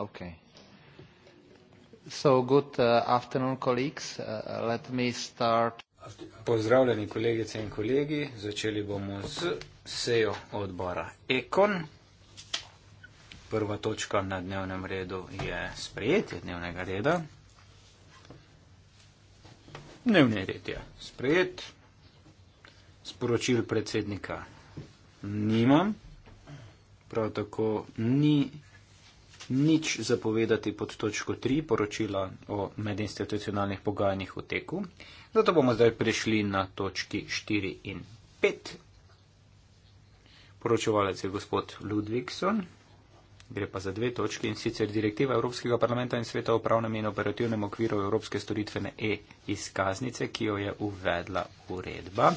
Okay. Good uh, afternoon, colleagues. Uh, uh, let me start. Pozdravljeni kolegice in kolegi. Začeli bomo z sejo odbora Ekon. Prva točka na dnevnem redu je sprejetje dnevnega reda. Dnevni red je sprejet. Sporočil predsednika nimam. Prav tako ni nič zapovedati pod točko 3 poročila o medinstitucionalnih pogajanjih v teku. Zato bomo zdaj prišli na točki 4 in 5. Poročevalec je gospod Ludvikson. Gre pa za dve točki in sicer direktiva Evropskega parlamenta in sveta o pravnem in operativnem okviru Evropske storitvene e-izkaznice, ki jo je uvedla uredba.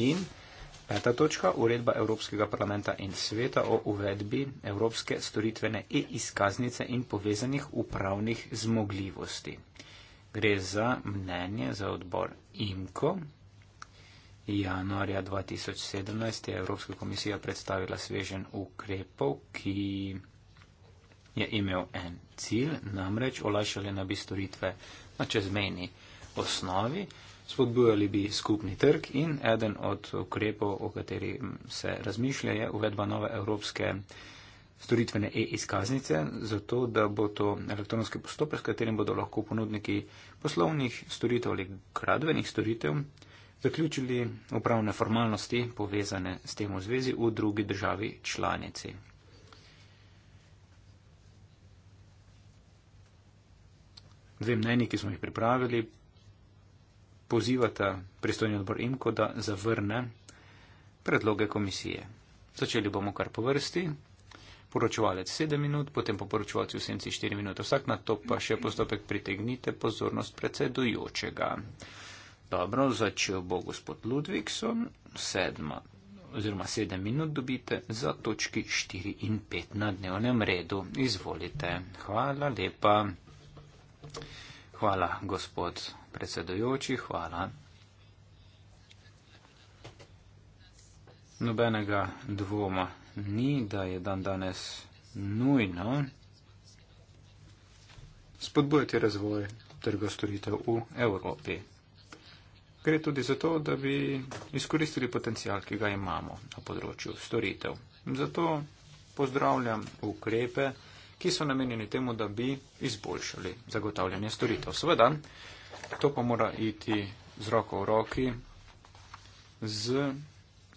In Peta točka, uredba Evropskega parlamenta in sveta o uvedbi Evropske storitvene e-izkaznice in povezanih upravnih zmogljivosti. Gre za mnenje za odbor IMKO. Januarja 2017 je Evropska komisija predstavila svežen ukrepov, ki je imel en cilj, namreč olajšali na bi storitve na čezmejni osnovi. Spodbujali bi skupni trg in eden od ukrepov, o kateri se razmišlja, je uvedba nove evropske storitvene e-izkaznice, zato da bo to elektronski postopek, s katerim bodo lahko ponudniki poslovnih storitev ali gradbenih storitev zaključili upravne formalnosti povezane s tem v zvezi v drugi državi članici. Dve mnenji, ki smo jih pripravili, pozivata pristojni odbor IMKO, da zavrne predloge komisije. Začeli bomo kar po vrsti. Poročevalec 7 minut, potem po poročevalcu v senci 4 minut. Vsak na to pa še postopek pritegnite pozornost predsedujočega. Dobro, začel bo gospod Ludvikson. Sedma oziroma 7 minut dobite za točki 4 in 5 na dnevnem redu. Izvolite. Hvala lepa. Hvala, gospod predsedojoči, hvala. Nobenega dvoma ni, da je dan danes nujno spodbojati razvoj trgostoritev v Evropi. Gre tudi za to, da bi izkoristili potencial, ki ga imamo na področju storitev. Zato pozdravljam ukrepe, ki so namenjeni temu, da bi izboljšali zagotavljanje storitev. Sveda, To pa mora iti z roko v roki z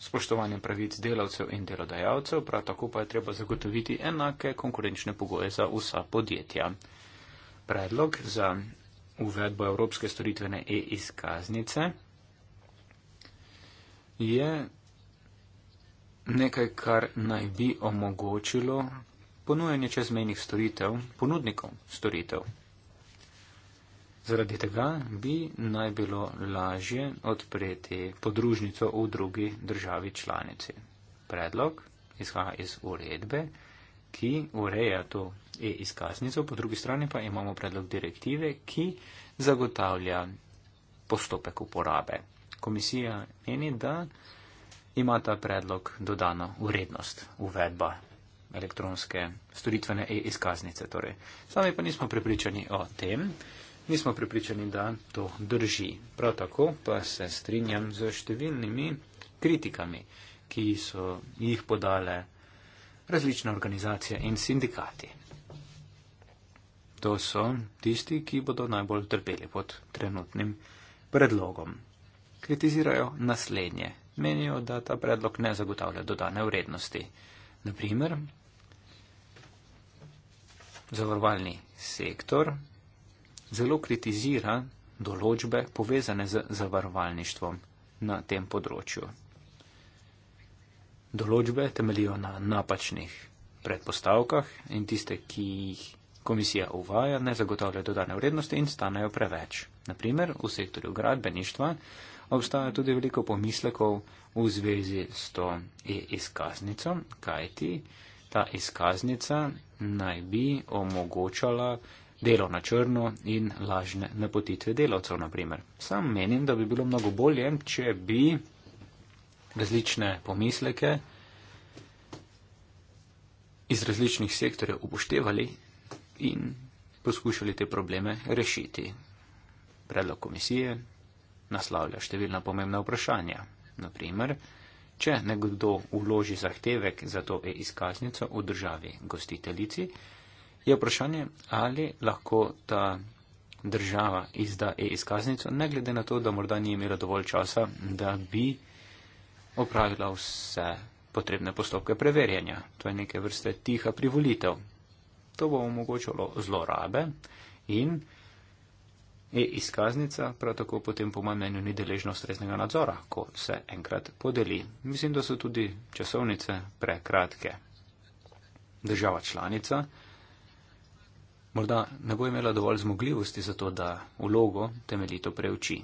spoštovanjem pravic delavcev in delodajalcev, prav tako pa je treba zagotoviti enake konkurenčne pogoje za vsa podjetja. Predlog za uvedbo Evropske storitvene e-izkaznice je nekaj, kar naj bi omogočilo ponujanje čezmejnih storitev, ponudnikov storitev Zaradi tega bi naj bilo lažje odpreti podružnico v drugi državi članici. Predlog izhaja iz uredbe, ki ureja to e-izkaznico, po drugi strani pa imamo predlog direktive, ki zagotavlja postopek uporabe. Komisija meni, da ima ta predlog dodano urednost uvedba elektronske storitvene e-izkaznice. Torej. Sami pa nismo prepričani o tem. Mi smo pripričani, da to drži. Prav tako pa se strinjam z številnimi kritikami, ki so jih podale različne organizacije in sindikati. To so tisti, ki bodo najbolj trpeli pod trenutnim predlogom. Kritizirajo naslednje. Menijo, da ta predlog ne zagotavlja dodane vrednosti. Naprimer, zavarovalni sektor zelo kritizira določbe povezane z zavarovalništvom na tem področju. Določbe temelijo na napačnih predpostavkah in tiste, ki jih komisija uvaja, ne zagotavljajo dodane vrednosti in stanejo preveč. Naprimer, v sektorju gradbeništva obstaja tudi veliko pomislekov v zvezi s to e-izkaznico, kajti ta izkaznica naj bi omogočala delo na črno in lažne napotitve delavcev, naprimer. Sam menim, da bi bilo mnogo bolje, če bi različne pomisleke iz različnih sektorjev upoštevali in poskušali te probleme rešiti. Predlog komisije naslavlja številna pomembna vprašanja. Naprimer, če nekdo vloži zahtevek za to e-izkaznico v državi gostiteljici, je vprašanje, ali lahko ta država izda e-izkaznico, ne glede na to, da morda ni imela dovolj časa, da bi opravila vse potrebne postopke preverjanja. To je neke vrste tiha privolitev. To bo omogočalo zlorabe in e-izkaznica prav tako potem po mojem mnenju ni deležna ustreznega nadzora, ko se enkrat podeli. Mislim, da so tudi časovnice prekratke. Država članica morda ne bo imela dovolj zmogljivosti za to, da vlogo temeljito preuči.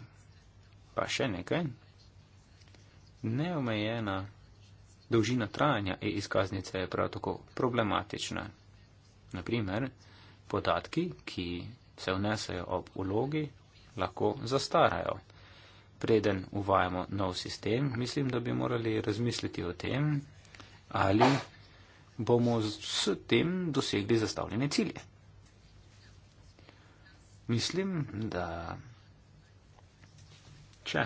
Pa še nekaj. Neomejena dolžina trajanja e-izkaznice je prav tako problematična. Naprimer, podatki, ki se vnesajo ob vlogi, lahko zastarajo. Preden uvajamo nov sistem, mislim, da bi morali razmisliti o tem, ali bomo s tem dosegli zastavljene cilje. Mislim, da če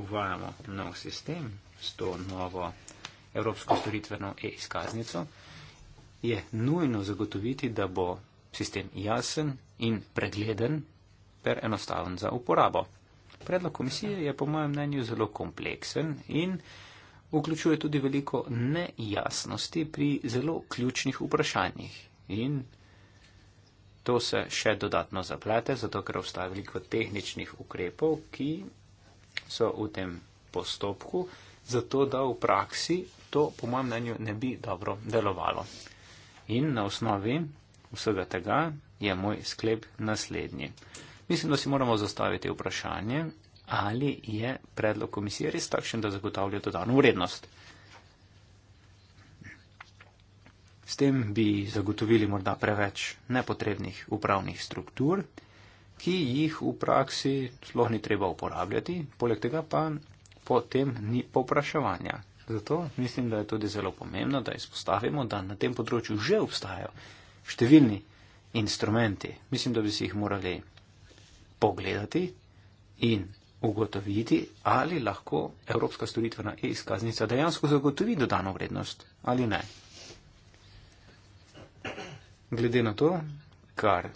uvajamo nov sistem s to novo evropsko storitveno e-izkaznico, je nujno zagotoviti, da bo sistem jasen in pregleden ter enostaven za uporabo. Predlog komisije je po mojem mnenju zelo kompleksen in vključuje tudi veliko nejasnosti pri zelo ključnih vprašanjih. In To se še dodatno zaplete, zato ker obstaja veliko tehničnih ukrepov, ki so v tem postopku, zato da v praksi to, po mojem mnenju, ne bi dobro delovalo. In na osnovi vsega tega je moj sklep naslednji. Mislim, da si moramo zastaviti vprašanje, ali je predlog komisije res takšen, da zagotavlja dodano vrednost. S tem bi zagotovili morda preveč nepotrebnih upravnih struktur, ki jih v praksi sploh ni treba uporabljati, poleg tega pa potem ni popraševanja. Zato mislim, da je tudi zelo pomembno, da izpostavimo, da na tem področju že obstajajo številni instrumenti. Mislim, da bi si jih morali pogledati in ugotoviti, ali lahko Evropska storitvena e-izkaznica dejansko zagotovi dodano vrednost ali ne. Glede na to, kar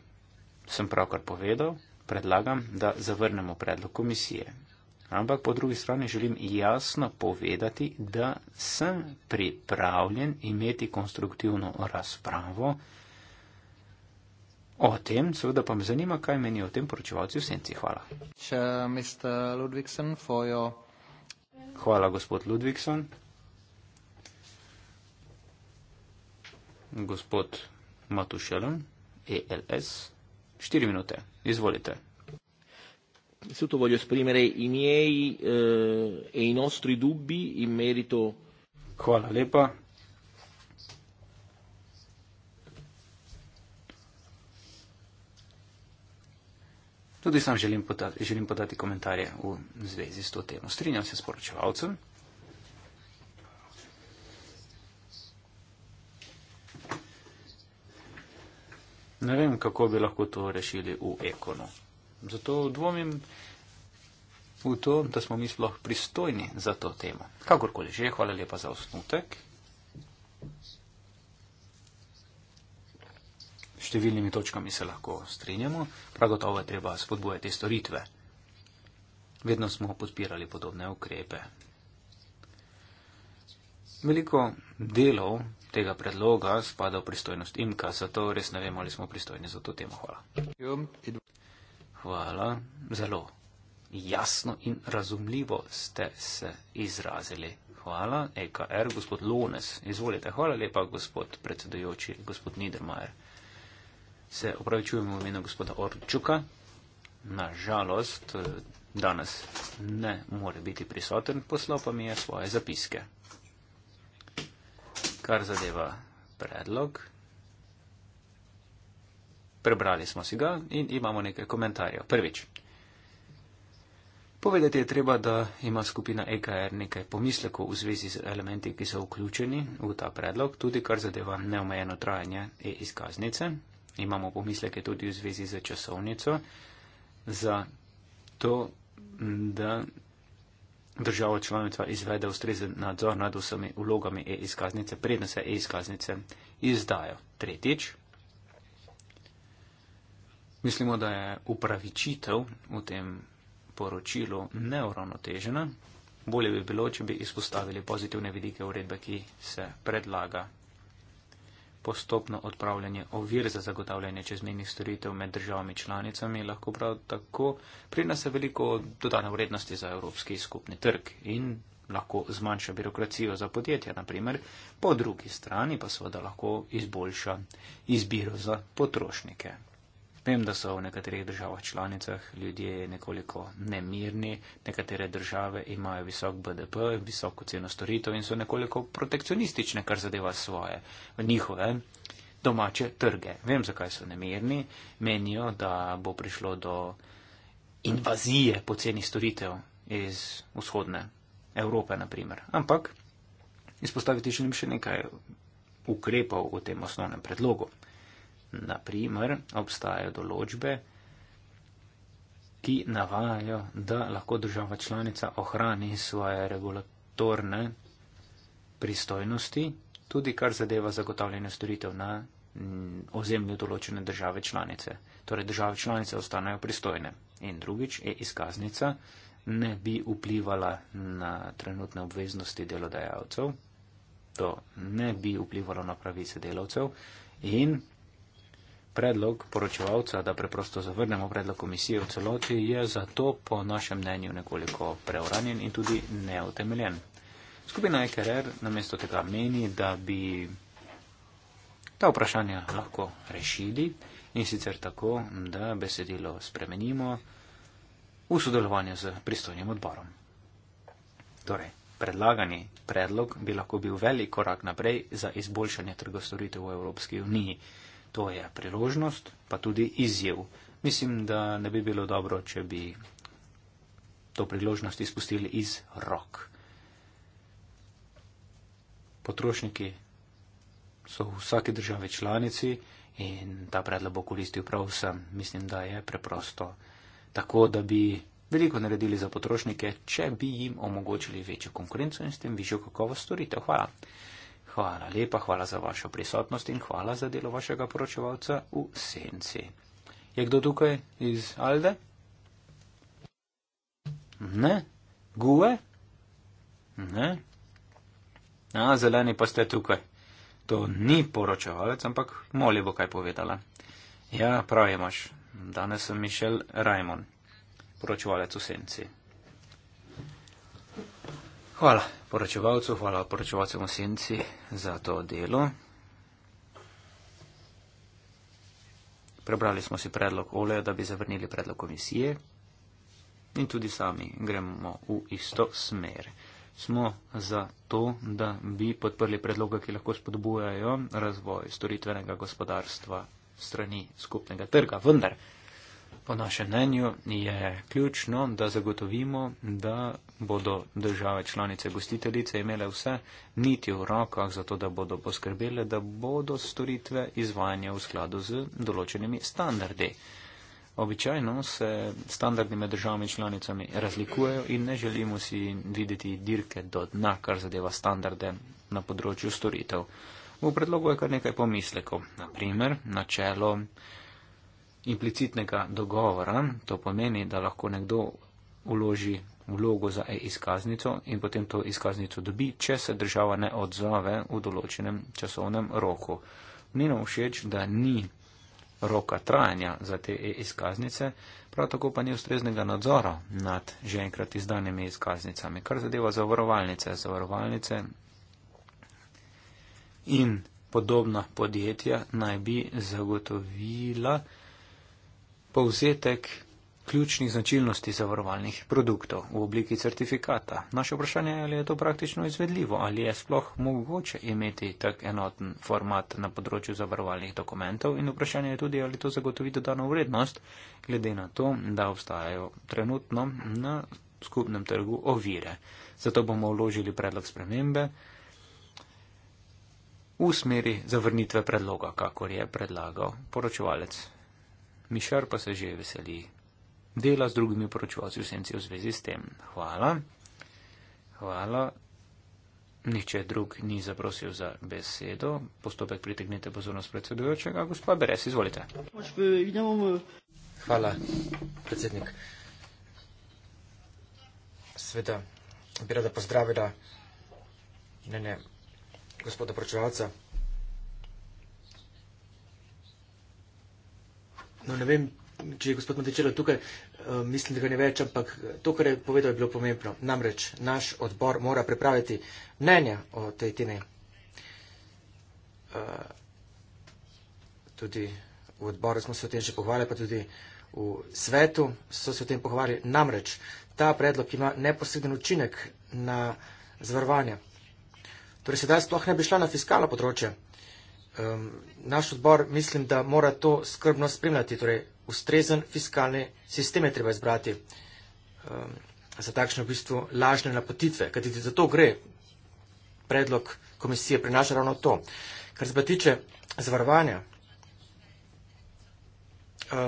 sem pravkar povedal, predlagam, da zavrnemo predlog komisije. Ampak po drugi strani želim jasno povedati, da sem pripravljen imeti konstruktivno razpravo o tem. Seveda pa me zanima, kaj meni o tem poročevalci v senci. Hvala. Hvala, gospod Ludvikson. Gospod Matušelem, ELS. 4 minute, izvolite. Innanzitutto voglio esprimere i miei eh, e i nostri dubbi in merito. Hvala lepa. Tudi sam želim podati, želim podati komentarje v zvezi s to temo. Strinjam se s poročevalcem. Ne vem, kako bi lahko to rešili v ekonu. Zato dvomim v to, da smo mi sploh pristojni za to temo. Kakorkoli že, hvala lepa za osnutek. Številnimi točkami se lahko strinjamo, prav gotovo je treba spodbujati storitve. Vedno smo podpirali podobne ukrepe. Veliko delov tega predloga spada v pristojnost IMKA, zato res ne vemo, ali smo pristojni za to temo. Hvala. Hvala. Zelo jasno in razumljivo ste se izrazili. Hvala. EKR, er, gospod Lones, izvolite. Hvala lepa, gospod predsedujoči, gospod Niedermayer. Se opravičujemo v imenu gospoda Orčuka. Nažalost, danes ne more biti prisoten, poslal pa mi je svoje zapiske kar zadeva predlog. Prebrali smo si ga in imamo nekaj komentarjev. Prvič. Povedati je treba, da ima skupina EKR nekaj pomislekov v zvezi z elementi, ki so vključeni v ta predlog, tudi kar zadeva neomejeno trajanje e-izkaznice. Imamo pomisleke tudi v zvezi z časovnico, za to, da država članica izvede ustrezen nadzor nad vsemi vlogami e-izkaznice, predno se e-izkaznice izdajo. Tretjič, mislimo, da je upravičitev v tem poročilu neuravnotežena. Bolje bi bilo, če bi izpostavili pozitivne vidike uredbe, ki se predlaga postopno odpravljanje ovir za zagotavljanje čezmejnih storitev med državami članicami, lahko prav tako prinese veliko dodane vrednosti za evropski skupni trg in lahko zmanjša birokracijo za podjetja, naprimer, po drugi strani pa seveda lahko izboljša izbiro za potrošnike. Vem, da so v nekaterih državah članicah ljudje nekoliko nemirni, nekatere države imajo visok BDP, visoko ceno storitev in so nekoliko protekcionistične, kar zadeva svoje, njihove domače trge. Vem, zakaj so nemirni. Menijo, da bo prišlo do invazije poceni storitev iz vzhodne Evrope, naprimer. Ampak izpostaviti želim še nekaj ukrepov v tem osnovnem predlogu. Naprimer, obstajajo določbe, ki navajajo, da lahko država članica ohrani svoje regulatorne pristojnosti, tudi kar zadeva zagotavljanje storitev na mm, ozemlju določene države članice. Torej, države članice ostanejo pristojne. In drugič, e-izkaznica ne bi vplivala na trenutne obveznosti delodajalcev, to ne bi vplivalo na pravice delavcev in predlog poročevalca, da preprosto zavrnemo predlog komisije v celoti, je zato po našem mnenju nekoliko preuranjen in tudi neutemeljen. Skupina EKRR namesto tega meni, da bi ta vprašanja lahko rešili in sicer tako, da besedilo spremenimo v sodelovanju z pristojnim odborom. Torej, predlagani predlog bi lahko bil velik korak naprej za izboljšanje trgostoritev v Evropski uniji. To je priložnost, pa tudi izjev. Mislim, da ne bi bilo dobro, če bi to priložnost izpustili iz rok. Potrošniki so v vsaki državi članici in ta predlog bo koristil prav vsem. Mislim, da je preprosto tako, da bi veliko naredili za potrošnike, če bi jim omogočili večjo konkurenco in s tem višjo kakovost storitev. Hvala. Hvala lepa, hvala za vašo prisotnost in hvala za delo vašega poročevalca v senci. Je kdo tukaj iz Alde? Ne? Gue? Ne? A, zeleni pa ste tukaj. To ni poročevalec, ampak moli bo kaj povedala. Ja, pravi imaš. Danes sem Mišel Rajmon, poročevalec v senci. Hvala poročevalcu, hvala poročevalcem v senci za to delo. Prebrali smo si predlog Oleja, da bi zavrnili predlog komisije in tudi sami gremo v isto smer. Smo za to, da bi podprli predloge, ki lahko spodbujajo razvoj storitvenega gospodarstva strani skupnega trga. Vendar Po našem mnenju je ključno, da zagotovimo, da bodo države članice gostiteljice imele vse niti v rokah, zato da bodo poskrbele, da bodo storitve izvajanja v skladu z določenimi standardi. Običajno se standardi med državami članicami razlikujejo in ne želimo si videti dirke do dna, kar zadeva standarde na področju storitev. V predlogu je kar nekaj pomislekov. Naprimer, načelo implicitnega dogovora. To pomeni, da lahko nekdo uloži vlogo za e-izkaznico in potem to izkaznico dobi, če se država ne odzove v določenem časovnem roku. Ni nam všeč, da ni roka trajanja za te e-izkaznice, prav tako pa ni ustreznega nadzora nad že enkrat izdanimi izkaznicami. Kar zadeva zavarovalnice, zavarovalnice in podobna podjetja naj bi zagotovila, povzetek ključnih značilnosti zavarovalnih produktov v obliki certifikata. Naše vprašanje je, ali je to praktično izvedljivo, ali je sploh mogoče imeti tak enoten format na področju zavarovalnih dokumentov in vprašanje je tudi, ali to zagotovi dodano vrednost, glede na to, da obstajajo trenutno na skupnem trgu ovire. Zato bomo vložili predlog spremembe v smeri zavrnitve predloga, kakor je predlagal poročevalec Mišar pa se že veseli dela z drugimi poročevalci v senci v zvezi s tem. Hvala. Hvala. Nihče drug ni zaprosil za besedo. Postopek pritegnite pozornost predsedujočega. Gospa Beres, izvolite. Hvala, predsednik. Sveda bi rada pozdravila ne, ne, gospoda poročevalca. No, ne vem, če je gospod Matičelo tukaj, eh, mislim, da ga ne več, ampak to, kar je povedal, je bilo pomembno. Namreč naš odbor mora pripraviti mnenja o tej temi. Eh, tudi v odboru smo se o tem že pohvali, pa tudi v svetu so se o tem pohvali. Namreč ta predlog ima neposreden učinek na zvrvanje. Torej, sedaj sploh ne bi šla na fiskalno področje um, naš odbor mislim, da mora to skrbno spremljati, torej ustrezen fiskalni sistem je treba izbrati um, za takšne v bistvu lažne napotitve, kajti za to gre. Predlog komisije prinaša ravno to. Kar se pa tiče zavarovanja, uh,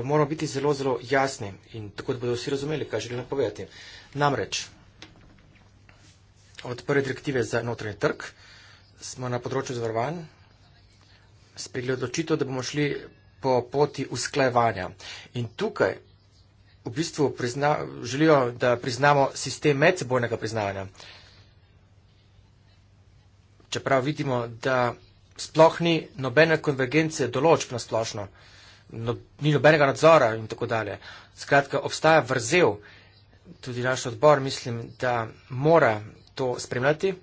moramo biti zelo, zelo jasni in tako, da bodo vsi razumeli, kaj želim povedati. Namreč, od prve direktive za notranji trg smo na področju zavarovanja sprejeli odločitev, da bomo šli po poti usklajevanja. In tukaj v bistvu prizna, želijo, da priznamo sistem medsebojnega priznavanja. Čeprav vidimo, da sploh ni nobene konvergence določb na splošno, no, ni nobenega nadzora in tako dalje. Skratka, obstaja vrzel, tudi naš odbor mislim, da mora to spremljati.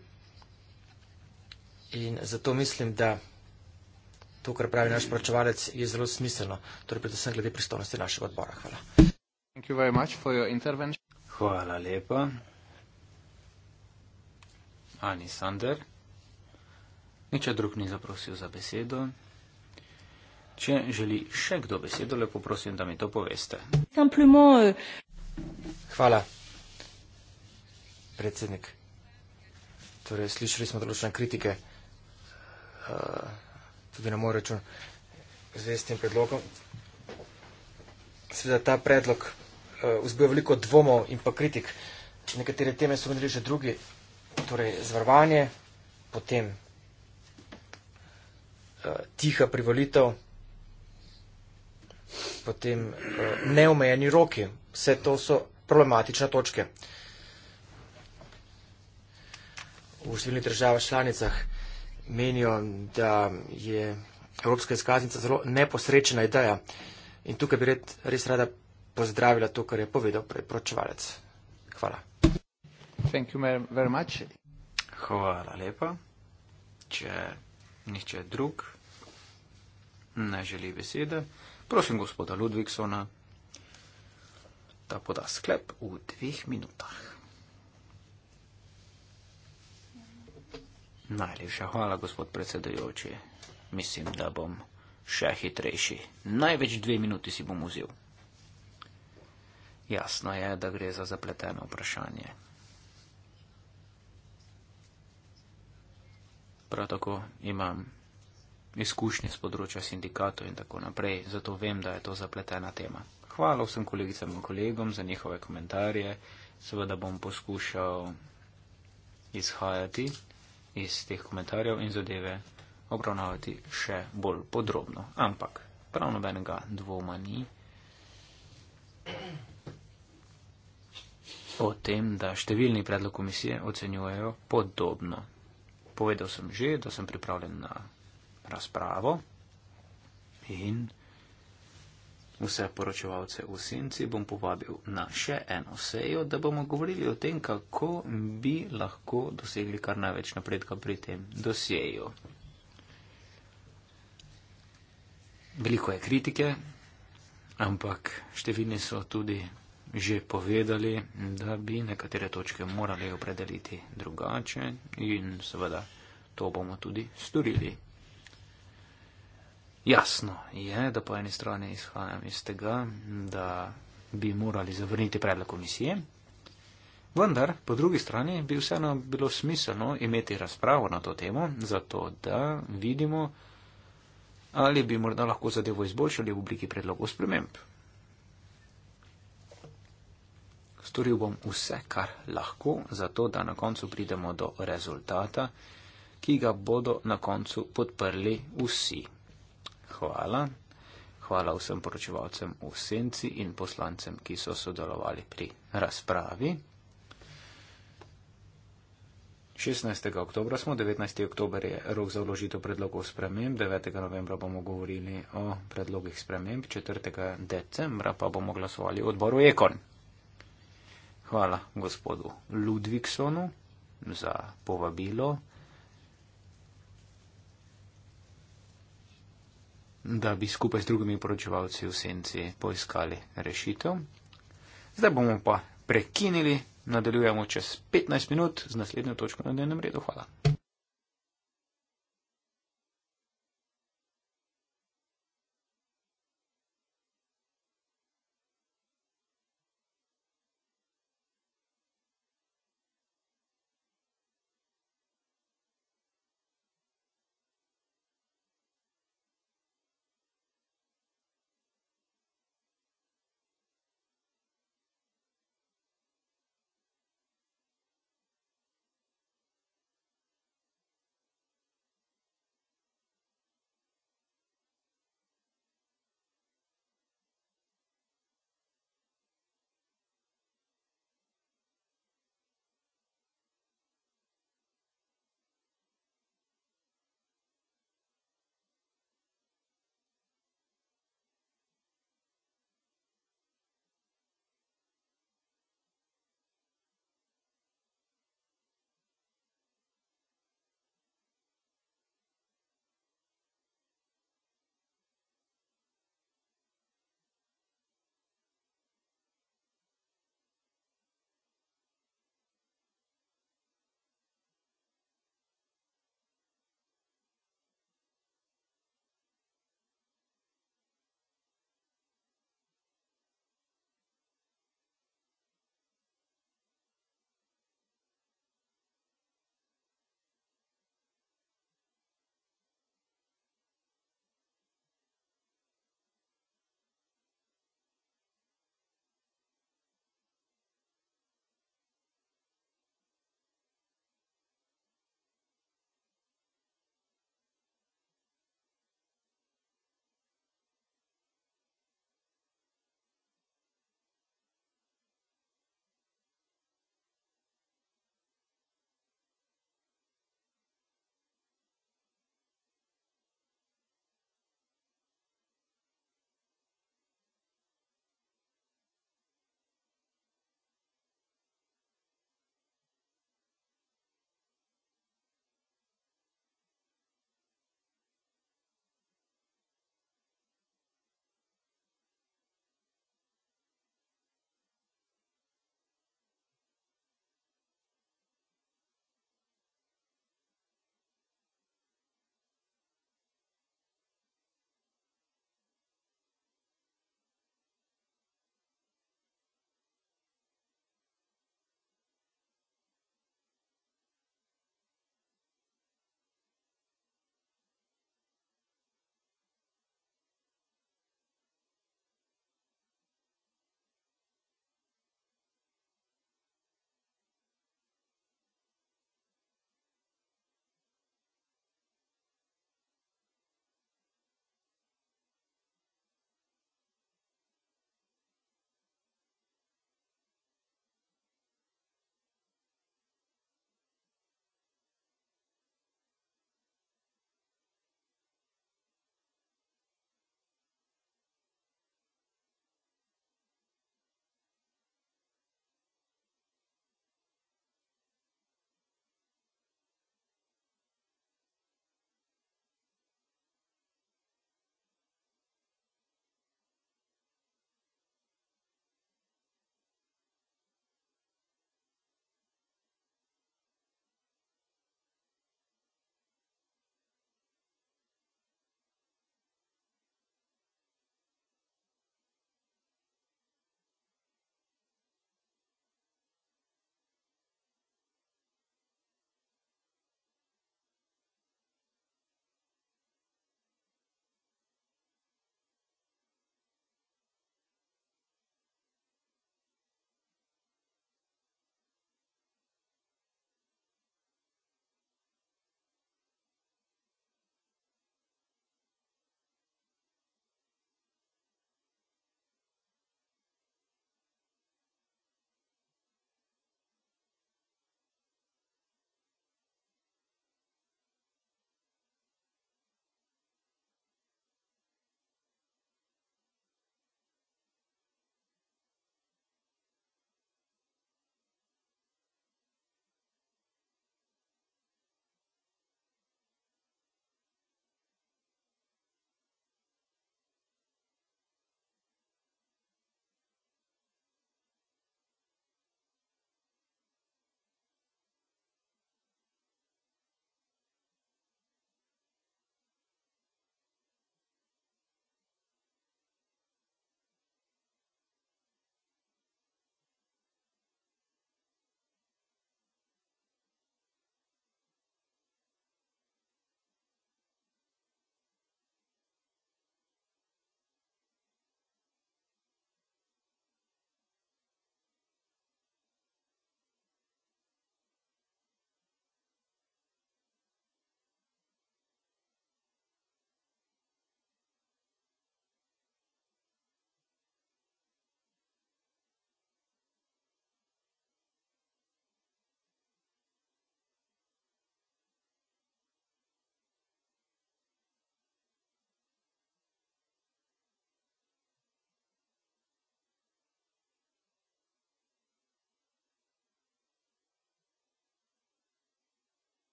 In zato mislim, da to, kar pravi naš pračevalec, je zelo smiselno, torej predvsem glede pristojnosti našega odbora. Hvala. Hvala lepa. Ani Sander. Niče drug ni zaprosil za besedo. Če želi še kdo besedo, lepo prosim, da mi to poveste. Euh, Hvala, predsednik. Torej, slišali smo določene kritike. Uh, tudi na moj račun zvezd s tem predlogom. Sveda ta predlog eh, vzbuja veliko dvomov in pa kritik. Nekatere teme so medili že drugi, torej zvarvanje, potem eh, tiha privolitev, potem eh, neomejeni roki. Vse to so problematične točke. V številnih državah članicah menijo, da je evropska izkaznica zelo neposrečena ideja. In tukaj bi res rada pozdravila to, kar je povedal predpročevalec. Hvala. Hvala lepa. Če nihče drug ne želi besede, prosim gospoda Ludviksona, da poda sklep v dveh minutah. Najlepša hvala, gospod predsedujoči. Mislim, da bom še hitrejši. Največ dve minuti si bom vzel. Jasno je, da gre za zapleteno vprašanje. Prav tako imam izkušnje s področja sindikatov in tako naprej, zato vem, da je to zapletena tema. Hvala vsem kolegicam in kolegom za njihove komentarje. Seveda bom poskušal izhajati iz teh komentarjev in zadeve obravnavati še bolj podrobno. Ampak prav nobenega dvoma ni o tem, da številni predlog komisije ocenjujejo podobno. Povedal sem že, da sem pripravljen na razpravo in. Vse poročevalce v senci bom povabil na še eno sejo, da bomo govorili o tem, kako bi lahko dosegli kar največ napredka pri tem dosjeju. Veliko je kritike, ampak številni so tudi že povedali, da bi nekatere točke morali opredeliti drugače in seveda to bomo tudi storili. Jasno je, da po eni strani izhajam iz tega, da bi morali zavrniti predlog komisije, vendar po drugi strani bi vseeno bilo smiselno imeti razpravo na to temo, zato da vidimo, ali bi morda lahko zadevo izboljšali v obliki predlogov sprememb. Storil bom vse, kar lahko, zato da na koncu pridemo do rezultata, ki ga bodo na koncu podprli vsi. Hvala. Hvala vsem poročevalcem v senci in poslancem, ki so sodelovali pri razpravi. 16. oktober smo, 19. oktober je rok za vložitev predlogov sprememb, 9. novembra bomo govorili o predlogih sprememb, 4. decembra pa bomo glasovali v odboru Ekon. Hvala gospodu Ludviksonu za povabilo. da bi skupaj z drugimi poročevalci v senci poiskali rešitev. Zdaj bomo pa prekinili, nadaljujemo čez 15 minut z naslednjo točko na dnevnem redu. Hvala.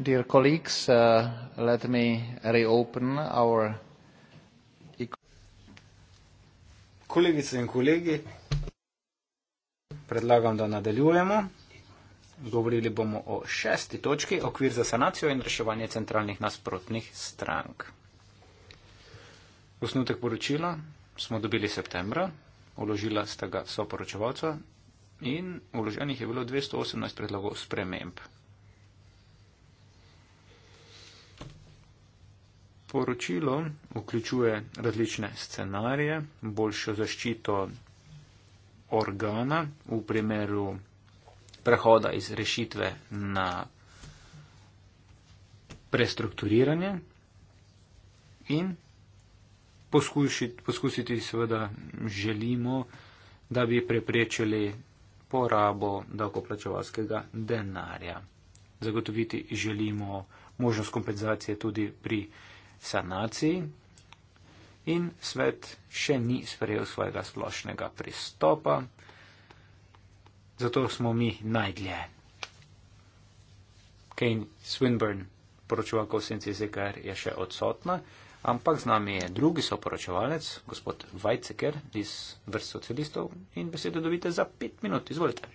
Dear colleagues, uh, let me reopen our... Kolegice in kolegi, predlagam, da nadaljujemo. Govorili bomo o šesti točki, okvir za sanacijo in reševanje centralnih nasprotnih strank. Osnutek poročila smo dobili septembra, uložila sta ga soporočevalca in uloženih je bilo 218 predlogov sprememb. poročilo vključuje različne scenarije, boljšo zaščito organa v primeru prehoda iz rešitve na prestrukturiranje in poskusiti, poskusiti seveda želimo, da bi preprečili porabo davkoplačevalskega denarja. Zagotoviti želimo možnost kompenzacije tudi pri sanaciji in svet še ni sprejel svojega splošnega pristopa, zato smo mi najdlje. Kane Swinburne, poročevalka v senci ZKR, je še odsotna, ampak z nami je drugi soporočevalec, gospod Weizsäcker iz vrst socialistov in besedo dobite za pet minut. Izvolite.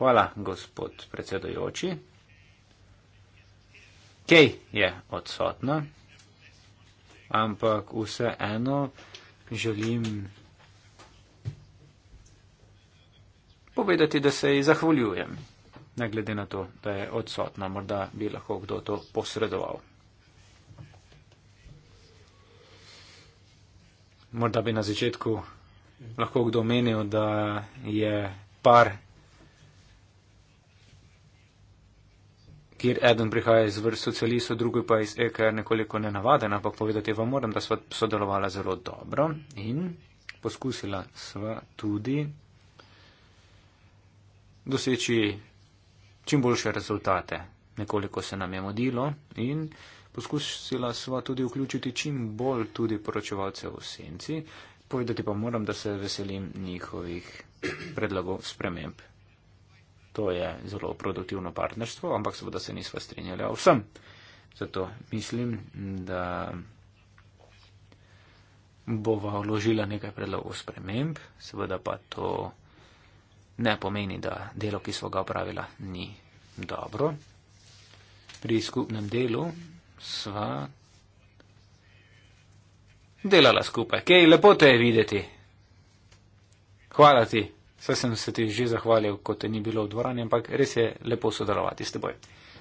Hvala, gospod predsedojoči. Kej je odsotna, ampak vseeno želim povedati, da se ji zahvaljujem, ne glede na to, da je odsotna, morda bi lahko kdo to posredoval. Morda bi na začetku lahko kdo menil, da je par kjer eden prihaja iz vrst socialistov, drugi pa iz EKR nekoliko nenavaden, ampak povedati vam moram, da sva sodelovala zelo dobro in poskusila sva tudi doseči čim boljše rezultate. Nekoliko se nam je modilo in poskusila sva tudi vključiti čim bolj tudi poročevalce v senci. Povedati pa moram, da se veselim njihovih predlogov sprememb. To je zelo produktivno partnerstvo, ampak seveda se nisva strinjali o vsem. Zato mislim, da bova vložila nekaj predlogov sprememb, seveda pa to ne pomeni, da delo, ki smo ga opravila, ni dobro. Pri skupnem delu sva delala skupaj. Kaj lepo te je videti. Hvala ti. Saj sem se ti že zahvalil, ko te ni bilo v dvorani, ampak res je lepo sodelovati s teboj.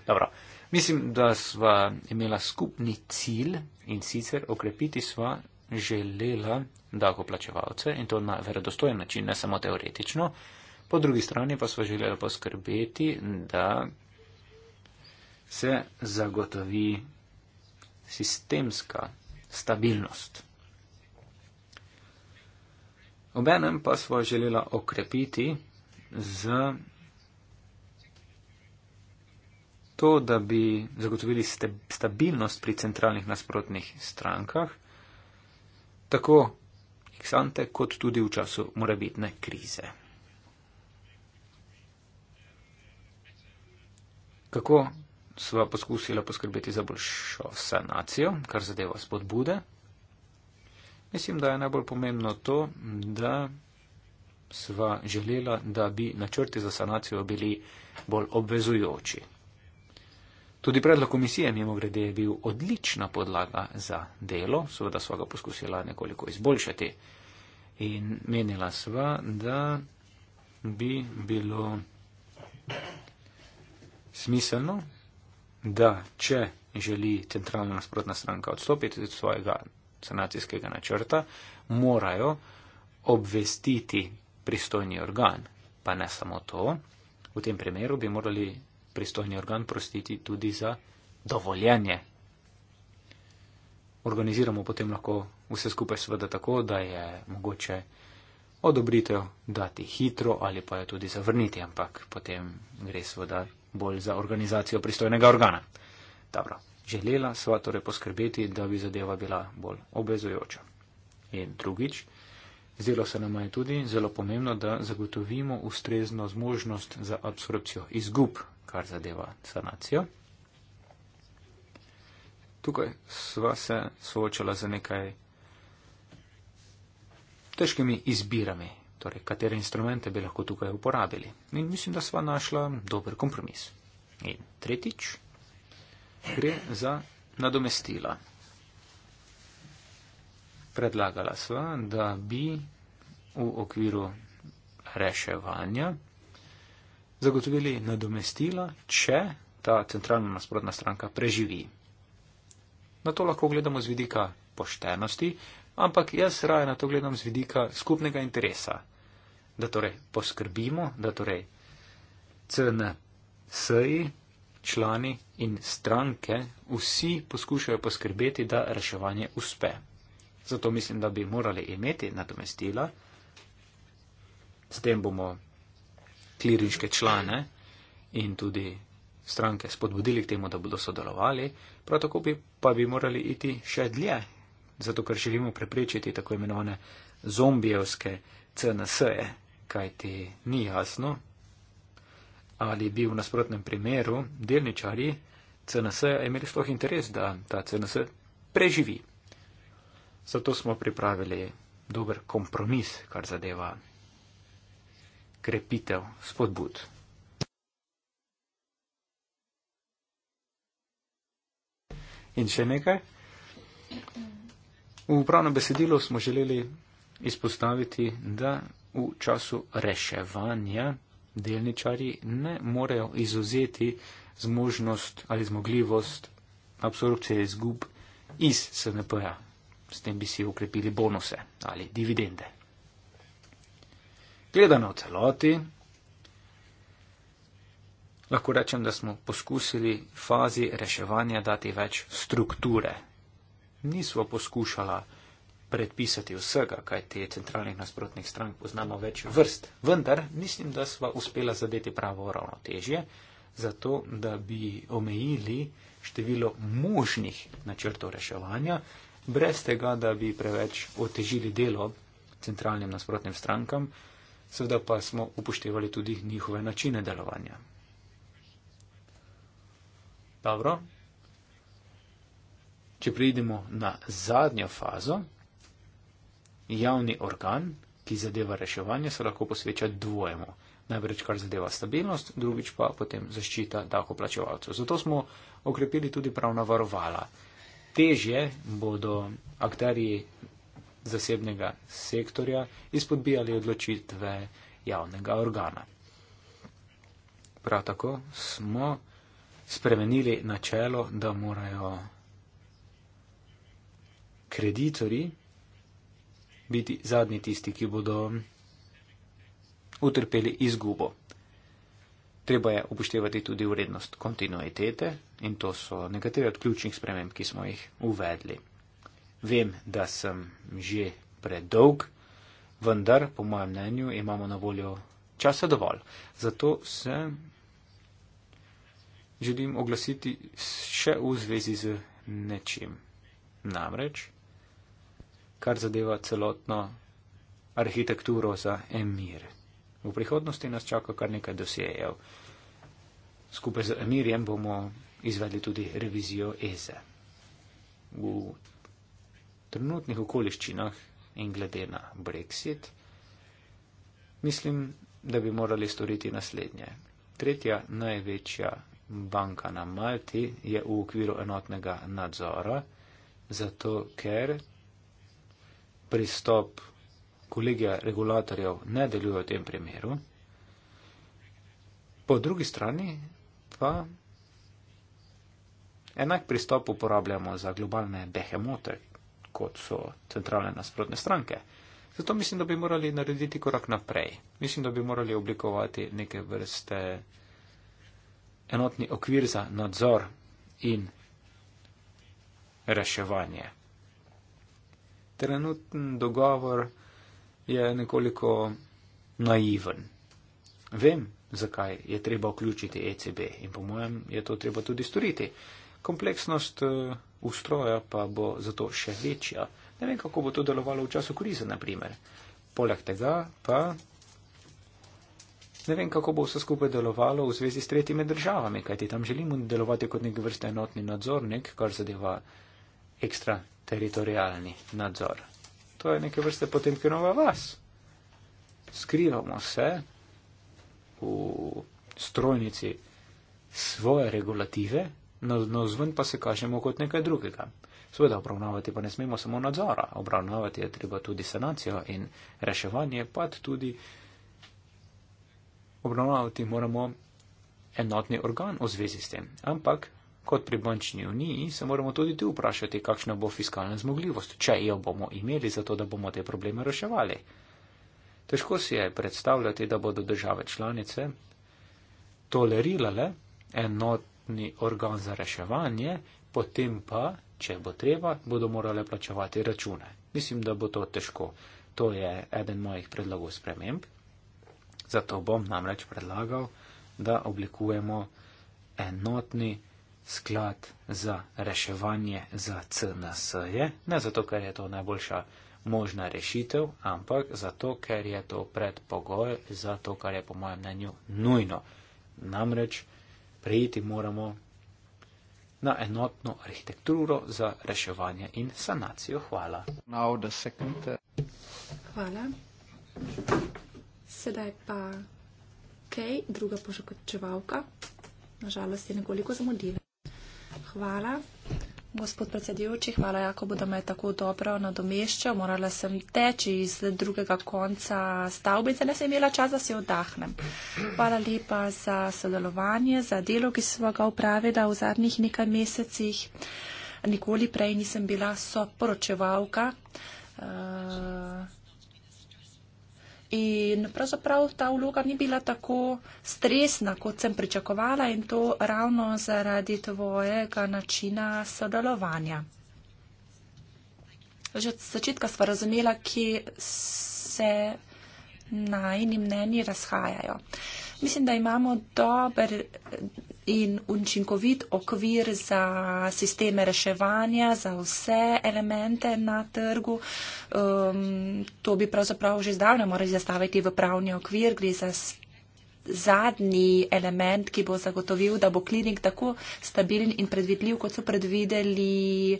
Dobro. Mislim, da sva imela skupni cilj in sicer okrepiti sva želela dagoplačevalce in to na verodostojen način, ne samo teoretično. Po drugi strani pa sva želela poskrbeti, da se zagotovi sistemska stabilnost. Obenem pa smo želela okrepiti z to, da bi zagotovili stabilnost pri centralnih nasprotnih strankah, tako Hiksante kot tudi v času morebitne krize. Kako sva poskusila poskrbeti za boljšo sanacijo, kar zadeva spodbude, Mislim, da je najbolj pomembno to, da sva želela, da bi načrti za sanacijo bili bolj obvezujoči. Tudi predlog komisije, mimo grede, je bil odlična podlaga za delo, seveda sva ga poskusila nekoliko izboljšati. In menila sva, da bi bilo smiselno, da če želi centralna nasprotna stranka odstopiti od svojega sanacijskega načrta, morajo obvestiti pristojni organ. Pa ne samo to, v tem primeru bi morali pristojni organ prostiti tudi za dovoljenje. Organiziramo potem lahko vse skupaj seveda tako, da je mogoče odobritev dati hitro ali pa jo tudi zavrniti, ampak potem gre seveda bolj za organizacijo pristojnega organa. Dobro. Želela sva torej poskrbeti, da bi zadeva bila bolj obvezujoča. In drugič, zdelo se nam je tudi zelo pomembno, da zagotovimo ustrezno zmožnost za absorpcijo izgub, kar zadeva sanacijo. Tukaj sva se soočala z nekaj težkimi izbirami, torej katere instrumente bi lahko tukaj uporabili. In mislim, da sva našla dober kompromis. In tretjič gre za nadomestila. Predlagala sva, da bi v okviru reševanja zagotovili nadomestila, če ta centralna nasprotna stranka preživi. Na to lahko gledamo z vidika poštenosti, ampak jaz raje na to gledam z vidika skupnega interesa, da torej poskrbimo, da torej CNSI člani in stranke vsi poskušajo poskrbeti, da reševanje uspe. Zato mislim, da bi morali imeti nadomestila, s tem bomo kliriške člane in tudi stranke spodbudili k temu, da bodo sodelovali, prav tako bi pa bi morali iti še dlje, zato ker želimo preprečiti tako imenovane zombijevske CNS-je, kajti ni jasno, ali bi v nasprotnem primeru delničari CNS imeli sploh interes, da ta CNS preživi. Zato smo pripravili dober kompromis, kar zadeva krepitev spodbud. In še nekaj. V upravnem besedilu smo želeli izpostaviti, da v času reševanja delničari ne morejo izuzeti zmožnost ali zmogljivost absorpcije izgub iz SNP-ja. S tem bi si ukrepili bonuse ali dividende. Gledano v celoti, lahko rečem, da smo poskusili fazi reševanja dati več strukture. Nismo poskušala predpisati vsega, kaj te centralnih nasprotnih strank poznamo več vrst, vendar mislim, da smo uspela zadeti pravo ravnotežje zato da bi omejili število možnih načrtov reševanja, brez tega, da bi preveč otežili delo centralnim nasprotnim strankam, seveda pa smo upoštevali tudi njihove načine delovanja. Dobro. Če pridemo na zadnjo fazo, javni organ, ki zadeva reševanje, se lahko posveča dvojemu najbrž kar zadeva stabilnost, drugič pa potem zaščita davkoplačevalcev. Zato smo okrepili tudi pravna varovala. Težje bodo akteri zasebnega sektorja izpodbijali odločitve javnega organa. Prav tako smo spremenili načelo, da morajo kreditori biti zadnji tisti, ki bodo utrpeli izgubo. Treba je upoštevati tudi vrednost kontinuitete in to so nekatere od ključnih sprememb, ki smo jih uvedli. Vem, da sem že predolg, vendar po mojem mnenju imamo na voljo časa dovolj. Zato se želim oglasiti še v zvezi z nečim. Namreč, kar zadeva celotno arhitekturo za emir. V prihodnosti nas čaka kar nekaj dosjejev. Skupaj z Emirjem bomo izvedli tudi revizijo EZE. V trenutnih okoliščinah in glede na Brexit mislim, da bi morali storiti naslednje. Tretja največja banka na Malti je v okviru enotnega nadzora, zato ker pristop kolegija regulatorjev ne deluje v tem primeru. Po drugi strani pa enak pristop uporabljamo za globalne behemote, kot so centralne nasprotne stranke. Zato mislim, da bi morali narediti korak naprej. Mislim, da bi morali oblikovati neke vrste enotni okvir za nadzor in reševanje. Trenutni dogovor je nekoliko naiven. Vem, zakaj je treba vključiti ECB in po mojem je to treba tudi storiti. Kompleksnost eh, ustroja pa bo zato še večja. Ne vem, kako bo to delovalo v času krize, naprimer. Poleg tega pa ne vem, kako bo vse skupaj delovalo v zvezi s tretjimi državami, kajti tam želimo delovati kot nek vrste enotni nadzornik, kar zadeva ekstra teritorijalni nadzor. To je neke vrste potemkinova vas. Skrivamo se v strojnici svoje regulative, na, na zven pa se kažemo kot nekaj drugega. Seveda obravnavati pa ne smemo samo nadzora, obravnavati je treba tudi sanacijo in reševanje, pa tudi obravnavati moramo enotni organ v zvezi s tem. Ampak Kot pri bančni uniji se moramo tudi tu vprašati, kakšna bo fiskalna zmogljivost, če jo bomo imeli za to, da bomo te probleme reševali. Težko si je predstavljati, da bodo države članice tolerirale enotni organ za reševanje, potem pa, če bo treba, bodo morale plačevati račune. Mislim, da bo to težko. To je eden mojih predlogov sprememb. Zato bom namreč predlagal, da oblikujemo enotni sklad za reševanje za CNS-je, ne zato, ker je to najboljša možna rešitev, ampak zato, ker je to predpogoj za to, kar je po mojem mnenju nujno. Namreč prejiti moramo na enotno arhitekturo za reševanje in sanacijo. Hvala. Uh, Hvala. Sedaj pa Kej, druga požakočevalka. Nažalost je nekoliko zamudila. Hvala. Gospod predsedujoči, hvala Jakobu, da me je tako dobro nadomeščal. Morala sem teči iz drugega konca stavbice, ne sem imela čas, da se oddahnem. Hvala lepa za sodelovanje, za delo, ki smo ga upravila v zadnjih nekaj mesecih. Nikoli prej nisem bila soporočevalka. Uh, In pravzaprav ta vloga ni bila tako stresna, kot sem pričakovala in to ravno zaradi tvojega načina sodelovanja. Že od začetka sva razumela, ki se najni mneni razhajajo. Mislim, da imamo dober, in učinkovit okvir za sisteme reševanja, za vse elemente na trgu. Um, to bi pravzaprav že zdavne morali zastaviti v pravni okvir, gre za zadnji element, ki bo zagotovil, da bo klinik tako stabilen in predvidljiv, kot so predvideli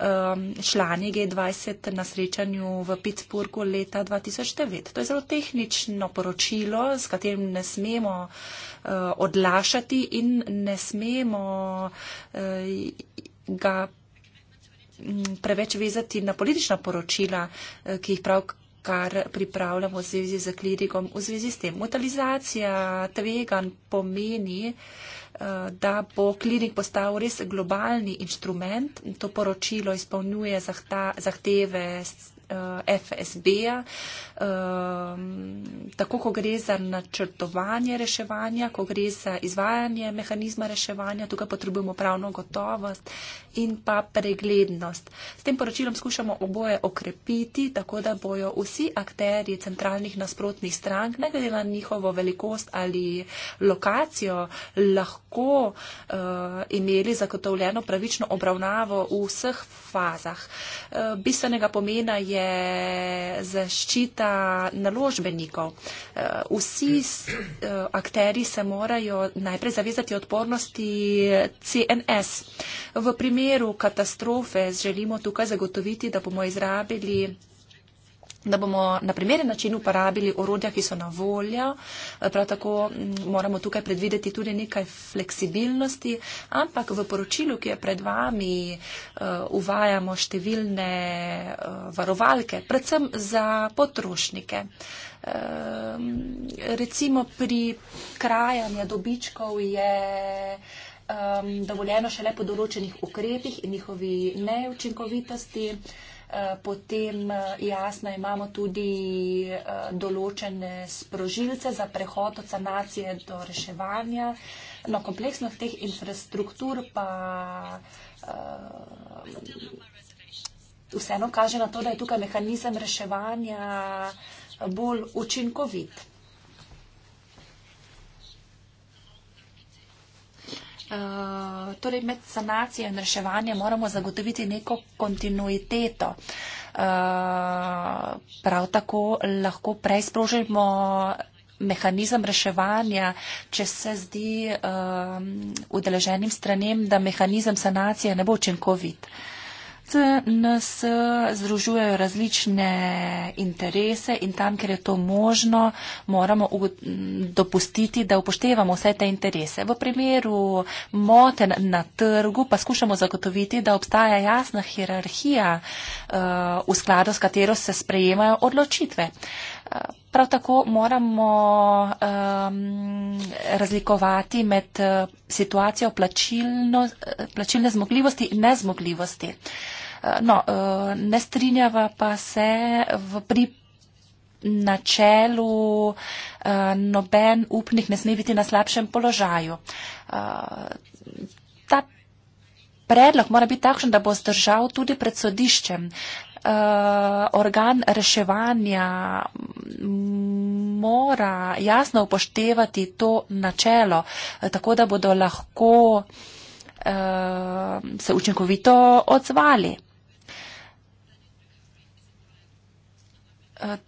um, člani G20 na srečanju v Pittsburghu leta 2009. To je zelo tehnično poročilo, s katerim ne smemo uh, odlašati in ne smemo uh, ga mm, preveč vezati na politična poročila, uh, ki jih pravk kar pripravljamo v zvezi z klirikom v zvezi s tem. Mortalizacija tvegan pomeni, eh, da bo klinik postal res globalni inštrument. To poročilo izpolnjuje zahta, zahteve eh, FSB-ja. Ehm, tako ko gre za načrtovanje reševanja, ko gre za izvajanje mehanizma reševanja, tukaj potrebujemo pravno gotovost in pa preglednost. S tem poročilom skušamo oboje okrepiti, tako da bojo vsi akteri centralnih nasprotnih strank, ne glede na njihovo velikost ali lokacijo, lahko uh, imeli zagotovljeno pravično obravnavo v vseh fazah. Uh, bistvenega pomena je zaščita vrsta naložbenikov. Eh, vsi eh, akteri se morajo najprej zavezati odpornosti CNS. V primeru katastrofe želimo tukaj zagotoviti, da bomo izrabili da bomo na primeren način uporabili orodja, ki so na voljo. Prav tako moramo tukaj predvideti tudi nekaj fleksibilnosti, ampak v poročilu, ki je pred vami, eh, uvajamo številne eh, varovalke, predvsem za potrošnike. Ehm, recimo pri krajanju dobičkov je. Um, dovoljeno šele po določenih ukrepih in njihovi neučinkovitosti. Uh, Eh, potem eh, jasno imamo tudi eh, določene sprožilce za prehod od sanacije do reševanja. No, kompleksnost teh infrastruktur pa vseeno kaže na to, da je tukaj mehanizem reševanja bolj učinkovit. Eh, torej med sanacijo in reševanjem moramo zagotoviti neko kontinuiteto. Eh, prav tako lahko prej sprožimo mehanizem reševanja, če se zdi eh, udeleženim stranem, da mehanizem sanacije ne bo učinkovit nas združujejo različne interese in tam, kjer je to možno, moramo dopustiti, da upoštevamo vse te interese. V primeru moten na trgu pa skušamo zagotoviti, da obstaja jasna hierarhija eh, v skladu, s katero se sprejemajo odločitve. Eh, prav tako moramo um, razlikovati med eh, situacijo plačilno, plačilne zmogljivosti in nezmogljivosti. Uh, No, eh, ne strinjava pa se v pri načelu eh, noben upnik ne sme biti na slabšem položaju. Eh, ta predlog mora biti takšen, da bo zdržal tudi pred sodiščem. Organ reševanja mora jasno upoštevati to načelo, tako da bodo lahko se učinkovito odzvali. Eh,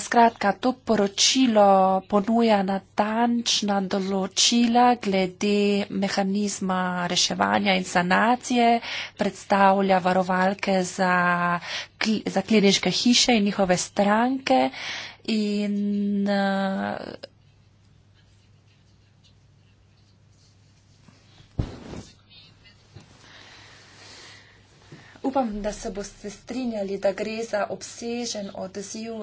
skratka, to poročilo ponuja natančna določila glede mehanizma reševanja in sanacije, predstavlja varovalke za, za kliniške hiše in njihove stranke in uh, Upam, da se boste strinjali, da gre za obsežen odziv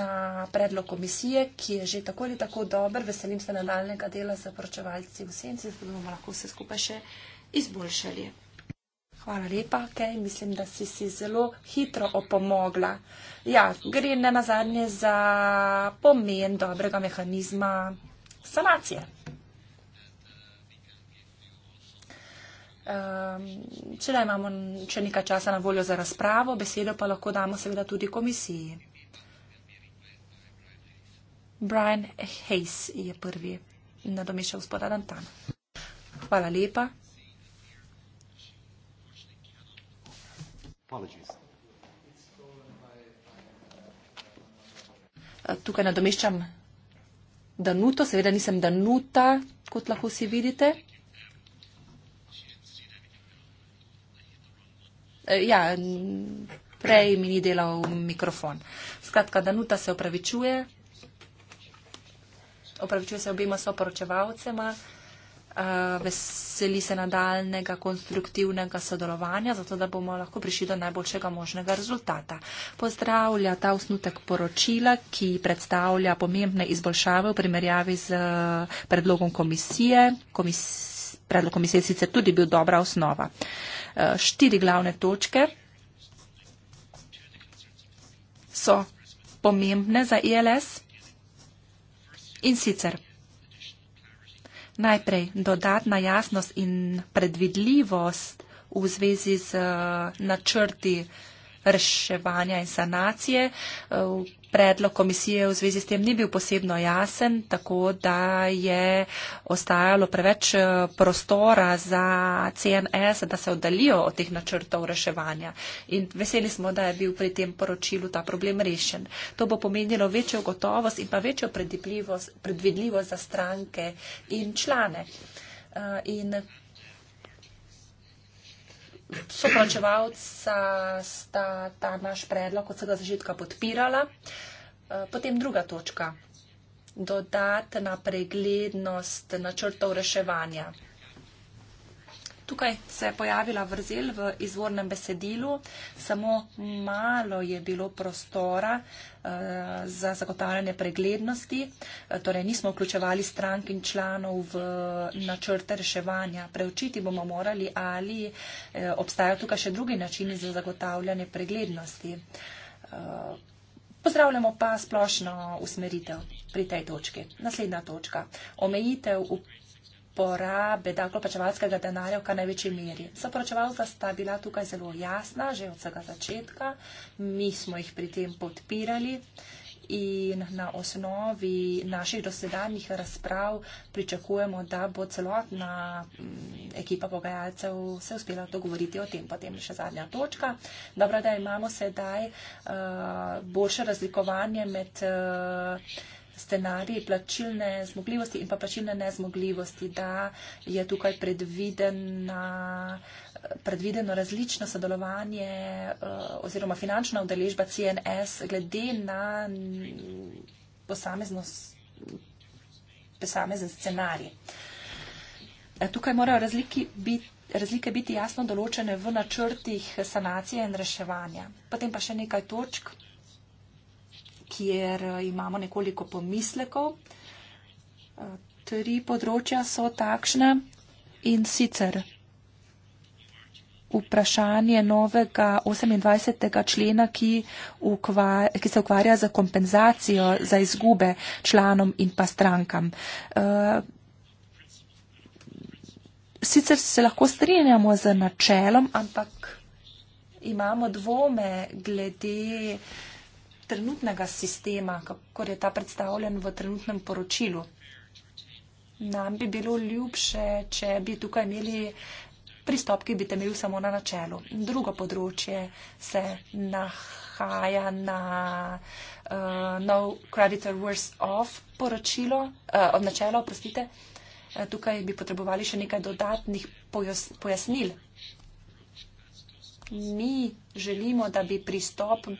na predlog komisije, ki je že tako ali tako dober. Veselim se nadaljnega dela za poročevalci v senci, da bomo lahko vse skupaj še izboljšali. Hvala lepa, Kej, mislim, da si si zelo hitro opomogla. Ja, gre ne nazadnje za pomen dobrega mehanizma sanacije. če ehm, da imamo še nekaj časa na voljo za razpravo, besedo pa lahko damo seveda tudi komisiji. Brian Hayes je prvi nadomešal gospoda Dantana. Hvala lepa. Eh, tukaj nadomeščam Danuto, seveda nisem Danuta, kot lahko vsi vidite. Eh, ja, prej mi ni delal mikrofon. Skratka, Danuta se opravičuje. Opravičuje se obima soporočevalcema. Eh, veseli se nadaljnega konstruktivnega sodelovanja, zato da bomo lahko prišli do najboljšega možnega rezultata. Pozdravlja ta osnutek poročila, ki predstavlja pomembne izboljšave v primerjavi z eh, predlogom komisije. Komisija predlog komisije sicer tudi bil dobra osnova. E, štiri glavne točke so pomembne za ILS e in sicer najprej dodatna jasnost in predvidljivost v zvezi z e, načrti reševanja in sanacije, Predlog komisije v zvezi s tem ni bil posebno jasen, tako da je ostajalo preveč eh, prostora za CNS, da se oddalijo od teh načrtov reševanja. In veseli smo, da je bil pri tem poročilu ta problem rešen. To bo pomenilo večjo gotovost in pa večjo predvidljivost za stranke in člane. Eh, in soplačevalca sta ta naš predlog od vsega zažitka podpirala. E, potem druga točka. Dodatna preglednost načrtov reševanja. Tukaj se je pojavila vrzel v izvornem besedilu, samo malo je bilo prostora eh, za zagotavljanje preglednosti, eh, torej nismo vključevali strank in članov v načrte reševanja. Preučiti bomo morali, ali eh, obstajajo tukaj še drugi načini za zagotavljanje preglednosti. Pozdravljamo pa splošno usmeritev pri tej točki. Naslednja točka. Omejitev v porabe davkoplačevalskega denarja v kar največji meri. Soporočevalca sta bila tukaj zelo jasna že od vsega začetka, mi smo jih pri tem podpirali in na osnovi naših dosedanjih razprav pričakujemo, da bo celotna mm, ekipa pogajalcev se uspela dogovoriti o tem. Potem še zadnja točka. Dobro, da imamo sedaj uh, boljše razlikovanje med. Uh, scenariji plačilne zmogljivosti in pa plačilne nezmogljivosti, da je tukaj predvidena, predvideno različno sodelovanje eh, oziroma finančna udeležba CNS glede na posamezen scenarij. Ja, tukaj morajo razliki biti. Razlike biti jasno določene v načrtih sanacije in reševanja. Potem pa še nekaj točk, kjer eh, imamo nekoliko pomislekov. Eh, tri področja so takšne in sicer vprašanje novega 28. člena, ki, ukvar, ki se ukvarja za kompenzacijo za izgube članom in pa strankam. Eh, sicer se lahko strinjamo z načelom, ampak imamo dvome glede uh, trenutnega sistema, kako je ta predstavljen v trenutnem poročilu. Nam bi bilo ljubše, če bi tukaj imeli pristop, ki bi temel samo na načelu. Drugo področje se nahaja na uh, No Creditor Worse Off poročilo, uh, eh, od načela, oprostite. Eh, tukaj bi potrebovali še nekaj dodatnih pojas, pojasnil. Mi želimo, da bi pristop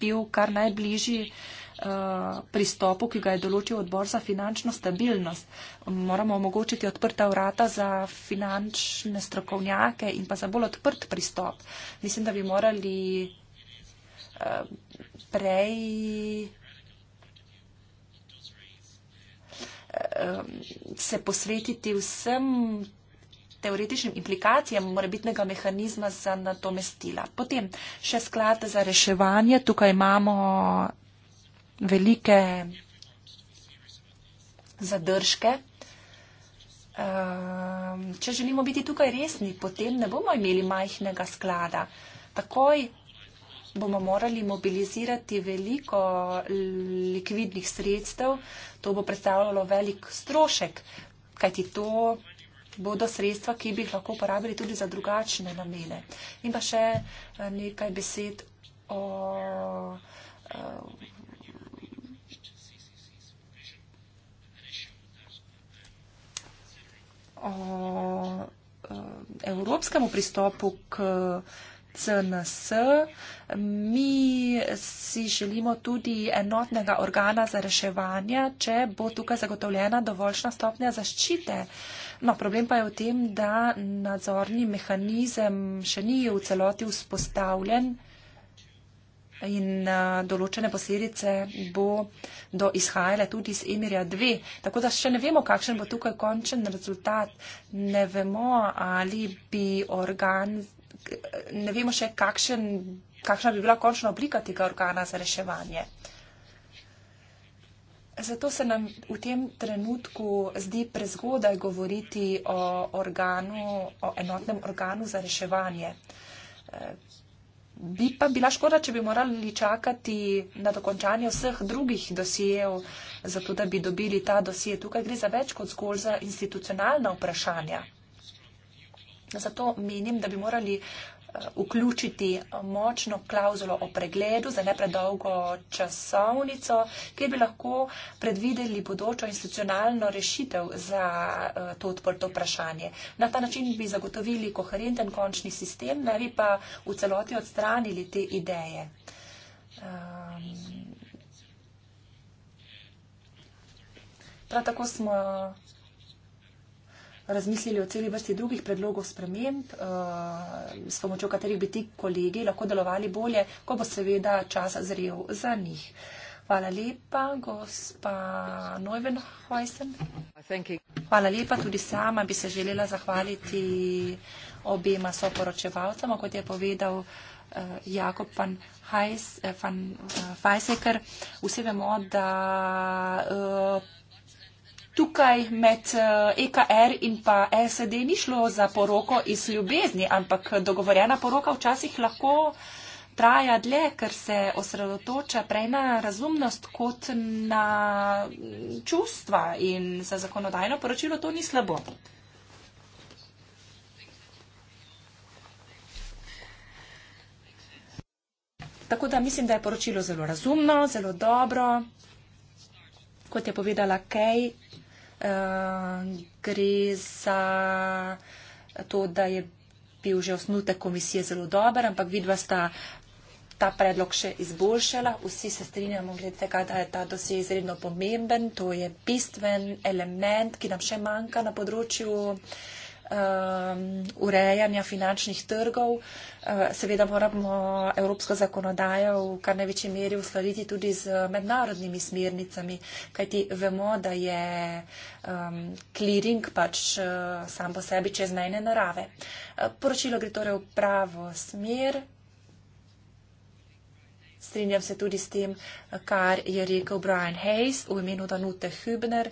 bil kar najbližji eh, pristopu, ki ga je določil odbor za finančno stabilnost. Moramo omogočiti odprta vrata za finančne strokovnjake in pa za bolj odprt pristop. Mislim, da bi morali eh, prej. Eh, se posvetiti vsem teoretičnim implikacijam morebitnega mehanizma za nadomestila. Potem še sklad za reševanje. Tukaj imamo velike zadržke. Ehm, če želimo biti tukaj resni, potem ne bomo imeli majhnega sklada. Takoj bomo morali mobilizirati veliko likvidnih sredstev. To bo predstavljalo velik strošek, kajti to bodo sredstva, ki bi jih lahko uporabili tudi za drugačne namene. In pa še eh, nekaj besed o. Eh, o eh, evropskemu pristopu k CNS. Mi si želimo tudi enotnega organa za reševanje, če bo tukaj zagotovljena dovoljšna stopnja zaščite. Uh, No, problem pa je v tem, da nadzorni mehanizem še ni v celoti vzpostavljen in eh, določene posledice bo do izhajale tudi iz Emirja 2. Tako da še ne vemo, kakšen bo tukaj končen rezultat. Ne vemo, ali bi organ. Ne vemo še, kakšen, kakšna bi bila končna oblika tega organa za reševanje. Zato se nam v tem trenutku zdi prezgodaj govoriti o, organu, o enotnem organu za reševanje. Bi pa bila škoda, če bi morali čakati na dokončanje vseh drugih dosijev, zato da bi dobili ta dosije. Tukaj gre za več kot zgolj za institucionalna vprašanja. Zato menim, da bi morali vključiti močno klauzulo o pregledu za nepredolgo časovnico, kjer bi lahko predvideli bodočo institucionalno rešitev za eh, to odprto vprašanje. Na ta način bi zagotovili koherenten končni sistem, ne bi pa v celoti odstranili te ideje. Um, prav tako smo razmislili o celi vrsti drugih predlogov sprememb, eh, s pomočjo katerih bi ti kolegi lahko delovali bolje, ko bo seveda čas zrel za njih. Hvala lepa, gospa Neuvenhuisen. Hvala lepa, tudi sama bi se želela zahvaliti obema soporočevalcama, kot je povedal uh, Jakob van Heis, uh, van uh, Fajseker. Vsi vemo, da uh, tukaj med EKR eh, e in pa e SED ni šlo za poroko iz ljubezni, ampak dogovorjena poroka včasih lahko traja dlje, ker se osredotoča prej na razumnost kot na mm, čustva in za zakonodajno poročilo to ni slabo. Tako da mislim, da je poročilo zelo razumno, zelo dobro. Kot je povedala Kej, Ehm, gre za to, da je bil že osnutek komisije zelo dober, ampak vidva sta ta predlog še izboljšala. Vsi se strinjamo, gledajte, da je ta dosej izredno pomemben. To je bistven element, ki nam še manjka na področju uh, Um, urejanja finančnih trgov. Uh, seveda moramo evropsko zakonodajo v kar največji meri uskladiti tudi z mednarodnimi smernicami, kajti vemo, da je um, clearing pač uh, sam po sebi čezmejne narave. Uh, poročilo gre torej v pravo smer. Strinjam se tudi s tem, kar je rekel Brian Hayes v imenu Danute Hübner,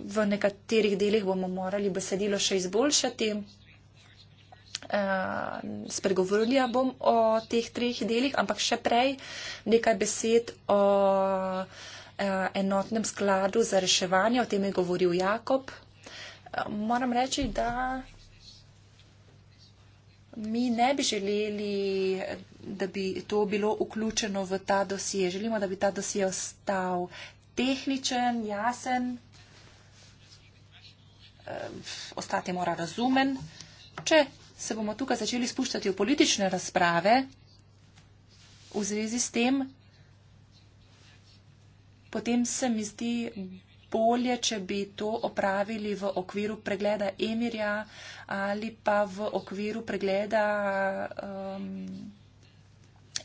v nekaterih delih bomo morali besedilo še izboljšati. Eh, Spregovorila ja bom o teh treh delih, ampak še prej nekaj besed o eh, enotnem skladu za reševanje, o tem je govoril Jakob. Eh, moram reči, da mi ne bi želeli, da bi to bilo vključeno v ta dosije. Želimo, da bi ta dosije ostal tehničen, jasen. Eh, ostati mora razumen. Če se bomo tukaj začeli spuščati v politične razprave v zvezi s tem, potem se mi zdi bolje, če bi to opravili v okviru pregleda Emirja ali pa v okviru pregleda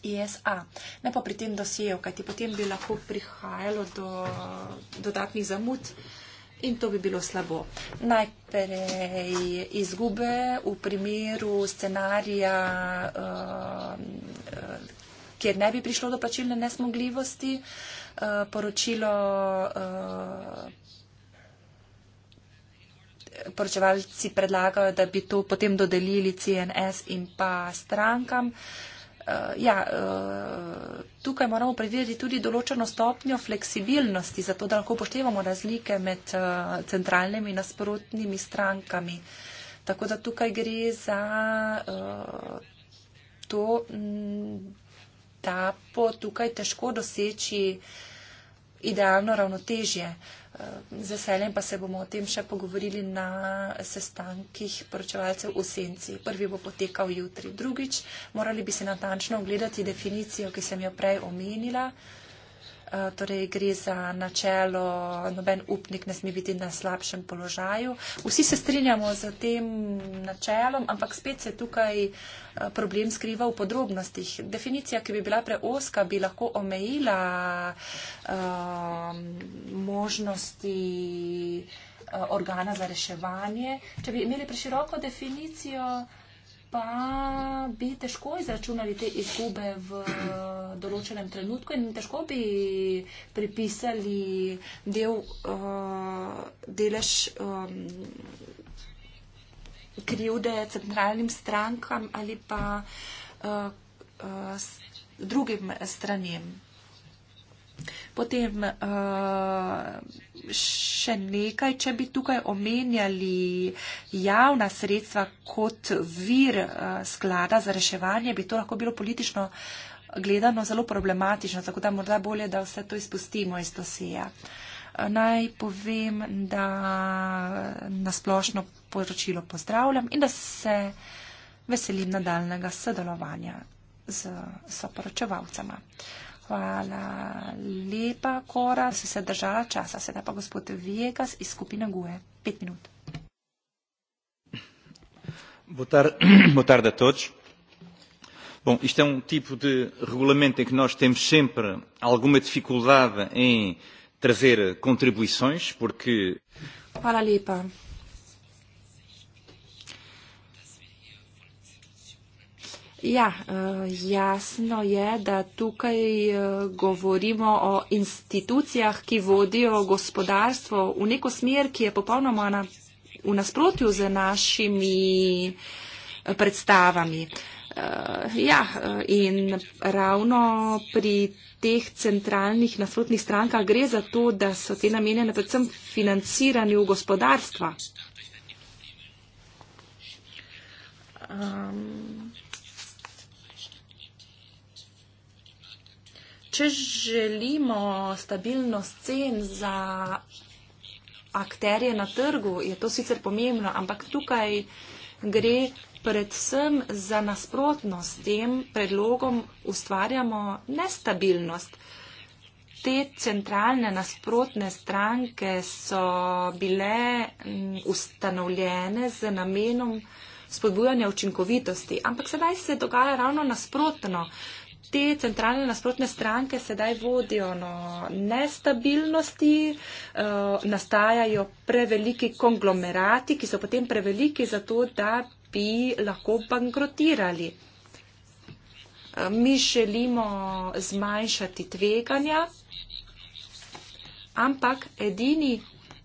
ESA. E um, ne pa pri tem dosijo, kajti potem bi lahko prihajalo do dodatnih zamud. Uh, in to bi bilo slabo. Najprej izgube v primeru scenarija, um, uh, kjer ne bi prišlo do plačilne nesmogljivosti, uh, poročilo uh, poročevalci predlagajo, da bi to potem dodelili CNS in pa strankam. Uh, uh, ja, uh, tukaj moramo predvideti tudi določeno stopnjo fleksibilnosti, zato da lahko poštevamo razlike med uh, centralnimi in nasprotnimi strankami. Tako da tukaj gre za uh, to, mm, da bo tukaj težko doseči idealno ravnotežje. Uh, Eh, z veseljem pa se bomo o tem še pogovorili na sestankih poročevalcev v Senci. Prvi bo potekal jutri. Drugič, morali bi se natančno ogledati definicijo, ki sem jo prej omenila. Eh, torej gre za načelo, noben upnik ne sme biti na slabšem položaju. Vsi se strinjamo z tem načelom, ampak spet se tukaj eh, problem skriva v podrobnostih. Definicija, ki bi bila preoska, bi lahko omejila um, možnosti organa za reševanje. Če bi imeli preširoko definicijo, pa bi težko izračunali te izgube v eh, določenem trenutku in težko bi pripisali del, uh, delež um, krivde centralnim strankam ali pa uh, uh, drugim stranjem. Potem eh, še nekaj, če bi tukaj omenjali javna sredstva kot vir eh, sklada za reševanje, bi to lahko bilo politično gledano zelo problematično, tako da morda bolje, da vse to izpustimo iz dosija. Eh, naj povem, da nasplošno poročilo pozdravljam in da se veselim nadaljnega sodelovanja z soporočevalcama. Hvala lepa, Kora. Si se držala časa. Sedaj pa gospod Vijekas iz skupine GUE. Pet minut. Boa tarde a todos. Bom, isto é um tipo de regulamento em que nós temos sempre alguma dificuldade em trazer contribuições, porque. Fala, Lipa. Ja, eh, jasno je, da tukaj eh, govorimo o institucijah, ki vodijo gospodarstvo v neko smer, ki je popolnoma na, v nasprotju z našimi eh, predstavami. Ja, in ravno pri teh centralnih nasprotnih strankah gre za to, da so te namenjene predvsem financiranju gospodarstva. Um, če želimo stabilnost cen za akterje na trgu, je to sicer pomembno, ampak tukaj gre predvsem za nasprotnost. Tem predlogom ustvarjamo nestabilnost. Te centralne nasprotne stranke so bile ustanovljene z namenom spodbujanja učinkovitosti, ampak sedaj se dogaja ravno nasprotno te centralne nasprotne stranke sedaj vodijo no, nestabilnosti, uh, nastajajo preveliki konglomerati, ki so potem preveliki za to, da bi lahko bankrotirali. Eh, mi želimo zmanjšati tveganja, ampak edini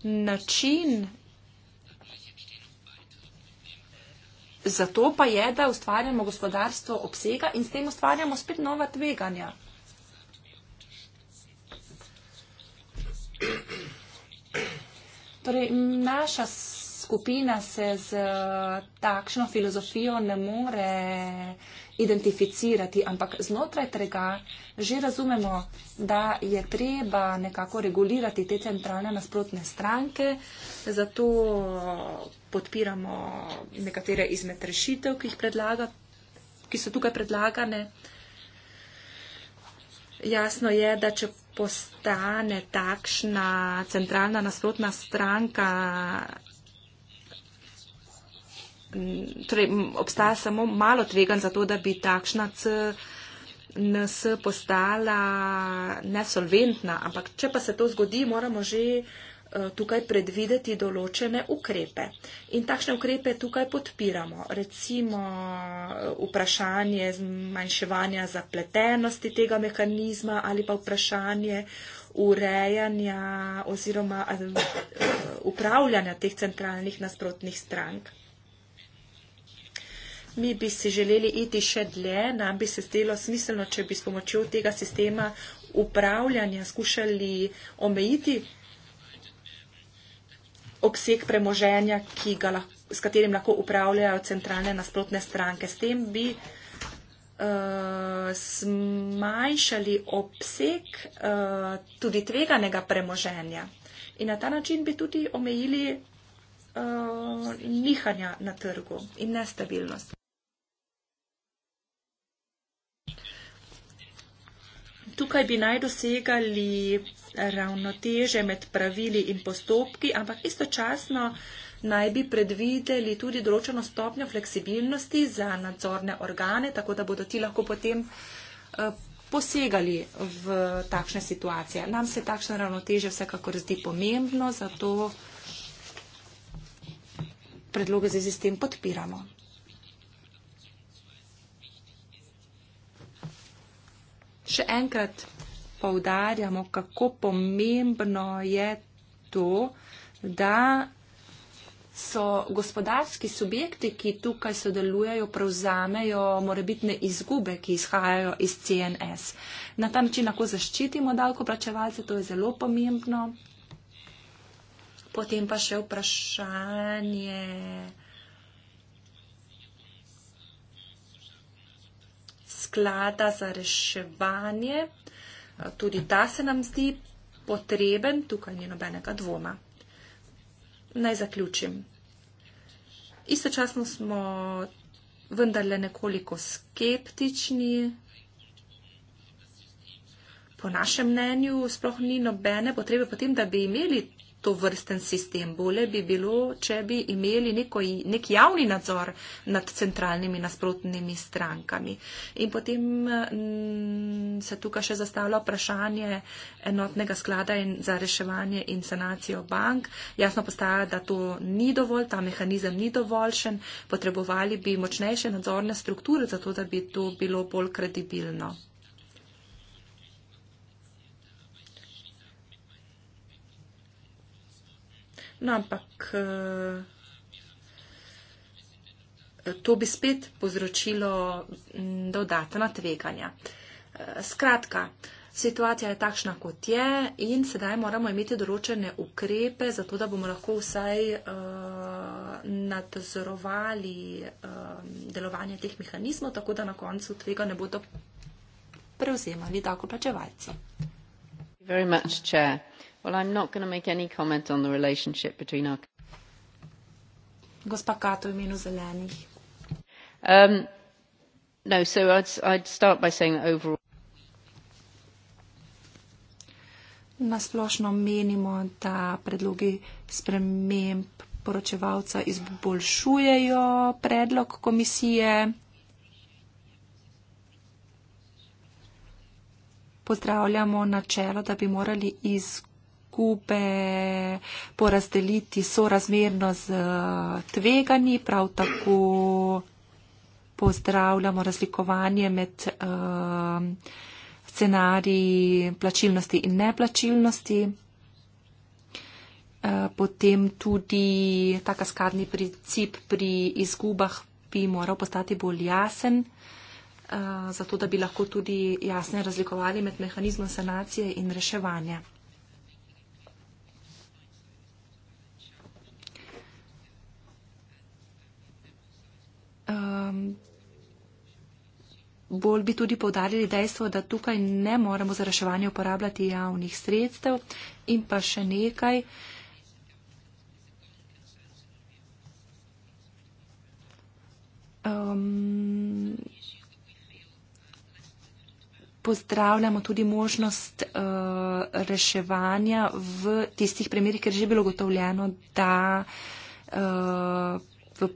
način Zato pa je, da ustvarjamo gospodarstvo obsega in s tem ustvarjamo spet nova tveganja. Torej, naša skupina se z eh, takšno filozofijo ne more identificirati, ampak znotraj tega že razumemo, da je treba nekako regulirati te centralne nasprotne stranke, zato podpiramo nekatere izmed rešitev, ki, predlaga, ki so tukaj predlagane. Jasno je, da če postane takšna centralna nasprotna stranka, torej obstaja samo malo tvegan za to, da bi takšna CNS postala nesolventna, ampak če pa se to zgodi, moramo že Eh, tukaj predvideti določene ukrepe. In takšne ukrepe tukaj podpiramo. Recimo eh, vprašanje zmanjševanja zapletenosti tega mehanizma ali pa vprašanje urejanja oziroma eh, upravljanja teh centralnih nasprotnih strank. Mi bi si želeli iti še dlje, nam bi se zdelo smiselno, če bi s pomočjo tega sistema upravljanja skušali omejiti obseg premoženja, lahko, s katerim lahko upravljajo centralne nasprotne stranke. S tem bi uh, zmanjšali obseg uh, tudi tveganega premoženja in na ta način bi tudi omejili uh, nihanja na trgu in nestabilnost. Tukaj bi naj dosegali ravnoteže med pravili in postopki, ampak istočasno naj bi predvideli tudi določeno stopnjo fleksibilnosti za nadzorne organe, tako da bodo ti lahko potem eh, posegali v takšne situacije. Nam se takšno ravnoteže vsekakor zdi pomembno, zato predloge z izistem podpiramo. Še enkrat poudarjamo, kako pomembno je to, da so gospodarski subjekti, ki tukaj sodelujejo, prevzamejo morebitne izgube, ki izhajajo iz CNS. Na ta način lahko zaščitimo davkoplačevalce, to je zelo pomembno. Potem pa še vprašanje. Sklada za reševanje Eh, tudi ta se nam zdi potreben, tukaj ni nobenega dvoma. Naj zaključim. Istočasno smo vendarle nekoliko skeptični. Po našem mnenju sploh ni nobene potrebe potem, da bi imeli to vrsten sistem. Bole bi bilo, če bi imeli neko, nek javni nadzor nad centralnimi nasprotnimi strankami. In potem mm, se tukaj še zastavlja vprašanje enotnega sklada in za reševanje in sanacijo bank. Jasno postaja, da to ni dovolj, ta mehanizem ni dovoljšen, potrebovali bi močnejše nadzorne strukture, zato da bi to bilo bolj kredibilno. No, ampak eh, to bi spet povzročilo mm, dodatna tveganja. Eh, skratka, situacija je takšna, kot je in sedaj moramo imeti določene ukrepe, zato da bomo lahko vsaj uh, nadzorovali uh, delovanje teh mehanizmov, tako da na koncu tvega ne bodo prevzemali davkoplačevalci. Hvala lepa, predsednica. Well, I'm not going to make any comment on the relationship between our. Gospa Kato, imenu zelenih. Um, no, so I'd, I'd start by saying that overall. Nasplošno menimo, da predlogi sprememb poročevalca izboljšujejo predlog komisije. Pozdravljamo načelo, da bi morali izgubiti nakupe porazdeliti sorazmerno z eh, tveganji, prav tako pozdravljamo razlikovanje med uh, scenariji plačilnosti in neplačilnosti. Eh, potem tudi ta kaskadni princip pri izgubah bi moral postati bolj jasen, zato da bi lahko tudi jasne razlikovali med mehanizmom sanacije in reševanja. Um, bolj bi tudi povdarjali dejstvo, da tukaj ne moremo za reševanje uporabljati javnih sredstev in pa še nekaj. Um, pozdravljamo tudi možnost uh, reševanja v tistih primerih, ker je že bilo gotovljeno, da uh, v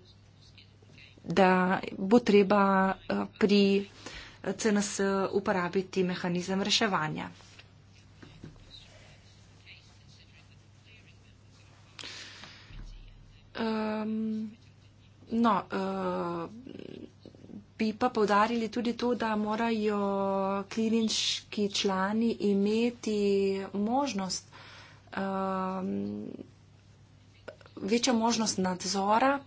da bo treba eh, pri eh, CNS uporabiti mehanizem reševanja. Um, no, uh, bi pa povdarili tudi to, da morajo klinički člani imeti možnost, um, večjo možnost nadzora. Uh,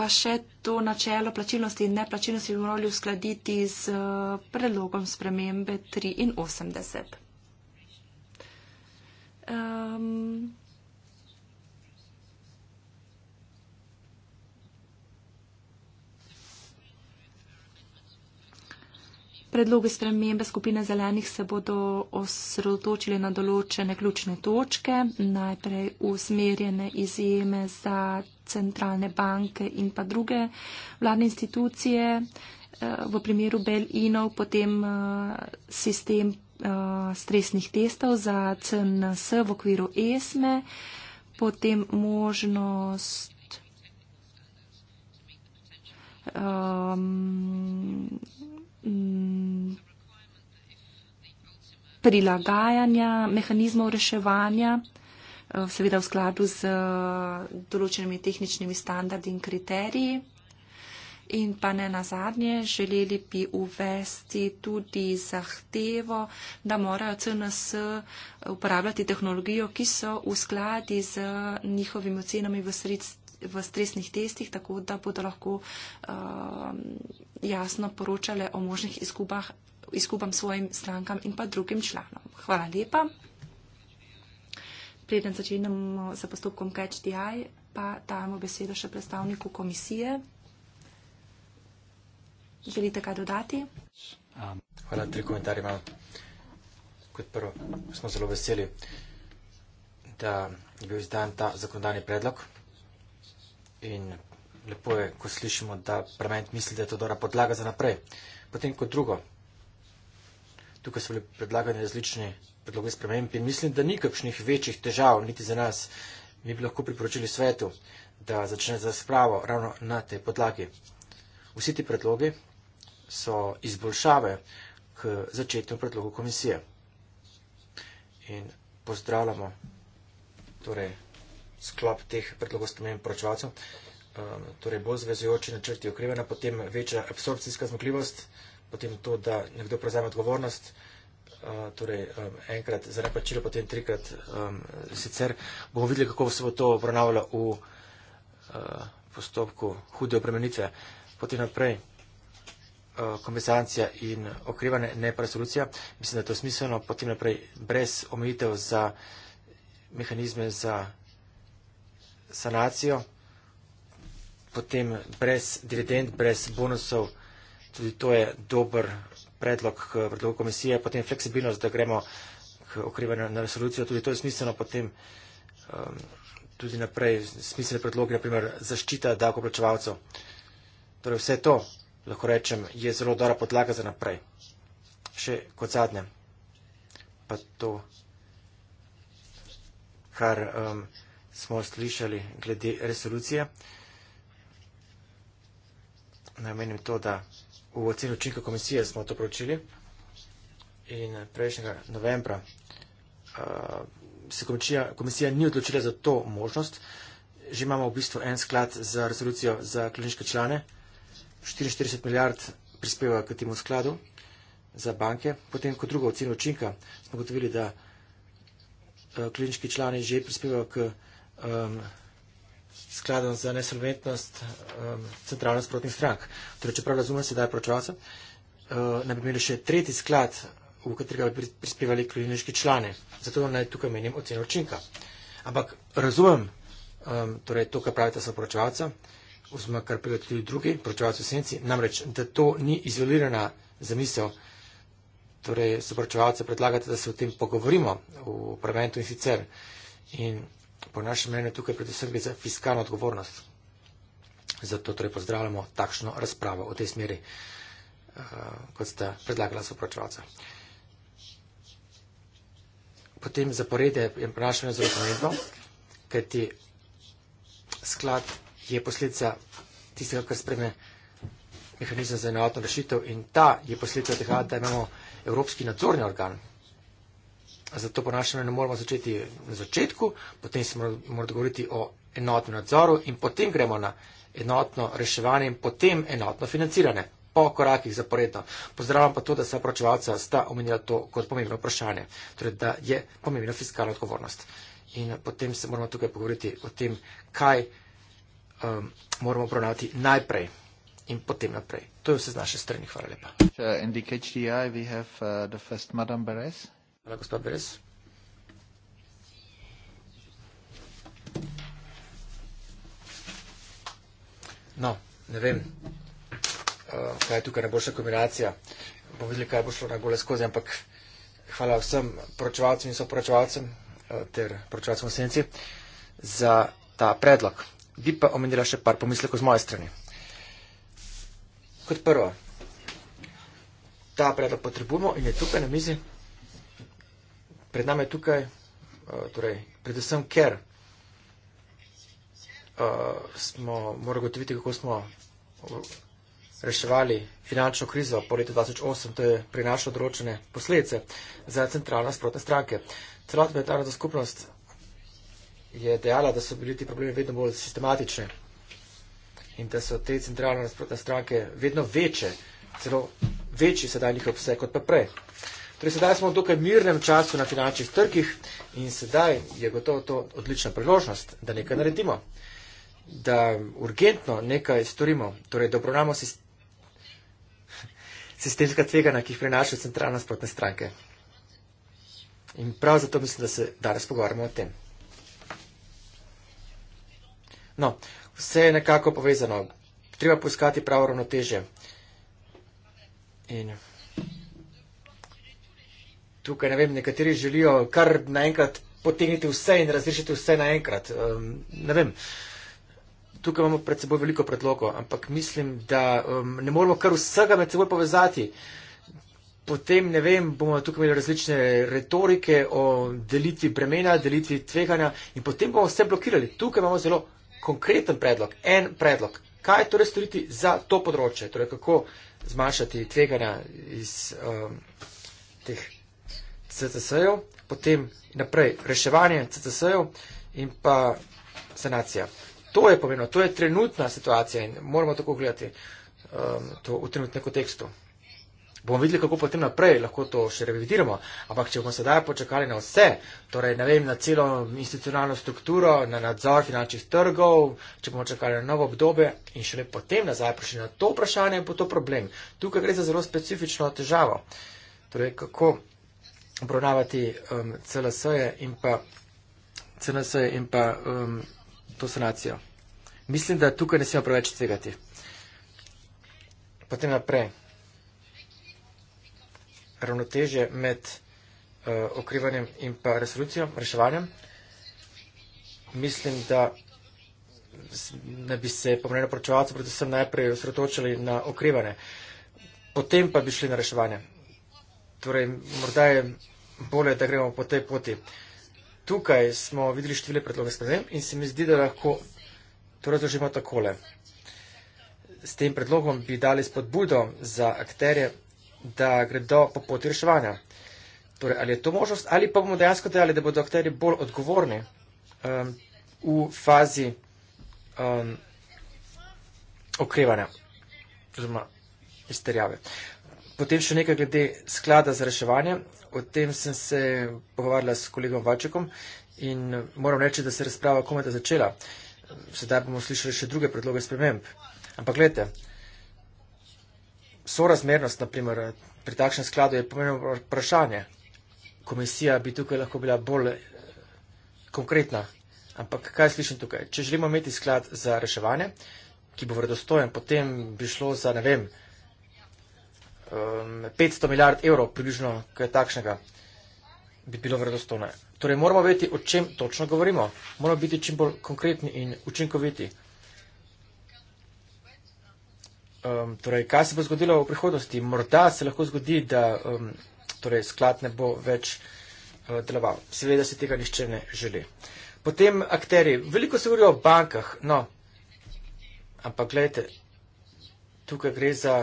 pa še to načelo plačilnosti in neplačilnosti bi morali uskladiti z eh, predlogom spremembe 83. Um, ehm, Predloge spremembe skupine zelenih se bodo osredotočili na določene ključne točke, najprej usmerjene izjeme za centralne banke in pa druge vladne institucije eh, v primeru Belinov, potem eh, sistem eh, stresnih testov za CNS v okviru ESME, potem možnost. Um, Mm, prilagajanja mehanizmov reševanja, eh, seveda v skladu z eh, določenimi tehničnimi standardi in kriteriji. In pa ne nazadnje, želeli bi uvesti tudi zahtevo, da morajo CNS eh, uporabljati tehnologijo, ki so v skladi z njihovimi ocenami v sredstvih v stresnih testih, tako da bodo lahko uh, jasno poročale o možnih izgubah, izgubam svojim strankam in pa drugim članom. Hvala lepa. Preden začenjamo s postopkom CatchDI, pa dajemo besedo še predstavniku komisije. Želite kaj dodati? Um, hvala, tri komentarje imam. Kot prvo, smo zelo veseli, da je bil izdan ta zakonodajni predlog, In lepo je, ko slišimo, da parlament misli, da je to dobra podlaga za naprej. Potem kot drugo, tukaj so bili predlagani različni predlogi sprememb in mislim, da ni kakšnih večjih težav, niti za nas, mi bi lahko priporočili svetu, da začne za spravo ravno na tej podlagi. Vsi ti predlogi so izboljšave k začetnemu predlogu komisije. In pozdravljamo. Torej, sklop teh predlogov spremen proračunov, um, torej bolj zvezujoči načrti okrevanja, potem večja absorpcijska zmogljivost, potem to, da nekdo prevzame odgovornost, uh, torej um, enkrat za neplačilo, potem trikrat um, sicer. Bomo videli, kako se bo to obravnavalo v uh, postopku hude obremenitve. Potem naprej uh, kompensacija in okrevanje, ne pa resolucija. Mislim, da je to smiselno. Potem naprej brez omejitev za mehanizme za sanacijo, potem brez dividend, brez bonusov, tudi to je dober predlog k predlogu komisije, potem fleksibilnost, da gremo k okrivanju na resolucijo, tudi to je smiselno potem um, tudi naprej smiselne predloge, naprimer zaščita davkoplačevalcev. Torej vse to, lahko rečem, je zelo dobra podlaga za naprej. Še kot zadnje, pa to, kar. Um, smo slišali glede resolucije. Namenim to, da v oceni učinka komisije smo to pročili in prejšnjega novembra se komisija ni odločila za to možnost. Že imamo v bistvu en sklad za resolucijo za kliniške člane, 44 milijard prispeva k temu skladu za banke. Potem, kot drugo oceni učinka, smo gotovili, da klinički člani že prispevajo k resolucijo um, skladen za nesolventnost um, centralno sprotnih strank. Torej, čeprav razumem sedaj pročalce, uh, naj bi imeli še tretji sklad, v katerega bi prispevali kliniški člane. Zato naj tukaj menim oceno učinka. Ampak razumem um, torej to, kar pravite so pročalce, oziroma kar pravijo tudi drugi pročalce v senci, namreč, da to ni izolirana zamisel. Torej, soporočevalce predlagate, da se o tem pogovorimo v parlamentu in sicer. In po našem mnenju tukaj predvsem gre za fiskalno odgovornost. Zato torej pozdravljamo takšno razpravo v tej smeri, eh, kot ste predlagala soproočevalca. Potem zaporedje je po našem mnenju zelo pomembno, kajti sklad je posledica tistega, kar spreme mehanizem za enotno rešitev in ta je posledica tega, da imamo Evropski nadzorni organ, Zato po našem ne moramo začeti na začetku, potem se moramo mora dogovoriti o enotnem nadzoru in potem gremo na enotno reševanje in potem enotno financiranje, po korakih zaporedno. Pozdravljam pa to, da se pročevalca sta omenila to kot pomembno vprašanje, torej da je pomembna fiskalna odgovornost. In potem se moramo tukaj pogovoriti o tem, kaj um, moramo pronati najprej in potem naprej. To je vse z naše strani. Hvala lepa. Uh, Hvala, gospa Brez. No, ne vem, uh, kaj je tukaj najboljša kombinacija. Bomo videli, kaj bo šlo na gole skozi, ampak hvala vsem poročevalcem in soporočevalcem uh, ter poročevalcem v senci za ta predlog. Bi pa omenila še par pomislekov z moje strani. Kot prvo, ta predlog potrebujemo in je tukaj na mizi pred nami je tukaj, eh, torej, predvsem ker eh, smo morali gotoviti, kako smo eh, reševali finančno krizo po letu 2008, to je prinašalo določene posledice za centralne sprotne stranke. Celotna mednarodna skupnost je dejala, da so bili ti problemi vedno bolj sistematični in da so te centralne nasprotne stranke vedno večje, celo večji sedaj njihov obseg kot pa prej. Uh, Torej, sedaj smo v dokaj mirnem času na finančnih trgih in sedaj je gotovo to odlična priložnost, da nekaj naredimo, da urgentno nekaj storimo, torej da obravnamo sistemska tvegana, ki jih prenaša centralna sprotne stranke. In prav zato mislim, da se danes pogovarjamo o tem. No, vse je nekako povezano. Treba poiskati pravo ravnoteže. In tukaj, ne vem, nekateri želijo kar naenkrat potegniti vse in razrešiti vse naenkrat. Um, ne vem. Tukaj imamo pred seboj veliko predlogov, ampak mislim, da um, ne moramo kar vsega med seboj povezati. Potem, ne vem, bomo tukaj imeli različne retorike o delitvi bremena, delitvi tveganja in potem bomo vse blokirali. Tukaj imamo zelo konkreten predlog, en predlog. Kaj torej storiti za to področje? Torej, kako zmanjšati tveganja iz um, teh CCS-jev, potem naprej reševanje CCS-jev in pa sanacija. To je pomenilo, to je trenutna situacija in moramo tako gledati um, to v trenutnem kontekstu. Bomo videli, kako potem naprej lahko to še revidiramo, ampak če bomo sedaj počakali na vse, torej ne vem, na celo institucionalno strukturo, na nadzor finančnih trgov, če bomo čakali na novo obdobje in šele potem nazaj prišli na to vprašanje, bo to problem. Tukaj gre za zelo specifično težavo. Torej, kako obravnavati um, CLS-je in pa CNS-je in pa um, to sanacijo. Mislim, da tukaj ne smemo preveč tvegati. Potem naprej. Ravnoteže med uh, okrivanjem in pa resolucijo, reševanjem. Mislim, da ne bi se pomenilo pročevalcev predvsem najprej osredotočili na okrivanje, potem pa bi šli na reševanje torej morda je bolje, da gremo po tej poti. Tukaj smo videli številne predloge sprememb in se mi zdi, da lahko to razložimo takole. S tem predlogom bi dali spodbudo za akterje, da gredo po poti reševanja. Torej, ali je to možnost, ali pa bomo dejansko dejali, da bodo akterji bolj odgovorni um, v fazi um, okrevanja oziroma izterjave. Uh, Potem še nekaj glede sklada za reševanje. O tem sem se pogovarjala s kolegom Vačekom in moram reči, da se je razprava komajda začela. Sedaj bomo slišali še druge predloge sprememb. Ampak gledajte, sorazmernost, naprimer, pri takšnem skladu je pomembno vprašanje. Komisija bi tukaj lahko bila bolj eh, konkretna. Ampak kaj slišim tukaj? Če želimo imeti sklad za reševanje, ki bo vredostojen, potem bi šlo za, ne vem, um, 500 milijard evrov, približno kaj takšnega, bi bilo vredostone. Torej, moramo vedeti, o čem točno govorimo. Moramo biti čim bolj konkretni in učinkoviti. Um, torej, kaj se bo zgodilo v prihodnosti? Morda se lahko zgodi, da um, torej, sklad ne bo več uh, deloval. Seveda si tega nišče ne želi. Potem akteri. Veliko se govori o bankah. No, ampak gledajte, tukaj gre za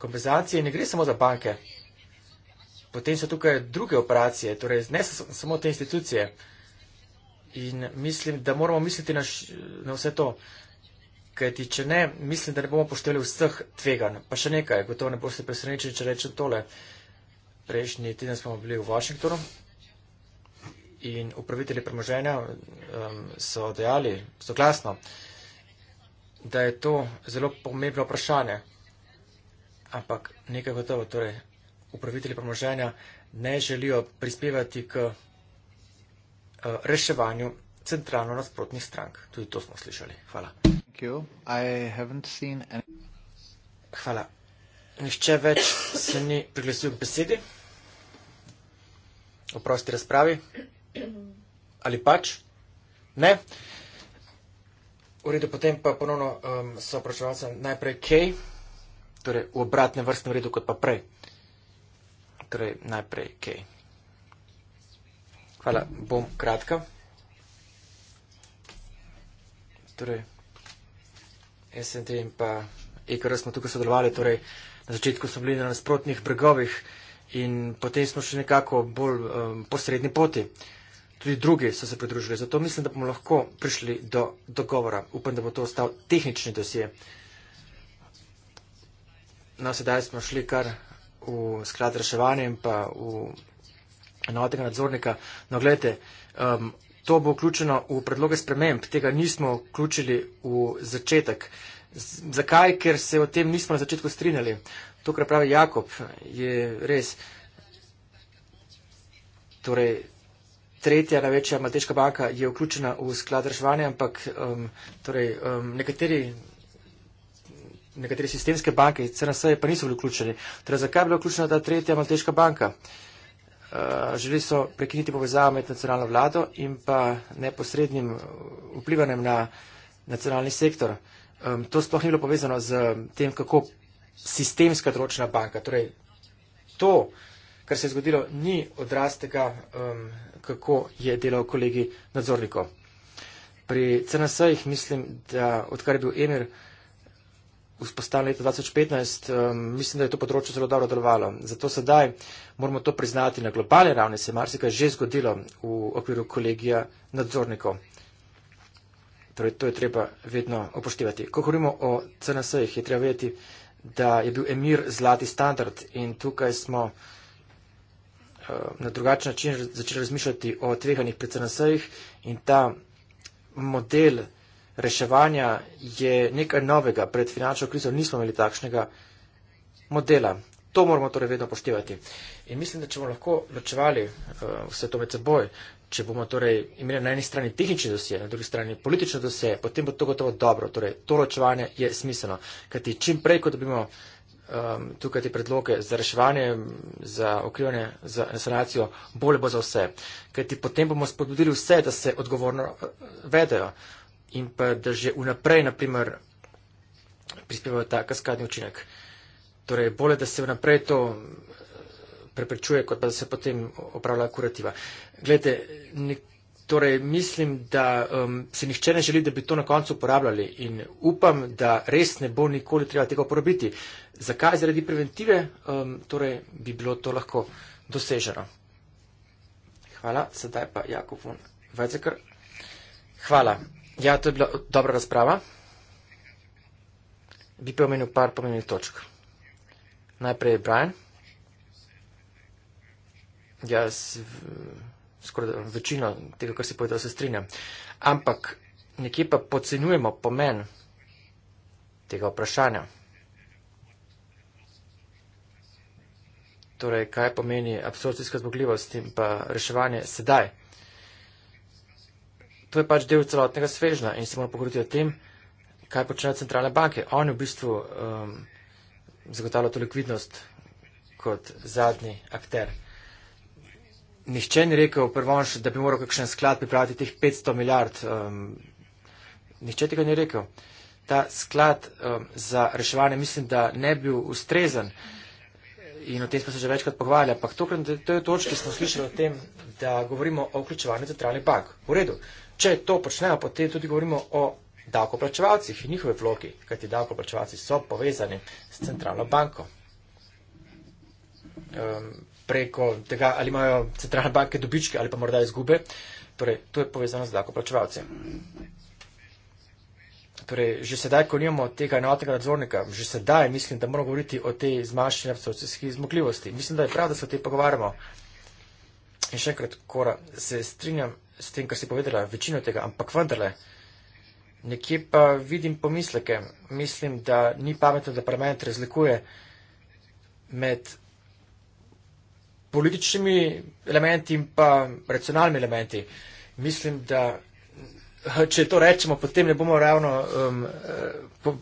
kompenzacije, ne gre samo za banke. Potem so tukaj druge operacije, torej ne samo te institucije. In mislim, da moramo misliti na, š, na vse to. Kajti, če ne, mislim, da ne bomo poštevali vseh tvegan. Pa še nekaj, gotovo ne boste presenečeni, če rečem tole. Prejšnji teden smo bili v Washingtonu in upravitelji premoženja um, so dejali soglasno, da je to zelo pomembno vprašanje ampak nekaj gotovo, torej upravitelji premoženja ne želijo prispevati k eh, reševanju centralno nasprotnih strank. Tudi to smo slišali. Hvala. Hvala. Nihče več se ni priglasil k besedi. Oprosti razpravi. Ali pač? Ne. V redu, potem pa ponovno um, se opraševalcem najprej Kej. Okay torej v obratnem vrstnem redu kot pa prej. Torej, najprej K. Okay. Hvala, bom kratka. Torej, SND in pa EKR smo tukaj sodelovali, torej na začetku smo bili na nasprotnih bregovih in potem smo še nekako bolj um, posredni poti. Tudi drugi so se pridružili, zato mislim, da bomo lahko prišli do dogovora. Upam, da bo to ostal tehnični dosje. Uh, No, sedaj smo šli kar v sklad reševanja in pa v enotega nadzornika. No, gledajte, um, to bo vključeno v predloge sprememb, tega nismo vključili v začetek. Z zakaj? Ker se o tem nismo na začetku strinjali. To, kar pravi Jakob, je res. Torej, tretja največja malteška banka je vključena v sklad reševanja, ampak um, torej, um, nekateri nekatere sistemske banke, CNS pa niso bili vključeni. Torej, zakaj je bila vključena ta tretja malteška banka? Uh, želeli so prekiniti povezavo med nacionalno vlado in pa neposrednim vplivanjem na nacionalni sektor. Um, to sploh ni bilo povezano z tem, kako sistemska določena banka. Torej, to, kar se je zgodilo, ni odraz tega, um, kako je delal kolegi nadzorniko. Pri CNS-ih mislim, da odkar je bil Emir, uh, vzpostavljen leta 2015, um, ehm, mislim, da je to področje zelo dobro delovalo. Zato sedaj moramo to priznati na globalni ravni, se je marsikaj že zgodilo v okviru kolegija nadzornikov. Torej, to je treba vedno upoštevati. Ko govorimo o CNS-jih, je treba vedeti, da je bil emir zlati standard in tukaj smo uh, na drugačen način začeli razmišljati o tveganjih pri CNS-jih in ta model, reševanja je nekaj novega. Pred finančno krizo nismo imeli takšnega modela. To moramo torej vedno poštevati. In mislim, da če bomo lahko ločevali uh, vse to med seboj, če bomo torej imeli na eni strani tehnične dosje, na drugi strani politične dosje, potem bo to gotovo dobro. Torej, to ločevanje je smiselno. Kajti čim prej, ko dobimo um, tukaj te predloge za reševanje, za okrivanje, za sanacijo, bolje bo za vse. Kajti potem bomo spodbudili vse, da se odgovorno uh, vedejo in pa da že vnaprej, naprimer, prispevajo ta kaskadni učinek. Torej, bolje, da se vnaprej to eh, preprečuje, kot pa da se potem opravlja kurativa. Glede, ne, torej, mislim, da um, se nihče ne želi, da bi to na koncu uporabljali in upam, da res ne bo nikoli treba tega uporabiti. Zakaj? Zaradi preventive, um, torej, bi bilo to lahko doseženo. Hvala, sedaj pa Jakob von Weizsäcker. Hvala. Ja, to je bila dobra razprava. Bi pa omenil par pomembnih točk. Najprej Brian. Jaz skoraj večino tega, kar si povedal, se strinjam. Ampak nekje pa pocenjujemo pomen tega vprašanja. Torej, kaj pomeni absorpcijska zmogljivost in pa reševanje sedaj? to je pač del celotnega svežna in se moramo pogovoriti o tem, kaj počnejo centralne banke. Oni v bistvu um, zagotavljajo to likvidnost kot zadnji akter. Nihče ni rekel prvonš, da bi moral kakšen sklad pripraviti teh 500 milijard. Um, nihče tega ni rekel. Ta sklad um, za reševanje mislim, da ne bi bil ustrezen in o tem smo se že večkrat pohvalili, ampak tokrat na tej točki smo slišali o tem, da govorimo o vključevanju centralnih bank. V redu, Če to počnejo, potem tudi govorimo o davkoplačevalcih in njihove vlogi, kajti davkoplačevalci so povezani s centralno banko. Um, preko tega, ali imajo centralne banke dobičke ali pa morda izgube, torej to je povezano z davkoplačevalci. Torej, že sedaj, ko nimamo tega enotnega nadzornika, že sedaj mislim, da moramo govoriti o tej zmanjšanju absorpcijskih zmogljivosti. Mislim, da je prav, da se o tem pogovarjamo. In še enkrat, Kora, se strinjam s tem, kar si povedala, večino tega, ampak vendarle, nekje pa vidim pomisleke. Mislim, da ni pametno, da parlament razlikuje med političnimi elementi in pa racionalnimi elementi. Mislim, da če to rečemo, potem ne bomo ravno um, po,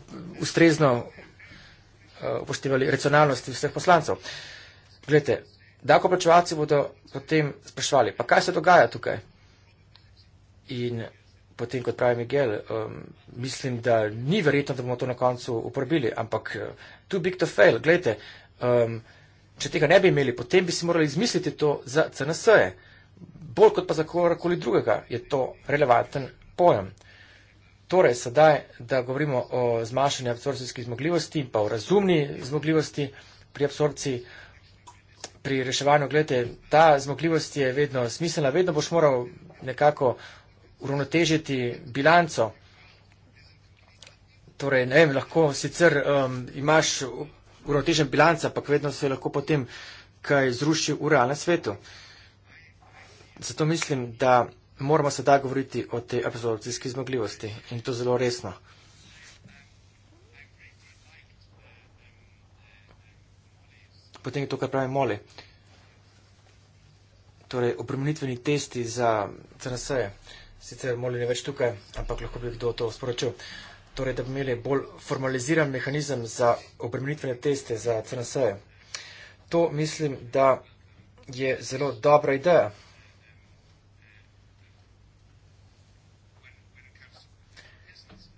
ustrezno uh, upoštevali racionalnosti vseh poslancev. Glede, davkoplačevalci bodo potem spraševali, pa kaj se dogaja tukaj? In potem, kot pravi Miguel, um, mislim, da ni verjetno, da bomo to na koncu uporabili, ampak uh, too big to fail. Glejte, um, če tega ne bi imeli, potem bi si morali izmisliti to za CNS-e. Bolj kot pa za kogarkoli drugega je to relevanten pojem. Torej, sedaj, da govorimo o zmanjšanju absorpcijskih zmogljivosti in pa o razumni zmogljivosti pri absorpciji, pri reševanju, gledajte, ta zmogljivost je vedno smiselna, vedno boš moral nekako uravnotežiti bilanco. Torej, ne vem, lahko sicer um, imaš uravnotežen bilanca, ampak vedno se lahko potem kaj zruši v realnem svetu. Zato mislim, da moramo sedaj govoriti o tej absorpcijski zmogljivosti in to zelo resno. Potem je to, kar pravi Moli. Torej, obremenitveni testi za CNS-je. Uh, sicer Moli ni več tukaj, ampak lahko bi kdo to sporočil. Torej, da bi imeli bolj formaliziran mehanizem za obremenitvene teste za CNS-je. To mislim, da je zelo dobra ideja.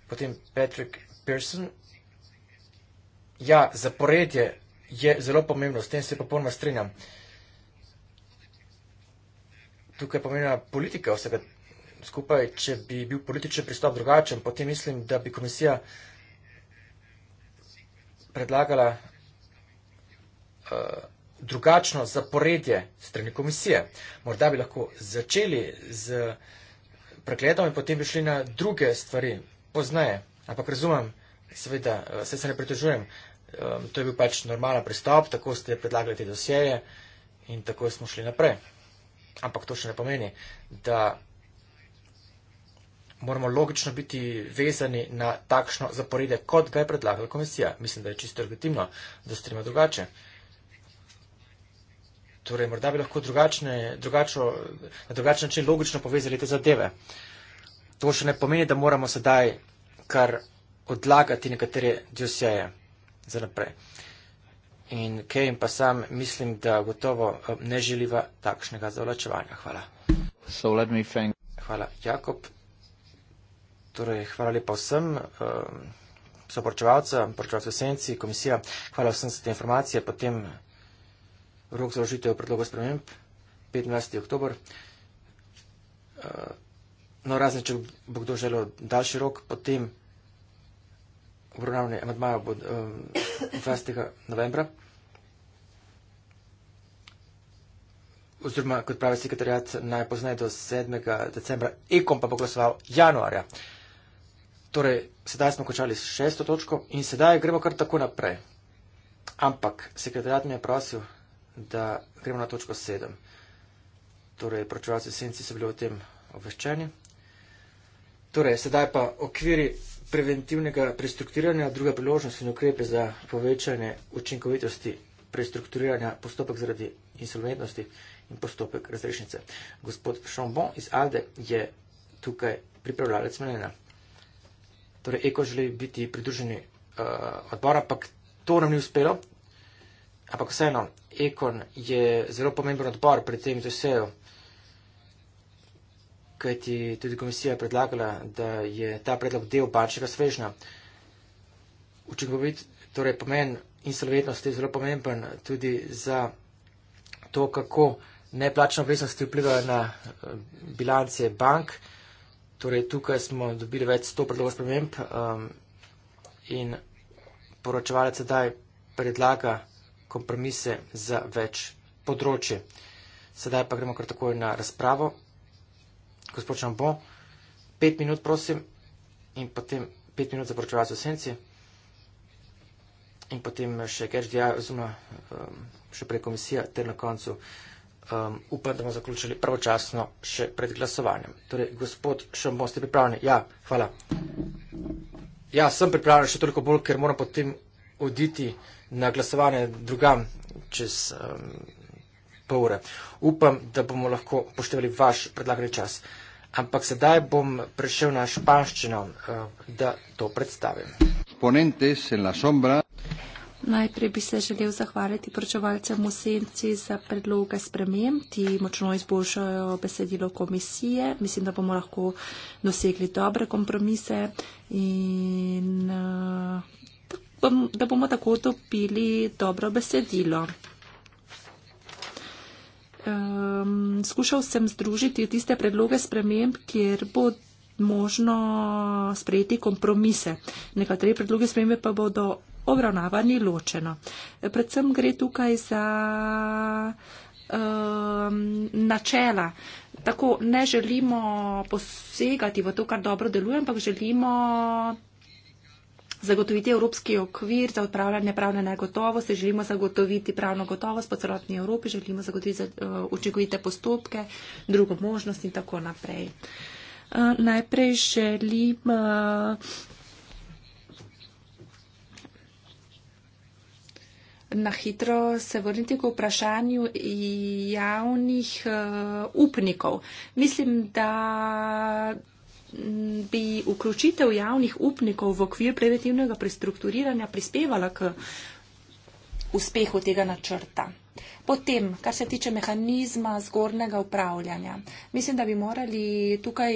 Potem Patrick Pearson. Ja, zaporedje je zelo pomembno, s tem se popolnoma strinjam. Tukaj je pomembna politika vsega skupaj, če bi bil političen pristop drugačen, potem mislim, da bi komisija predlagala uh, drugačno zaporedje strani komisije. Morda bi lahko začeli z pregledom in potem bi šli na druge stvari poznaje. Ampak razumem, seveda, vse eh, se ne pritožujem. Um, to je bil pač normalen pristop, tako ste predlagali te dosjeje in tako smo šli naprej. Ampak to še ne pomeni, da moramo logično biti vezani na takšno zaporede, kot ga je predlagala komisija. Mislim, da je čisto legitimno, da se trima drugače. Torej, morda bi lahko drugačne, drugačo, na drugačen način logično povezali te zadeve. To še ne pomeni, da moramo sedaj kar odlagati nekatere dioseje za naprej. In Kejim pa sam mislim, da gotovo eh, ne želiva takšnega zavlačevanja. Hvala. So let me thank. Hvala, Jakob. Torej, hvala lepa vsem, uh, ehm, soporočevalca, poročevalce v senci, komisija. Hvala vsem za te informacije. Potem rok za ložitev predloga sprememb, 25. oktober. Uh, no, razne, če bo kdo želel daljši rok, potem obravnavanje amadmaja bo um, ehm, 20. novembra. Oziroma, kot pravi sekretarjat, najpoznaj do 7. decembra, ekom pa bo glasoval januarja. Torej, sedaj smo končali s šesto točko in sedaj gremo kar tako naprej. Ampak sekretariat mi je prosil, da gremo na točko sedem. Torej, pročevalci senci so bili o tem obveščeni. Torej, sedaj pa okviri preventivnega prestrukturiranja, druga priložnost in ukrepe za povečanje učinkovitosti prestrukturiranja, postopek zaradi insolventnosti in postopek razrešnice. Gospod Šombon iz Alde je tukaj pripravljalec menjena torej Eko želi biti pridruženi uh, odbor, ampak to nam ni uspelo. Ampak vseeno, Ekon je zelo pomemben odbor pred tem zasejo, kajti tudi komisija je predlagala, da je ta predlog del bančnega svežnja. Učinkovit, torej pomen insolventnosti je zelo pomemben tudi za to, kako neplačne obveznosti vplivajo na eh, bilance bank. Uh, Torej, tukaj smo dobili več sto predlogov sprememb um, in poročevalec sedaj predlaga kompromise za več področje. Sedaj pa gremo kar takoj na razpravo. Gospod Šambo, pet minut prosim in potem pet minut za poročevalec v senci in potem še GHDI oziroma um, še prej komisija ter na koncu. Uh, um, upam, da bomo zaključili pravočasno še pred glasovanjem. Torej, gospod Šambon, ste pripravljeni? Ja, hvala. Ja, sem pripravljen še toliko bolj, ker moram potem oditi na glasovanje drugam čez um, pol ure. Upam, da bomo lahko poštevali vaš predlagani čas. Ampak sedaj bom prešel na španščino, uh, da to predstavim. Sponente se la sombra Najprej bi se želel zahvaliti pročevalcem v senci za predloge sprememb, ti močno izboljšajo besedilo komisije. Mislim, da bomo lahko dosegli dobre kompromise in eh, da bomo tako dobili dobro besedilo. Um, skušal sem združiti tiste predloge sprememb, kjer bo možno sprejeti kompromise. Nekateri predloge spremembe pa bodo obravnavani ločeno. Predvsem gre tukaj za um, načela. Tako ne želimo posegati v to, kar dobro deluje, ampak želimo zagotoviti evropski okvir za odpravljanje pravne negotovosti, želimo zagotoviti pravno gotovost po celotni Evropi, želimo zagotoviti uh, učinkovite postopke, drugo možnost in tako naprej. Uh, najprej želim uh, na hitro se vrniti k vprašanju javnih eh, upnikov. Mislim, da bi vključitev javnih upnikov v okvir preventivnega prestrukturiranja prispevala k uh, uspehu tega načrta. Potem, kar se tiče mehanizma zgornjega upravljanja, mislim, da bi morali tukaj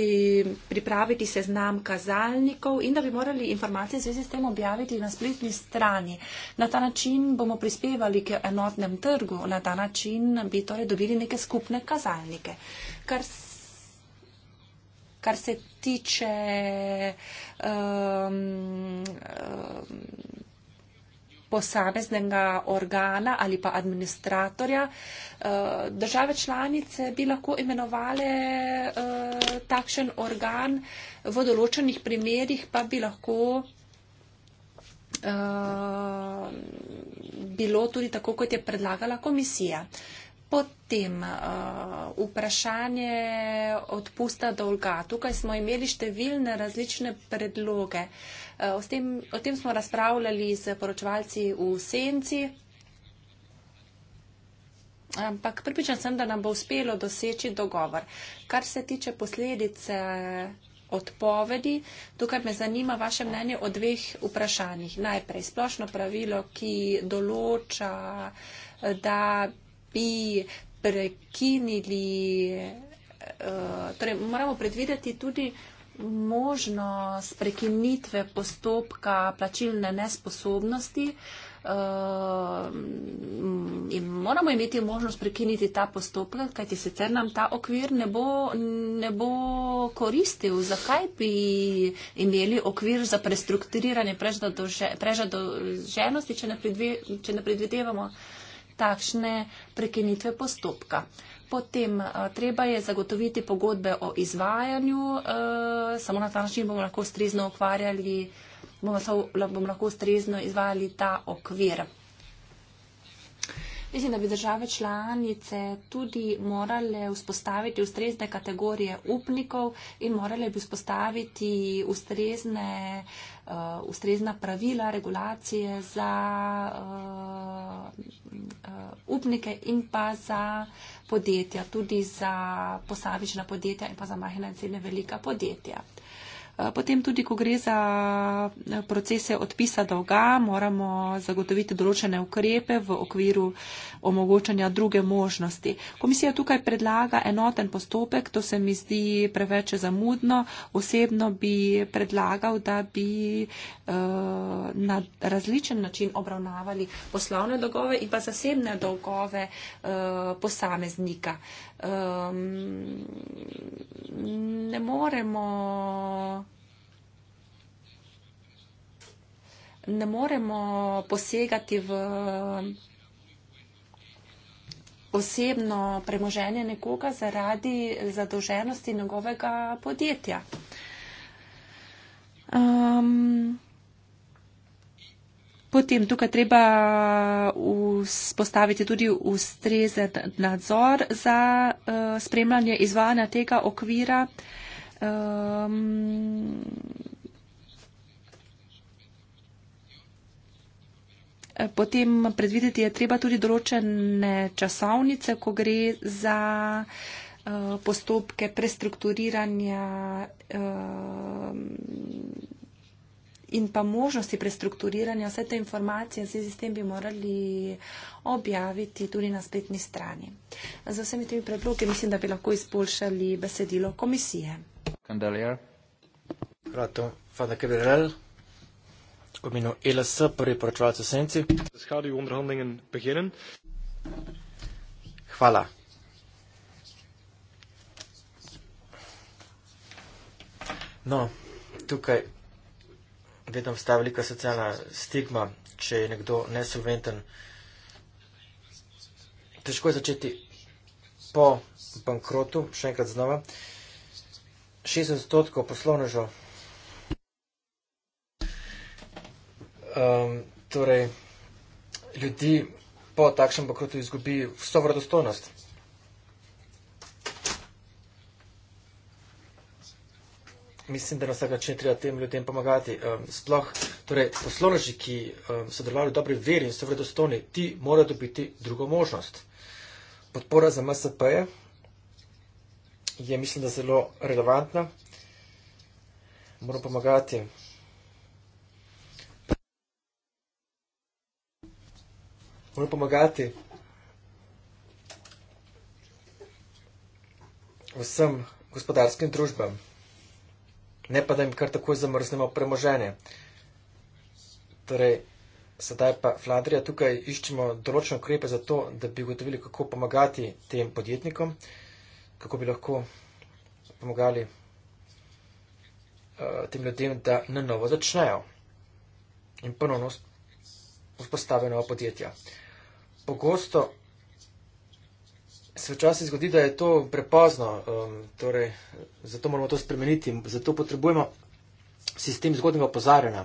pripraviti seznam kazalnikov in da bi morali informacije v zvezi s tem objaviti na spletni strani. Na ta način bomo prispevali k enotnem trgu, na ta način bi torej dobili neke skupne kazalnike. Kar, kar se tiče. Um, um, posameznega organa ali pa administratorja. Eh, države članice bi lahko imenovali eh, takšen organ, v določenih primerjih pa bi lahko eh, bilo tudi tako, kot je predlagala komisija. Potem uh, vprašanje odpusta dolga. Tukaj smo imeli številne različne predloge. Uh, Eh, o tem, o tem smo razpravljali z poročevalci v Senci. Ampak pripričan sem, da nam bo uspelo doseči dogovor. Kar se tiče posledice odpovedi, tukaj me zanima vaše mnenje o dveh vprašanjih. Najprej splošno pravilo, ki določa, da bi prekinili, eh, torej moramo predvideti tudi možnost prekinitve postopka plačilne nesposobnosti. Uh, moramo imeti možnost prekiniti ta postopek, kajti sicer nam ta okvir ne bo, ne bo koristil. Zakaj bi imeli okvir za prestrukturiranje prežadoženosti, če ne predvidevamo takšne prekinitve postopka? Uh, Potem eh, treba je zagotoviti pogodbe o izvajanju, eh, samo na ta način bomo lahko ustrezno, bomo lahko ustrezno izvajali ta okvir. Mislim, da bi države članice tudi morale vzpostaviti ustrezne kategorije upnikov in morale bi vzpostaviti ustrezne, uh, ustrezna pravila, regulacije za uh, uh, upnike in pa za podjetja, tudi za posavična podjetja in pa za majhna in srednja velika podjetja. Eh, potem tudi, ko gre za eh, procese odpisa dolga, moramo zagotoviti določene ukrepe v okviru omogočanja druge možnosti. Komisija tukaj predlaga enoten postopek, to se mi zdi preveč zamudno. Osebno bi predlagal, da bi eh, na različen način obravnavali poslovne dolgove in pa zasebne dolgove posameznika um, ne moremo. Ne moremo posegati v osebno premoženje nekoga zaradi zadolženosti njegovega podjetja. Um, Potem tukaj treba spostaviti tudi ustrezen nadzor za uh, spremljanje izvajanja tega okvira. Um, Potem predvideti je treba tudi določene časovnice, ko gre za uh, postopke prestrukturiranja. Uh, in pa možnosti prestrukturiranja vse te informacije, v zvezi s tem bi morali objaviti tudi na spletni strani. Z vsemi temi predlogi mislim, da bi lahko izboljšali besedilo komisije. Kandelier. Hrato, Fada Kabirel. Komino e LS, prvi poročevalce senci. Zahadi v onderhandlingen beginnen. Hvala. No, tukaj vedno obstaja velika socialna stigma, če je nekdo nesolventen. Težko je začeti po bankrotu, še enkrat znova. 60 odstotkov poslovnežo. Um, ehm, torej, ljudi po takšnem bankrotu izgubi vso vrdostojnost. mislim, da na vsak način treba tem ljudem pomagati. Um, sploh torej, poslovneži, ki um, so delovali v dobri veri in so vredostojni, ti morajo dobiti drugo možnost. Podpora za MSP je, je mislim, da zelo relevantna. Moramo pomagati. Moramo pomagati vsem gospodarskim družbam ne pa da jim kar takoj zamrznemo premoženje. Torej, sedaj pa Fladrija, tukaj iščemo določene ukrepe za to, da bi gotovili, kako pomagati tem podjetnikom, kako bi lahko pomagali uh, tem ljudem, da na novo začnejo in ponovno vzpostavijo nova podjetja. Pogosto se včasih zgodi, da je to prepozno, um, torej, zato moramo to spremeniti, zato potrebujemo sistem zgodnega opozarjanja,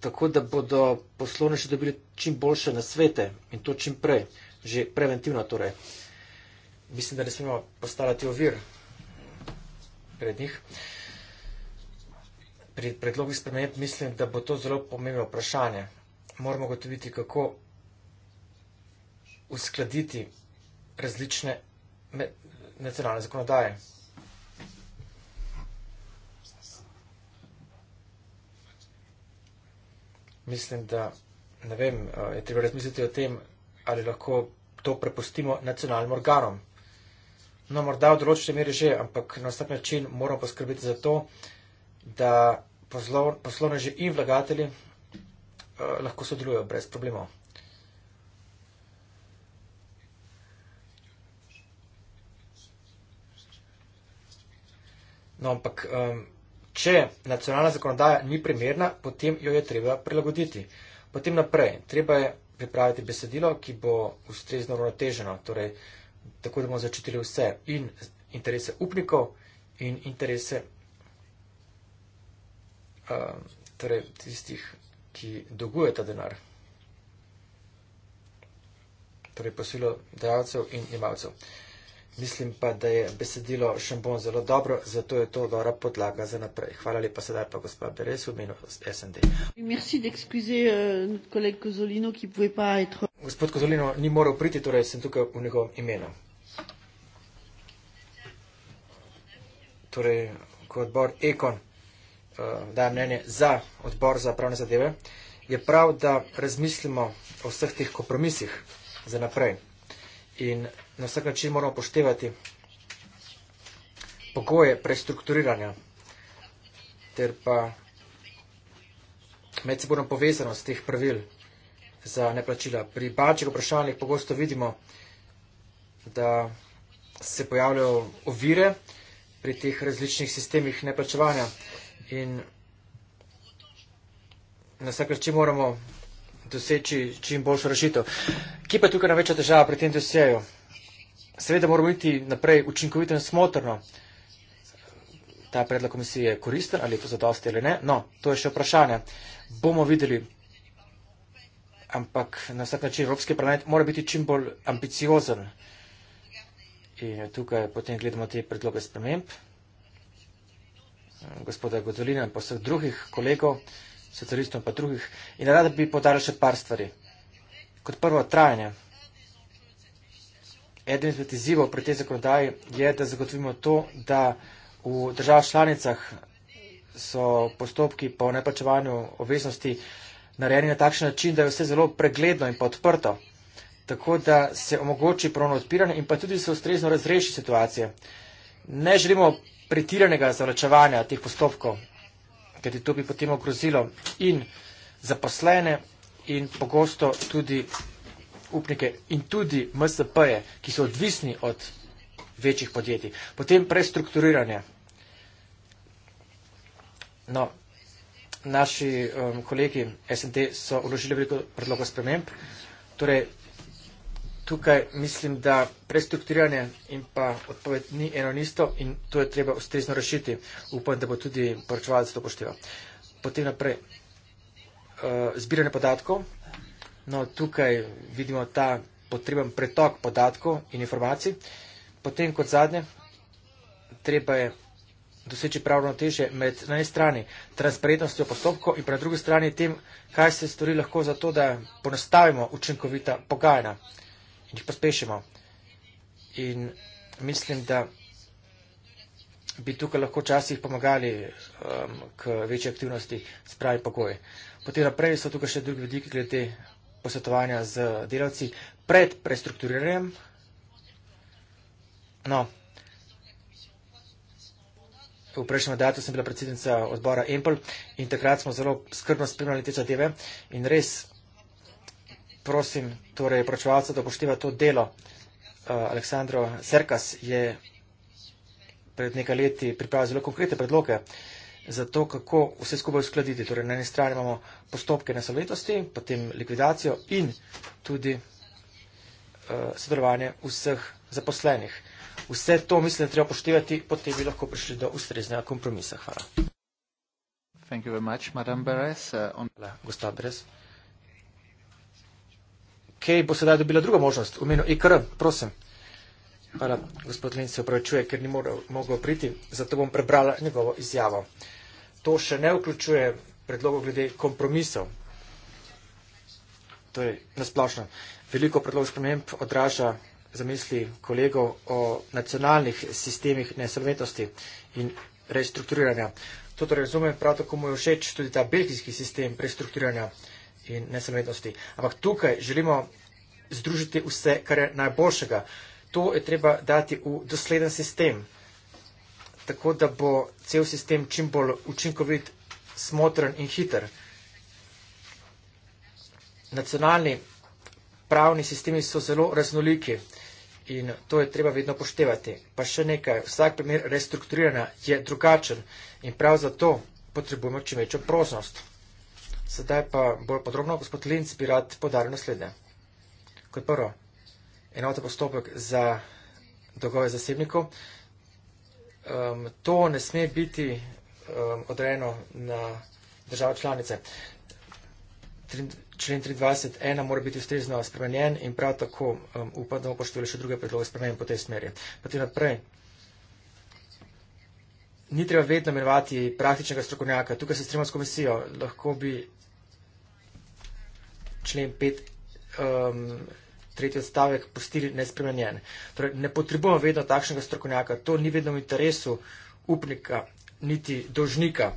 tako da bodo poslovneži dobili čim boljše nasvete in to čim prej, že preventivno torej. Mislim, da ne smemo postavljati ovir pred njih. Pri predlogih spremenjen mislim, da bo to zelo pomembno vprašanje. Moramo gotoviti, kako uskladiti različne nacionalne zakonodaje. Mislim, da ne vem, eh, je treba razmisliti o tem, ali lahko to prepustimo nacionalnim organom. No, morda v določenem meri že, ampak na vsak način moramo poskrbeti za to, da poslovneži in vlagatelji eh, lahko sodelujejo brez problemov. No, ampak, um, če nacionalna zakonodaja ni primerna, potem jo je treba prilagoditi. Potem naprej, treba je pripraviti besedilo, ki bo ustrezno uravnoteženo, torej, tako da bomo začetili vse in interese upnikov in interese um, torej, tistih, ki dolguje ta denar. Torej, posilo dajalcev in imalcev. Uh, Mislim pa, da je besedilo šampon zelo dobro, zato je to dobra podlaga za naprej. Hvala lepa sedaj pa gospa Beres v imenu SND. Euh, Gospod Kozolino ni moral priti, torej sem tukaj v njegovem imenu. Torej, ko odbor Ekon uh, daje mnenje za odbor za pravne zadeve, je prav, da razmislimo o vseh teh kompromisih za naprej. In na vsak način moramo poštevati pogoje prestrukturiranja ter pa medsebojno povezanost teh pravil za neplačila. Pri bančnih vprašanjih pogosto vidimo, da se pojavljajo ovire pri teh različnih sistemih neplačevanja in na vsak način moramo doseči čim boljšo rešitev. Kje pa je tukaj največja težava pri tem dosjeju? Seveda moramo iti naprej učinkovito in smotrno. Ta predlog komisije je koristen, ali je to zadosti ali ne. No, to je še vprašanje. Bomo videli. Ampak na vsak način Evropski parlament mora biti čim bolj ambiciozen. In tukaj potem gledamo te predloge sprememb. Gospoda Godolina in poseb drugih kolegov, socialistov in pa drugih. In rada bi podaril še par stvari. Kot prvo, trajanje eden izmed izzivov pri tej zakonodaji je, da zagotovimo to, da v državah članicah so postopki po neplačevanju obveznosti narejeni na takšen način, da je vse zelo pregledno in pa odprto, tako da se omogoči ponovno odpiranje in pa tudi se ustrezno razreši situacije. Ne želimo pretiranega zavlačevanja teh postopkov, ker to bi potem ogrozilo in zaposlene in pogosto tudi upnike in tudi MSP-je, ki so odvisni od večjih podjetij. Potem prestrukturiranje. No, naši um, kolegi SND so uložili veliko predlogov sprememb. Torej, tukaj mislim, da prestrukturiranje in pa odpoved ni eno isto in to je treba ustrezno rešiti. Upam, da bo tudi poročevalec to pošteval. Potem naprej. Uh, zbiranje podatkov. No, tukaj vidimo ta potreben pretok podatkov in informacij. Potem kot zadnje, treba je doseči pravno teže med na eni strani transparentnostjo postopkov in pa na drugi strani tem, kaj se stori lahko za to, da ponastavimo učinkovita pogajanja in jih pospešimo. In mislim, da bi tukaj lahko včasih pomagali um, k večji aktivnosti, spravi pogoje. Potem naprej so tukaj še drugi vidiki glede posvetovanja z delavci pred prestrukturiranjem. No, v prejšnjem mandatu sem bila predsednica odbora Empel in takrat smo zelo skrbno spremljali te zadeve in res prosim torej pročevalca, da upošteva to delo. Eh, Aleksandro Serkas je pred nekaj leti pripravil zelo konkrete predloge za to, kako vse skupaj uskladiti. Torej, na eni strani imamo postopke nesavetosti, potem likvidacijo in tudi uh, sodelovanje vseh zaposlenih. Vse to mislim, da treba poštevati, potem bi lahko prišli do ustreznega kompromisa. Hvala. Thank you very much, Madam Beres. Uh, on... Hvala, gospod Beres. Kaj bo sedaj dobila druga možnost? V imenu IKR, prosim. Hvala, gospod Lin se opravičuje, ker ni mogel priti, zato bom prebrala njegovo izjavo to še ne vključuje predlogov glede kompromisov. Torej, nasplošno, veliko predlogov sprememb odraža zamisli kolegov o nacionalnih sistemih nesolventnosti in restrukturiranja. To torej razumem, prav tako mu je všeč tudi ta belgijski sistem restrukturiranja in nesolventnosti. Ampak tukaj želimo združiti vse, kar je najboljšega. To je treba dati v dosleden sistem tako da bo cel sistem čim bolj učinkovit, smotren in hiter. Nacionalni pravni sistemi so zelo raznoliki in to je treba vedno poštevati. Pa še nekaj, vsak primer restrukturiranja je drugačen in prav zato potrebujemo čim večjo prožnost. Sedaj pa bolj podrobno, gospod Linc bi rad podaril naslednje. Kot prvo, enota postopek za dogove zasebnikov um, to ne sme biti um, odrejeno na državo članice. Člen 321 mora biti ustrezno spremenjen in prav tako um, upam, da bomo poštovali še druge predloge spremenjen po tej smeri. Potem naprej. Ni treba vedno imenovati praktičnega strokovnjaka. Tukaj se strimo s komisijo. Lahko bi člen 5. Um, tretji odstavek pustili nespremenjen. Torej, ne potrebujemo vedno takšnega strokovnjaka, to ni vedno v interesu upnika, niti dožnika.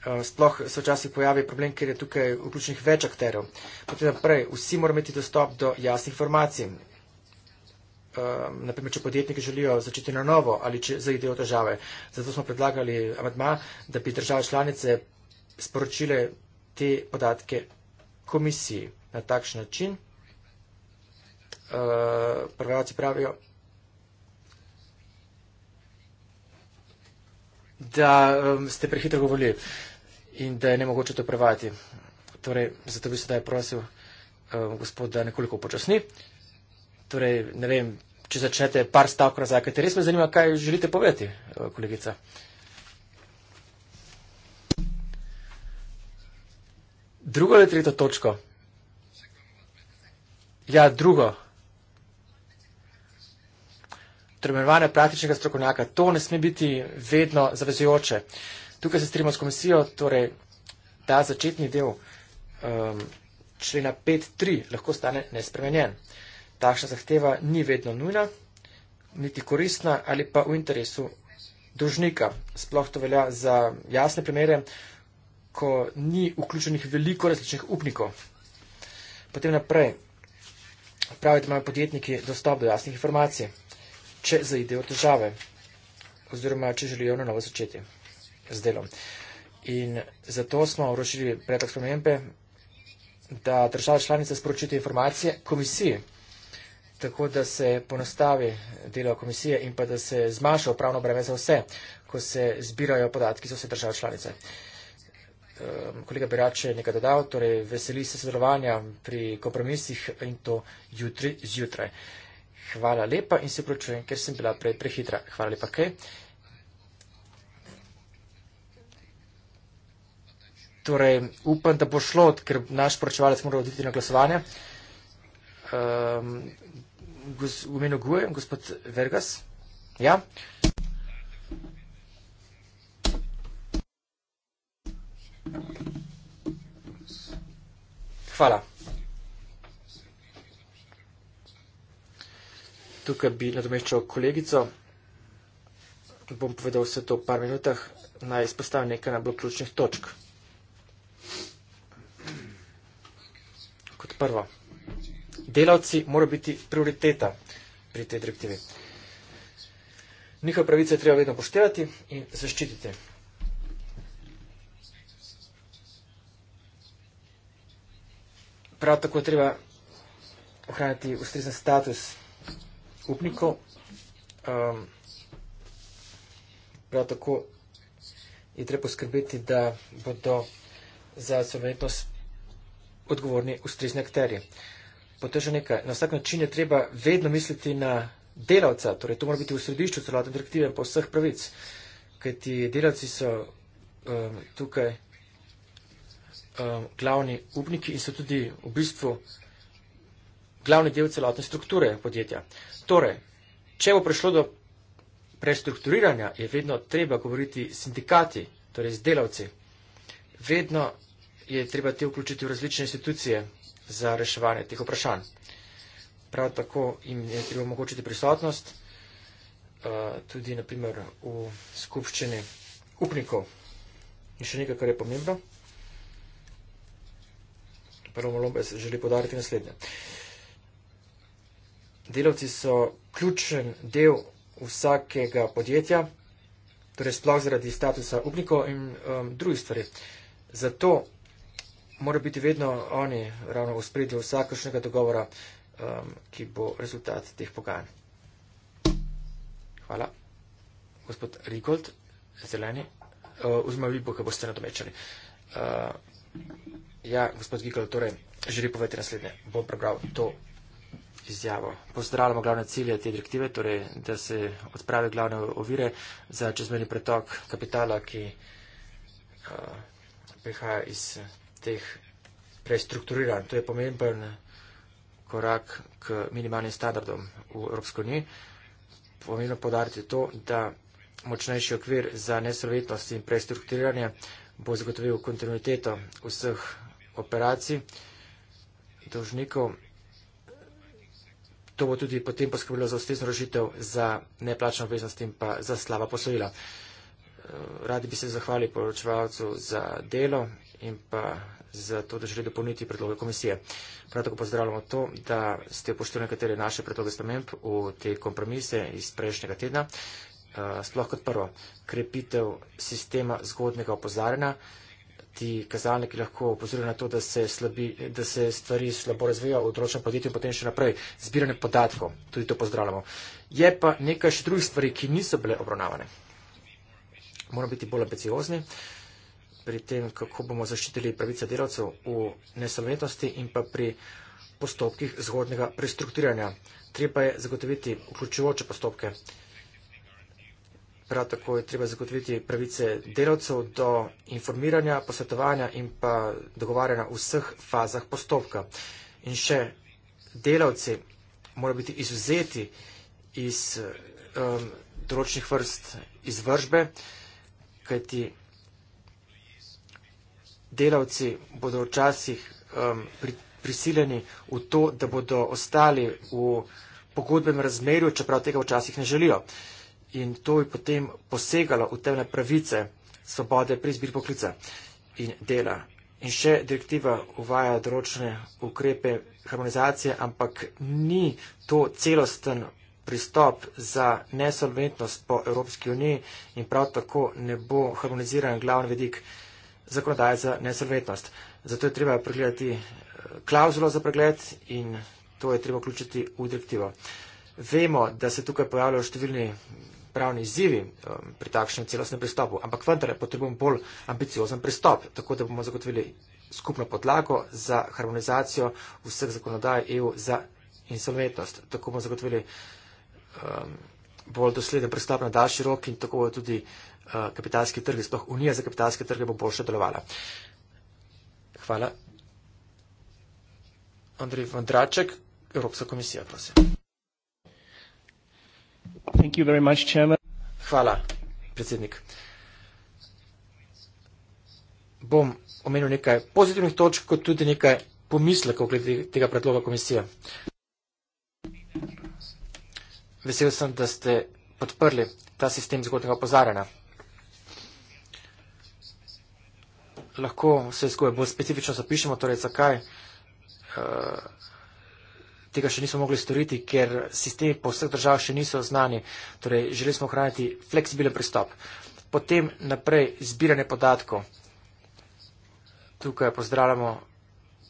Eh, sploh se včasih pojavi problem, ker je tukaj vključenih več akterjev. Potem naprej, vsi moramo imeti dostop do jasnih informacij. Ehm, Naprimer, če podjetniki želijo začeti na novo ali če zaidejo težave. Zato smo predlagali amadma, da bi države članice sporočile te podatke komisiji na takšen način. Eh, prevajalci pravijo, da um, ste prehitro govorili in da je nemogoče to prevajati. Torej, zato bi sedaj prosil um, gospod, da nekoliko počasni. Torej, ne vem, če začnete par stavkov nazaj, ker res me zanima, kaj želite povedati, eh, kolegica. Drugo ali tretjo točko? Ja, drugo trenovanja praktičnega strokovnjaka. To ne sme biti vedno zavezujoče. Tukaj se strimo s komisijo, torej ta začetni del um, člena 5.3 lahko stane nespremenjen. Takšna zahteva ni vedno nujna, niti koristna ali pa v interesu dožnika. Sploh to velja za jasne primere, ko ni vključenih veliko različnih upnikov. Potem naprej. Pravi, da imajo podjetniki dostop do jasnih informacij če zaidejo težave oziroma če želijo na novo začeti z delom. In zato smo vročili predlog spremembe, da države članice sporočite informacije komisiji, tako da se ponostavi delo komisije in pa da se zmanjša upravno breme za vse, ko se zbirajo podatki za vse države članice. Ehm, kolega Birač je nekaj dodal, torej veseli se sodelovanja pri kompromisih in to jutri zjutraj. Hvala lepa in se pročujem, ker sem bila prej prehitra. Hvala lepa, kaj. Torej, upam, da bo šlo, ker naš poročevalec mora oditi na glasovanje. Ehm, v imenu Guje, gospod Vergas. Ja. Hvala. Tukaj bi nadomeščal kolegico. Bom povedal vse to v par minutah. Naj izpostavim nekaj najbolj ključnih točk. Kot prvo, delavci morajo biti prioriteta pri tej direktivi. Njihove pravice treba vedno poštevati in zaščititi. Prav tako treba ohraniti ustrezen status upnikov. Um, prav tako je treba poskrbeti, da bodo za solventnost odgovorni ustrezni akterji. Potežo nekaj. Na vsak način je treba vedno misliti na delavca, torej to mora biti v središču celotne direktive po vseh pravic, ker ti delavci so um, tukaj um, glavni upniki in so tudi v bistvu glavni del celotne strukture podjetja. Torej, če bo prišlo do prestrukturiranja, je vedno treba govoriti s sindikati, torej z delavci. Vedno je treba te vključiti v različne institucije za reševanje teh vprašanj. Prav tako jim je treba omogočiti prisotnost eh, tudi naprimer v skupščini upnikov. In še nekaj, kar je pomembno. Prvo Lombes želi podariti naslednje. Uh, Delavci so ključen del vsakega podjetja, torej sploh zaradi statusa upnikov in um, drugih stvari. Zato mora biti vedno oni ravno v spredju vsakošnjega dogovora, um, ki bo rezultat teh pogajanj. Hvala. Gospod Rigold, zeleni, vzme uh, vi bo, kaj boste nadomečali. Uh, ja, gospod Rigold, torej, želi povedati naslednje. Bom prebral to izjavo. Pozdravljamo glavne cilje te direktive, torej da se odpravi glavne ovire za čezmerni pretok kapitala, ki uh, prihaja iz teh prestrukturiranj. To je pomemben korak k minimalnim standardom v Evropsko uniji. Pomembno podariti to, da močnejši okvir za nesrovetnost in prestrukturiranje bo zagotovil kontinuiteto vseh operacij dolžnikov To bo tudi potem poskrbilo za ustrezno rožitev, za neplačno obveznost in pa za slaba posojila. Eh, radi bi se zahvali poročevalcu za delo in pa za to, da želi dopolniti predloge komisije. Prav tako pozdravljamo to, da ste upoštevali nekatere naše predloge spomenb v te kompromise iz prejšnjega tedna. Eh, sploh kot prvo, krepitev sistema zgodnega opozarjanja ti kazalniki lahko opozorijo na to, da se, slabi, da se stvari slabo razvijajo v določenem podjetju in potem še naprej. Zbiranje podatkov, tudi to pozdravljamo. Je pa nekaj še drugih stvari, ki niso bile obravnavane. Moramo biti bolj ambiciozni pri tem, kako bomo zaščitili pravice delavcev v nesolventnosti in pa pri postopkih zgodnega prestrukturiranja. Treba je zagotoviti vključujoče postopke. Prav tako je treba zagotoviti pravice delavcev do informiranja, posvetovanja in pa dogovarjanja v vseh fazah postopka. In še delavci morajo biti izuzeti iz um, določenih vrst izvržbe, kajti delavci bodo včasih um, pri, prisiljeni v to, da bodo ostali v pogodbenem razmerju, čeprav tega včasih ne želijo. Uh, in to je potem posegalo v temne pravice svobode pri izbiri poklica in dela. In še direktiva uvaja določene ukrepe harmonizacije, ampak ni to celosten pristop za nesolventnost po Evropski uniji in prav tako ne bo harmoniziran glavni vedik zakonodaje za nesolventnost. Zato je treba pregledati eh, klauzulo za pregled in to je treba vključiti v direktivo. Vemo, da se tukaj pojavljajo številni pravni izzivi um, pri takšnem celostnem pristopu, ampak vendar potrebujemo bolj ambiciozen pristop, tako da bomo zagotovili skupno podlago za harmonizacijo vseh zakonodaj EU za insolventnost. Tako bomo zagotovili um, bolj dosleden pristop na daljši rok in tako bo tudi uh, kapitalski trg, sploh Unija za kapitalske trge bo boljše delovala. Hvala. Andrej Vandraček, Evropska komisija, prosim. Hvala, predsednik. Bom omenil nekaj pozitivnih točk, kot tudi nekaj pomislekov glede tega predloga komisije. Vesel sem, da ste podprli ta sistem zgodnega opozarjanja. Lahko vse skupaj bolj specifično zapišemo, torej zakaj eh, tega še nismo mogli storiti, ker sistemi po vseh državah še niso znani. Torej, želeli smo ohraniti fleksibilen pristop. Potem naprej zbiranje podatkov. Tukaj pozdravljamo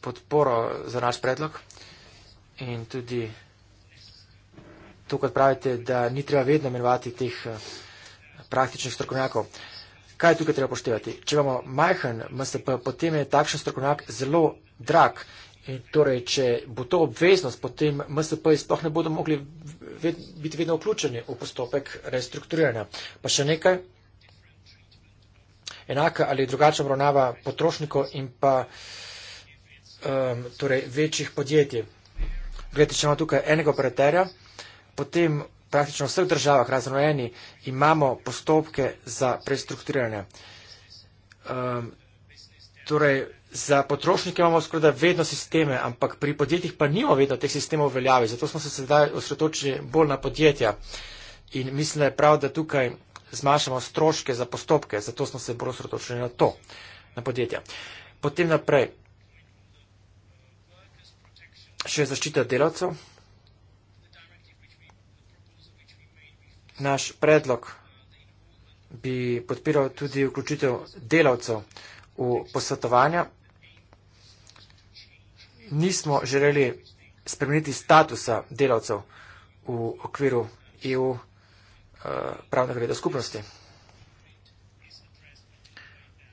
podporo za naš predlog in tudi to, kot pravite, da ni treba vedno menovati teh eh, praktičnih strokovnjakov. Kaj je tukaj treba poštevati? Če imamo majhen MSP, potem je takšen strokovnjak zelo drag In torej, če bo to obveznost, potem MSP-ji sploh ne bodo mogli ved, biti vedno vključeni v postopek restrukturiranja. Pa še nekaj. Enaka ali drugačna obravnava potrošnikov in pa um, torej večjih podjetij. Gledajte, če imamo tukaj enega operaterja, potem praktično v vseh državah, razen v eni, imamo postopke za prestrukturiranje. Um, torej, Za potrošnike imamo skoraj vedno sisteme, ampak pri podjetjih pa nimamo vedno teh sistemov v veljavi, zato smo se sedaj osredotočili bolj na podjetja. In mislim, da je prav, da tukaj zmanjšamo stroške za postopke, zato smo se bolj osredotočili na to, na podjetja. Potem naprej. Še zaščita delavcev. Naš predlog bi podpiral tudi vključitev delavcev v posvetovanja nismo želeli spremeniti statusa delavcev v okviru EU eh, pravnega reda skupnosti.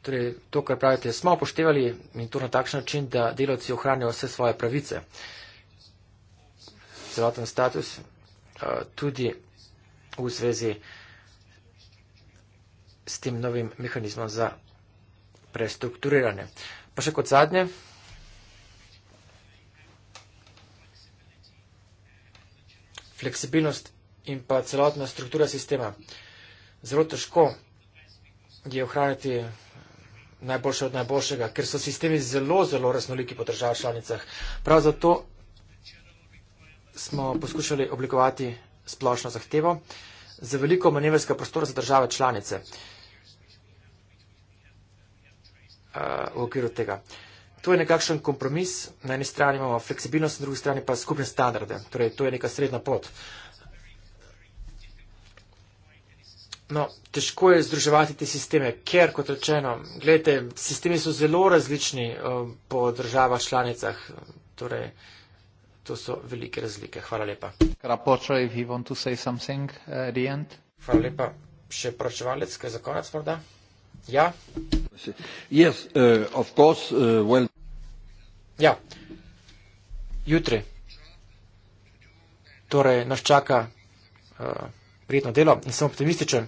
Torej, to, kar pravite, smo upoštevali in to na takšen način, da delavci ohranijo vse svoje pravice. Celoten status eh, tudi v zvezi s tem novim mehanizmom za prestrukturiranje. Pa še kot zadnje. fleksibilnost in pa celotna struktura sistema. Zelo težko je ohraniti najboljše od najboljšega, ker so sistemi zelo, zelo raznoliki po državah članicah. Prav zato smo poskušali oblikovati splošno zahtevo za veliko manevrskega prostora za države članice uh, v okviru tega. Uh, To je nekakšen kompromis. Na eni strani imamo fleksibilnost, na drugi strani pa skupne standarde. Torej, to je neka srednja pot. No, težko je združevati te sisteme, ker, kot rečeno, gledajte, sistemi so zelo različni um, po državah članicah. Torej, to so velike razlike. Hvala lepa. Krapočo, if you want to say something uh, at the end. Hvala lepa. Še pročevalec, kaj za konec morda? Ja. Yes, uh, of course, uh, well. Ja, jutri. Torej, nas čaka uh, prijetno delo in sem optimističen.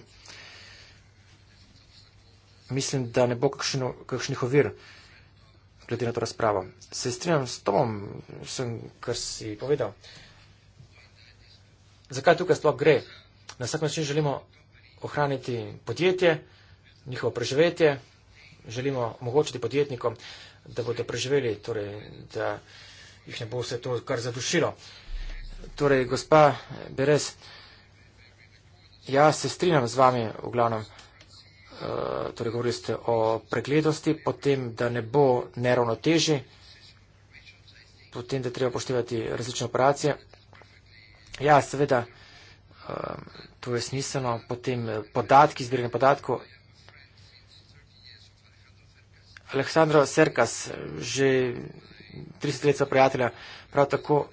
Mislim, da ne bo kakšno, kakšnih ovir glede na to razpravo. Se strinjam s tom, vsem, kar si povedal. Zakaj tukaj sploh gre? Na vsak način želimo ohraniti podjetje, njihovo preživetje želimo omogočiti podjetnikom, da bodo preživeli, torej, da jih ne bo vse to kar zadušilo. Torej, gospa Beres, jaz se strinjam z vami v glavnem, eh, torej govorili ste o preglednosti, potem, da ne bo neravnoteži, potem, da treba poštevati različne operacije. Ja, seveda, eh, to je smiselno, potem eh, podatki, zbiranje podatkov Aleksandro Serkas, že 30 let so prijatelja, prav tako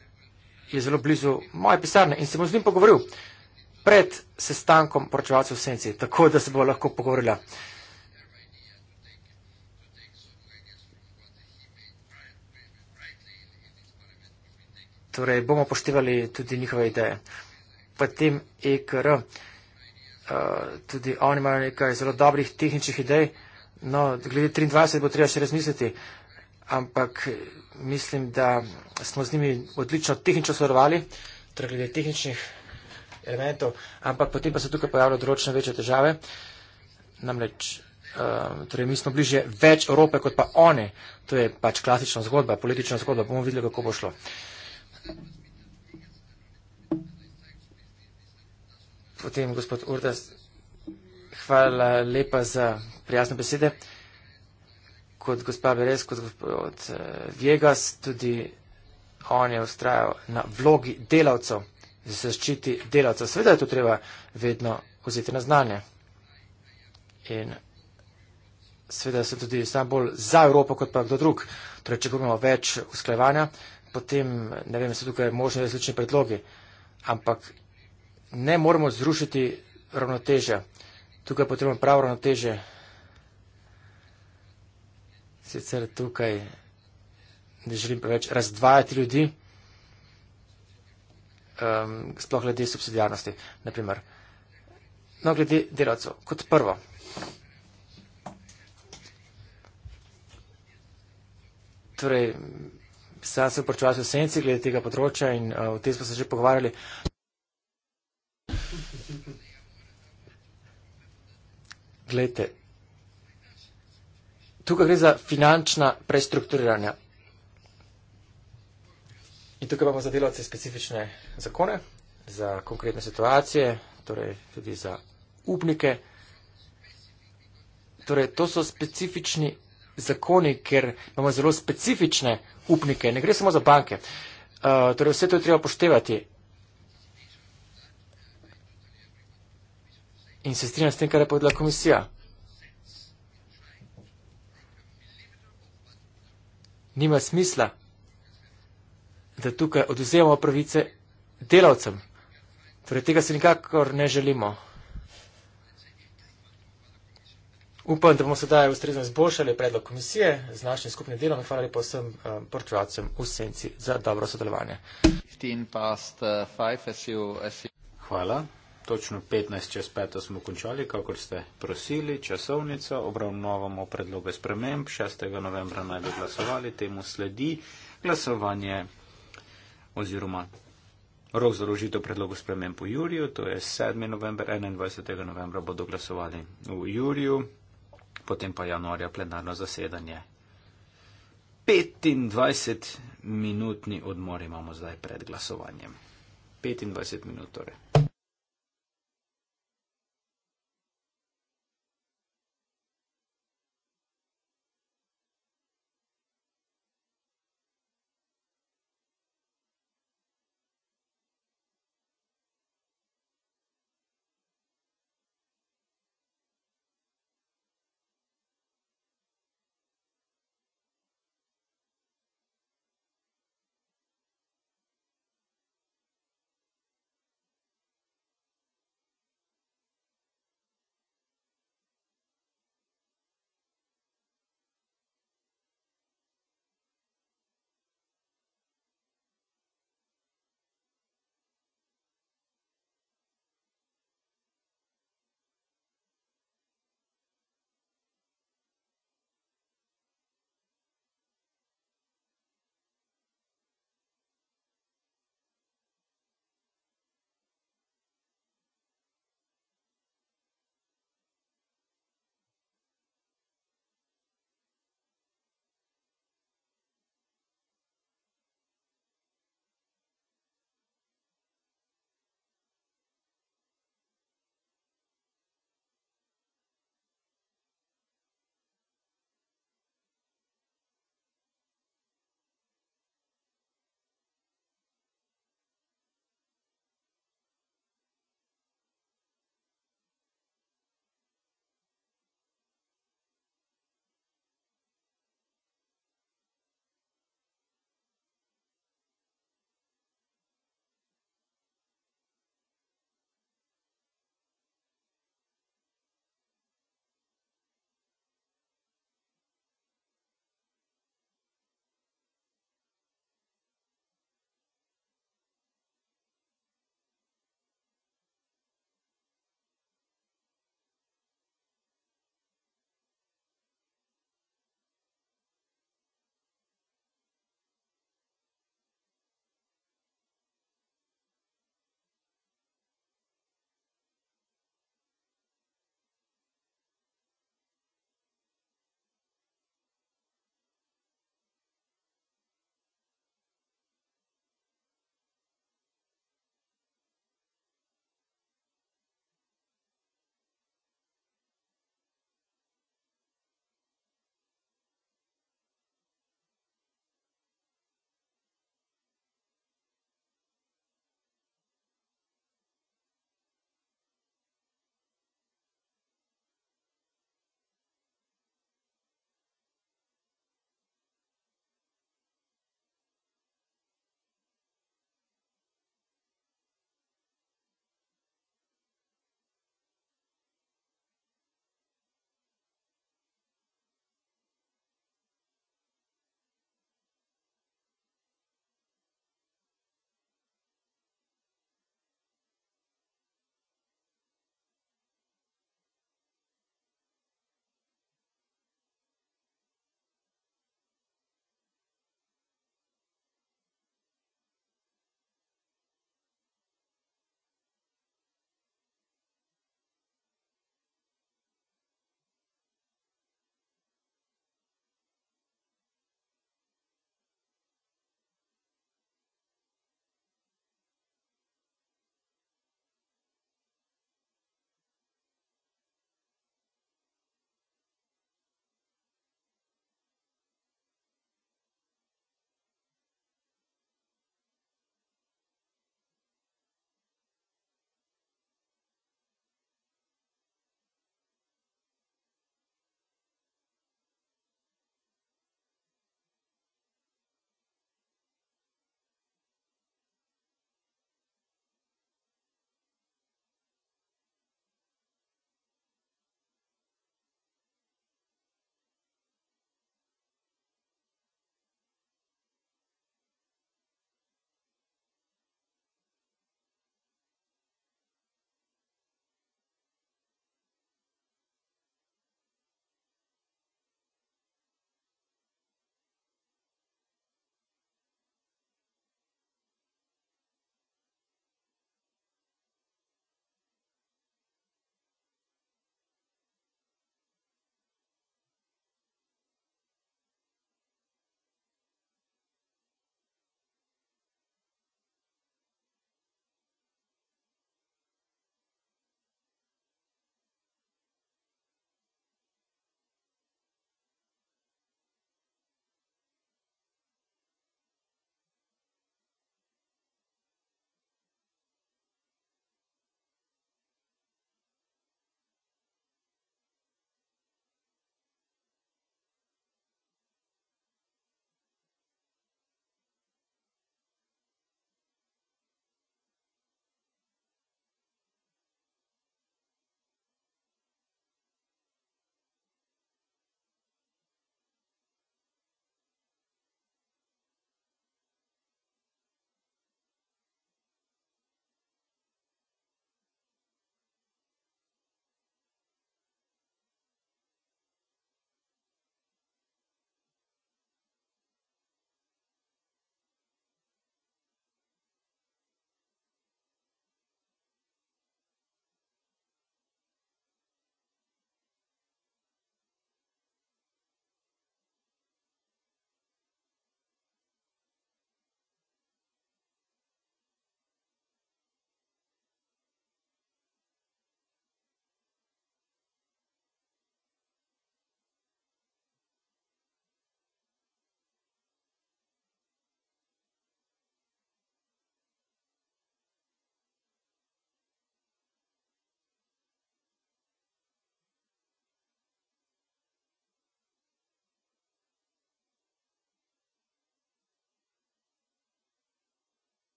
je zelo blizu moje pisarne in se bom z njim pogovoril pred sestankom poročevalcev v senci, tako da se bo lahko pogovorila. Torej, bomo poštevali tudi njihove ideje. Potem EKR, uh, eh, tudi oni imajo nekaj zelo dobrih tehničnih idej, uh, No, glede 23 bo treba še razmisliti, ampak mislim, da smo z njimi odlično tehnično sodelovali, torej glede tehničnih elementov, ampak potem pa se tukaj pojavljajo določene večje težave. Namreč, um, torej mi smo bliže več Evrope kot pa oni. To je pač klasična zgodba, politična zgodba. Bomo videli, kako bo šlo. Potem gospod Urdas hvala lepa za prijazne besede. Kot gospa Beres, kot gospod eh, Viegas, tudi on je ustrajal na vlogi delavcev, zaščiti delavcev. Sveda je to treba vedno vzeti na znanje. In sveda so tudi sam bolj za Evropo, kot pa kdo drug. Torej, če govorimo več usklajevanja, potem, ne vem, so tukaj možni različni predlogi. Ampak ne moremo zrušiti ravnotežja. Uh, tukaj je potrebno pravo ravnoteže. Sicer tukaj ne želim preveč razdvajati ljudi, um, sploh glede subsidijarnosti, naprimer. No, glede delavcev, kot prvo. Torej, sam sem počival v senci glede tega področja in uh, v tem smo se že pogovarjali. Glejte, tukaj gre za finančna prestrukturiranja. In tukaj imamo za delavce specifične zakone, za konkretne situacije, torej tudi za upnike. Torej, to so specifični zakoni, ker imamo zelo specifične upnike. Ne gre samo za banke. Uh, torej, vse to je treba poštevati. in se strinja s tem, kar je povedala komisija. Nima smisla, da tukaj oduzemamo pravice delavcem. Torej, tega se nikakor ne želimo. Upam, da bomo sedaj ustrezno izboljšali predlog komisije z našim skupnim delom. Hvala lepa vsem um, eh, portugalcem v senci za dobro sodelovanje. Eh, hvala točno 15 čez 5 smo končali, kakor ste prosili, časovnico, obravnavamo predloge sprememb, 6. novembra naj bi glasovali, temu sledi glasovanje oziroma rok za rožitev predlogu sprememb v Juriju, to je 7. november, 21. novembra bodo glasovali v Juriju, potem pa januarja plenarno zasedanje. 25 minutni odmor imamo zdaj pred glasovanjem. 25 minut torej.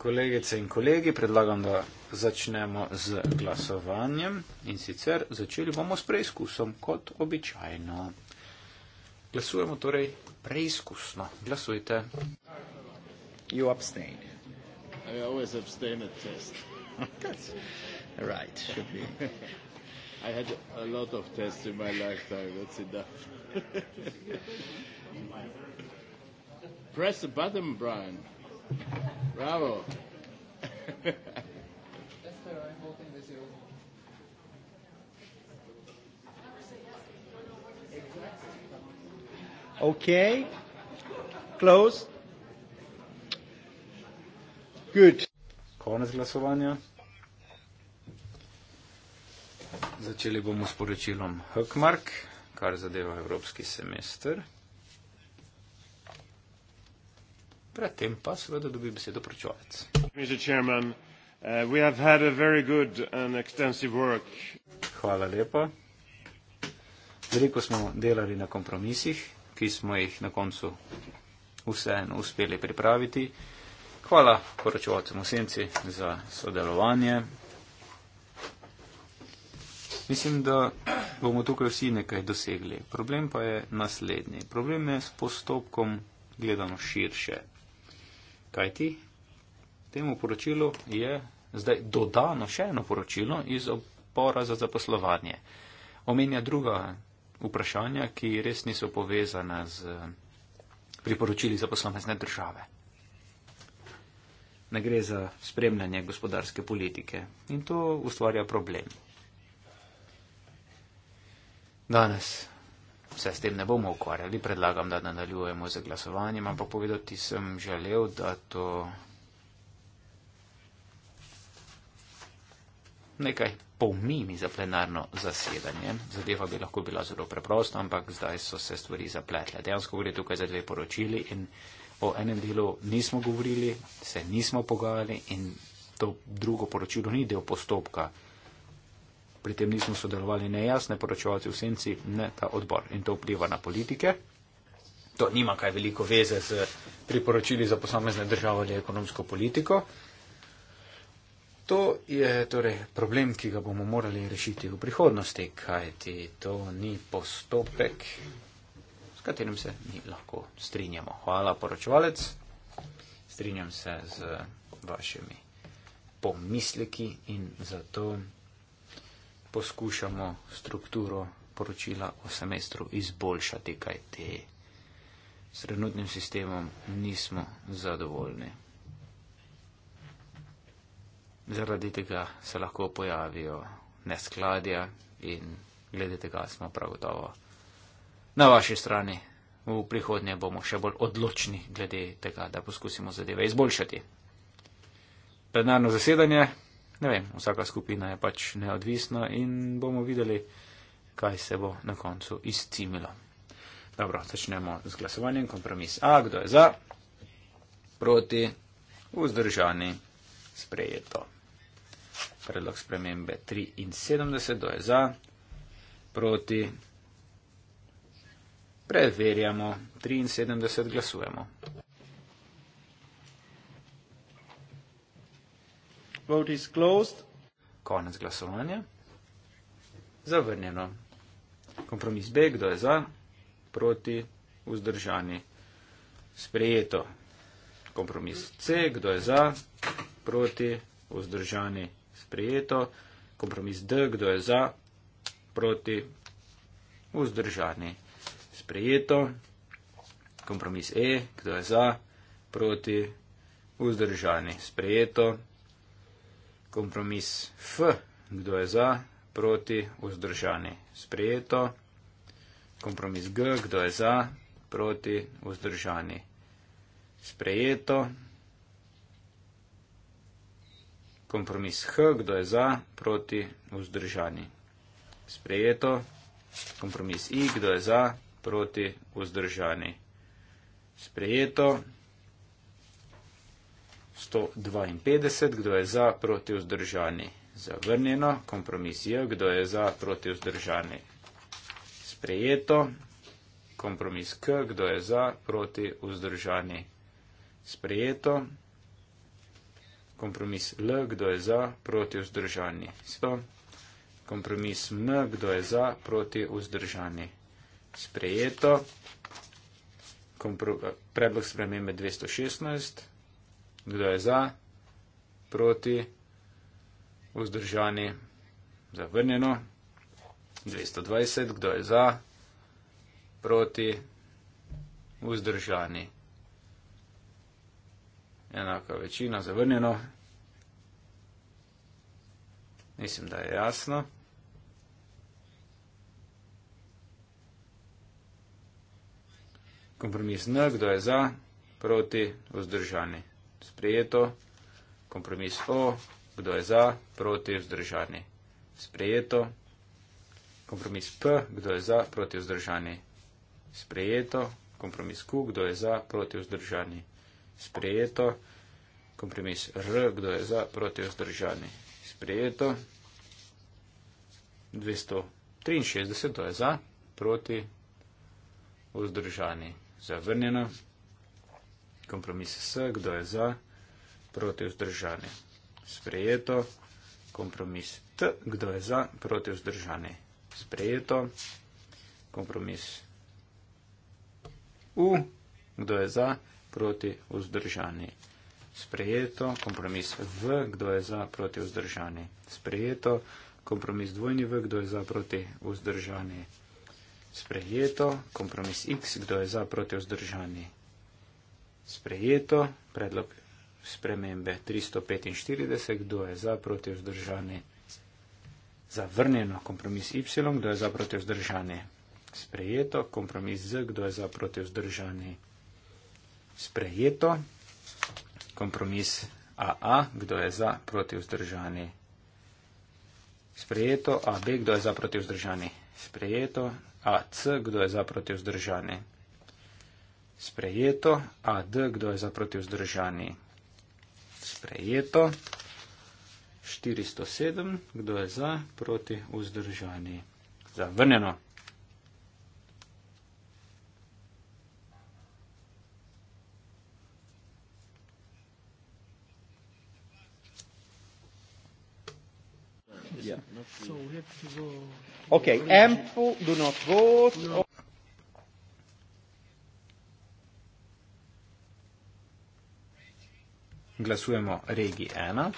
Kolegice in kolegi, predlagam, da začnemo z glasovanjem in sicer začeli bomo s preizkusom kot običajno. Glasujemo torej preizkusno. Glasujte. I always abstain at test. That's right, should be. I had a lot of tests in my lifetime. That's enough. Press the button, Brian. Bravo. Esther, I'm voting with you. Okay. Close. Good. Konec glasovanja. Začeli bomo s poročilom Hökmark, kar zadeva evropski semester. Predtem pa seveda dobi besedo pročovec. Uh, Hvala lepa. Veliko smo delali na kompromisih, ki smo jih na koncu vseeno uspeli pripraviti. Hvala poročovacem v senci za sodelovanje. Mislim, da bomo tukaj vsi nekaj dosegli. Problem pa je naslednji. Problem je s postopkom gledano širše. Kaj ti? Temu poročilu je zdaj dodano še eno poročilo iz opora za zaposlovanje. Omenja druga vprašanja, ki res niso povezane z priporočili za posamezne države. Ne gre za spremljanje gospodarske politike in to ustvarja problem danes se s tem ne bomo ukvarjali, predlagam, da nadaljujemo z glasovanjem, ampak povedati sem želel, da to nekaj pomimi za plenarno zasedanje. Zadeva bi lahko bila zelo preprosta, ampak zdaj so se stvari zapletle. Dejansko gre tukaj za dve poročili in o enem delu nismo govorili, se nismo pogajali in to drugo poročilo ni del postopka pri tem nismo sodelovali ne jaz, ne poročevalci v senci, ne ta odbor. In to vpliva na politike. To nima kaj veliko veze z priporočili za posamezne države ali ekonomsko politiko. To je torej problem, ki ga bomo morali rešiti v prihodnosti, kajti to ni postopek, s katerim se mi lahko strinjamo. Hvala, poročevalec. Strinjam se z vašimi pomisleki in zato poskušamo strukturo poročila o semestru izboljšati, kaj te. S trenutnim sistemom nismo zadovoljni. Zaradi tega se lahko pojavijo neskladja in glede tega smo prav gotovo na vaši strani. V prihodnje bomo še bolj odločni glede tega, da poskusimo zadeve izboljšati. Plenarno zasedanje ne vem, vsaka skupina je pač neodvisna in bomo videli, kaj se bo na koncu izcimilo. Dobro, začnemo z glasovanjem. Kompromis A, kdo je za, proti, vzdržani, sprejeto. Predlog spremembe 73, kdo je za, proti, preverjamo, 73 glasujemo. Vote is closed. Konec glasovanja. Zavrnjeno. Kompromis B, kdo je za, proti, vzdržani. Sprejeto. Kompromis C, kdo je za, proti, vzdržani. Sprejeto. Kompromis D, kdo je za, proti, vzdržani. Sprejeto. Kompromis E, kdo je za, proti, vzdržani. Sprejeto kompromis F, kdo je za, proti, vzdržani, sprejeto. Kompromis G, kdo je za, proti, vzdržani, sprejeto. Kompromis H, kdo je za, proti, vzdržani, sprejeto. Kompromis I, kdo je za, proti, vzdržani, sprejeto. 152, kdo je za, proti vzdržani, zavrnjeno, kompromisijo, kdo je za, proti vzdržani, sprejeto, kompromis K, kdo je za, proti vzdržani, sprejeto, kompromis L, kdo je za, proti vzdržani, sto, kompromis M, kdo je za, proti vzdržani, sprejeto, Kompro eh, predlog spremembe 216, kdo je za, proti, vzdržani, zavrnjeno. 220, kdo je za, proti, vzdržani. Enaka večina, zavrnjeno. Mislim, da je jasno. Kompromis N, kdo je za, proti, vzdržani sprejeto. Kompromis O, kdo je za, proti, vzdržani, sprejeto. Kompromis P, kdo je za, proti, vzdržani, sprejeto. Kompromis Q, kdo je za, proti, vzdržani, sprejeto. Kompromis R, kdo je za, proti, vzdržani, sprejeto. 263, kdo je za, proti, vzdržani, zavrnjeno kompromis s, kdo je za, proti vzdržani. Sprejeto, kompromis t, kdo je za, proti vzdržani. Sprejeto, kompromis u, kdo je za, proti vzdržani. Sprejeto, kompromis v, kdo je za, proti vzdržani. Sprejeto, kompromis dvojni v, kdo je za, proti vzdržani. Sprejeto, kompromis x, kdo je za, proti vzdržani sprejeto, predlog spremembe 345, kdo je za proti vzdržani, zavrnjeno kompromis Y, kdo je za proti vzdržani, sprejeto, kompromis Z, kdo je za proti vzdržani, sprejeto, kompromis AA, kdo je za proti vzdržani, sprejeto, AB, kdo je za proti vzdržani, sprejeto, AC, kdo je za proti vzdržani sprejeto, AD, kdo je za proti vzdržani, sprejeto, 407, kdo je za proti vzdržani, zavrnjeno. Yeah. Okay, ample do not vote. No. glasujemo regi 1.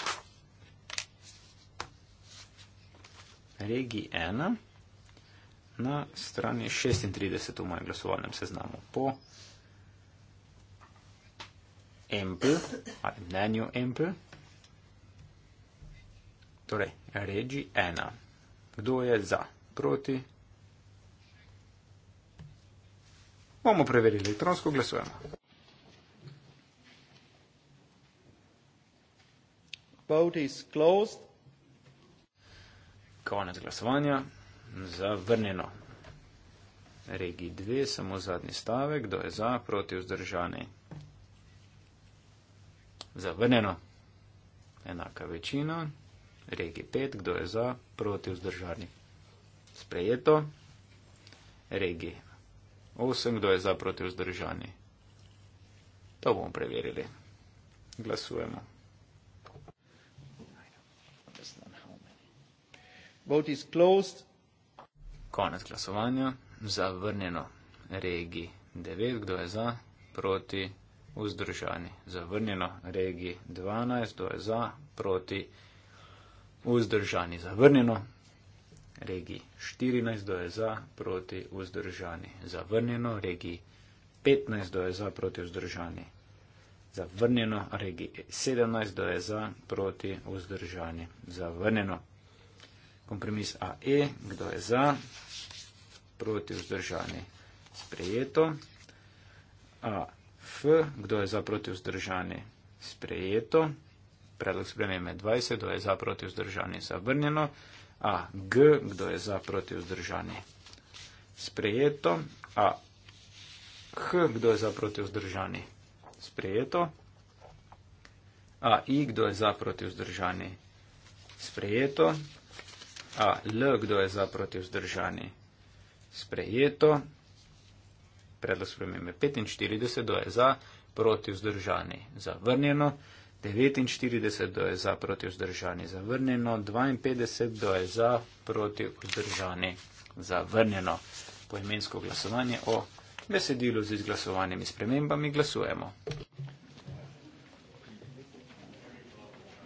Regi 1 na strani 36 v mojem glasovalnem seznamu po Empl ali mnenju Empl. Torej, regi 1. Kdo je za? Proti? Bomo preverili elektronsko, glasujemo. vote is closed. Konec glasovanja. Zavrnjeno. Regi 2, samo zadnji stavek. Kdo je za, proti, vzdržani? Zavrnjeno. Enaka večina. Regi 5, kdo je za, proti, vzdržani? Sprejeto. Regi 8, kdo je za, proti, vzdržani? To bomo preverili. Glasujemo. Vote is closed. Konec glasovanja. Zavrnjeno regi 9. Kdo je za? Proti. Vzdržani. Zavrnjeno regi 12. Kdo je za? Proti. Vzdržani. Zavrnjeno. Regi 14. Kdo je za? Proti. Vzdržani. Zavrnjeno. Regi 15. Kdo je za? Proti. Vzdržani. Zavrnjeno. Regi 17. Kdo je za? Proti. Vzdržani. Zavrnjeno. Kompromis AE, kdo je za, proti vzdržani, sprejeto. AF, kdo je za, proti vzdržani, sprejeto. Predlog spremembe 20, kdo je za, proti vzdržani, zavrnjeno. AG, kdo je za, proti vzdržani, sprejeto. AH, kdo je za, proti vzdržani, sprejeto. AI, kdo je za, proti vzdržani, sprejeto. A, I, A, L, kdo je za proti vzdržani? Sprejeto. Predlog spremembe 45, kdo je za proti vzdržani? Zavrnjeno. 49, kdo je za proti vzdržani? Zavrnjeno. 52, kdo je za proti vzdržani? Zavrnjeno. Poimensko glasovanje o besedilu z izglasovanimi spremembami glasujemo.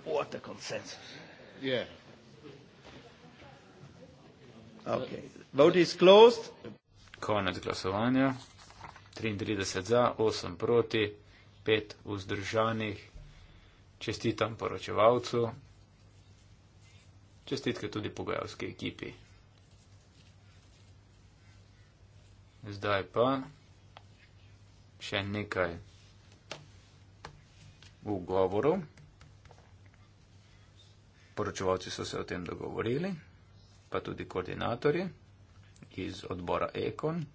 What a consensus. Yeah. Okay. Vote is closed. Konec glasovanja. 33 za, 8 proti, 5 vzdržanih. Čestitam poročevalcu. Čestitke tudi pogajalski ekipi. Zdaj pa še nekaj ugovorov. Poročevalci so se o tem dogovorili pa tudi koordinatorji iz odbora Ekon.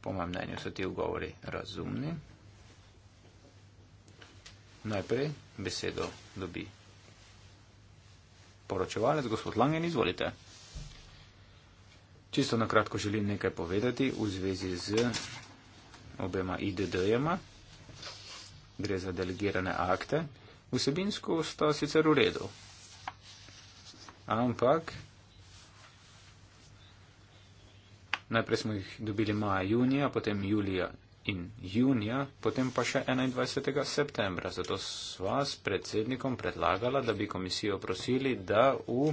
Po mojem mnenju so ti ugovori razumni. Najprej besedo dobi poročevalec, gospod Langen, izvolite. Čisto na kratko želim nekaj povedati v zvezi z obema IDD-jema. Gre za delegirane akte. Vsebinsko sta sicer v redu, ampak Najprej smo jih dobili maja, junija, potem julija in junija, potem pa še 21. septembra. Zato sva s predsednikom predlagala, da bi komisijo prosili, da v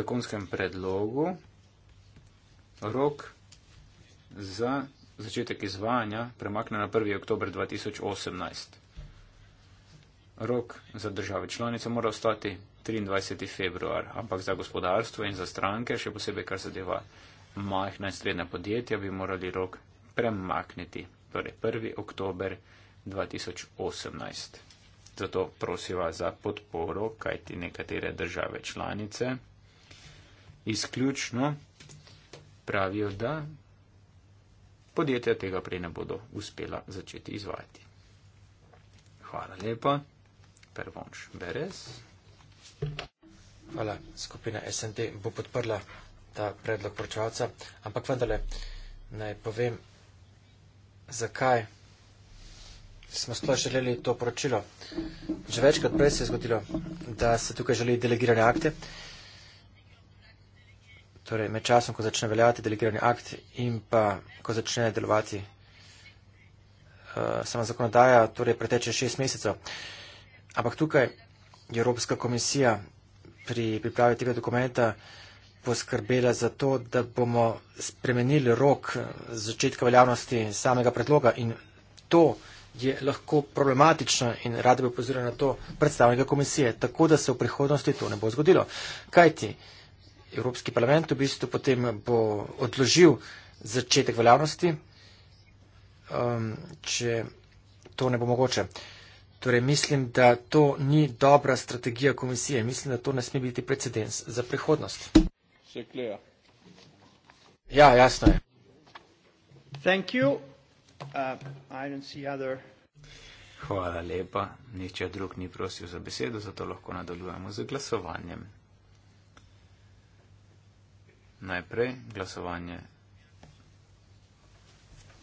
zakonskem predlogu rok za začetek izvajanja premakne na 1. oktober 2018. Rok za države članice mora ostati 23. februar, ampak za gospodarstvo in za stranke, še posebej kar zadeva majhna in srednja podjetja, bi morali rok premakniti, torej 1. oktober 2018. Zato prosiva za podporo, kajti nekatere države članice izključno pravijo, da podjetja tega prej ne bodo uspela začeti izvajati. Hvala lepa. Pervonš Beres. Hvala. Skupina SND bo podprla ta predlog poročevalca, ampak vendarle naj povem, zakaj smo sploh želeli to poročilo. Že večkrat prej se je zgodilo, da se tukaj želi delegirane akte, torej med časom, ko začne veljati delegirani akt in pa ko začne delovati uh, sama zakonodaja, torej preteče šest mesecev. Ampak tukaj je Evropska komisija pri pripravi tega dokumenta poskrbela za to, da bomo spremenili rok eh, začetka veljavnosti samega predloga in to je lahko problematično in rada bi opozorila na to predstavnika komisije, tako da se v prihodnosti to ne bo zgodilo. Kajti Evropski parlament v bistvu potem bo odložil začetek veljavnosti, um, če to ne bo mogoče. Uh, Torej, mislim, da to ni dobra strategija komisije. Mislim, da to ne sme biti precedens za prihodnost. Ja, jasno je. Uh, Hvala lepa. Nihče drug ni prosil za besedo, zato lahko nadaljujemo z glasovanjem. Najprej glasovanje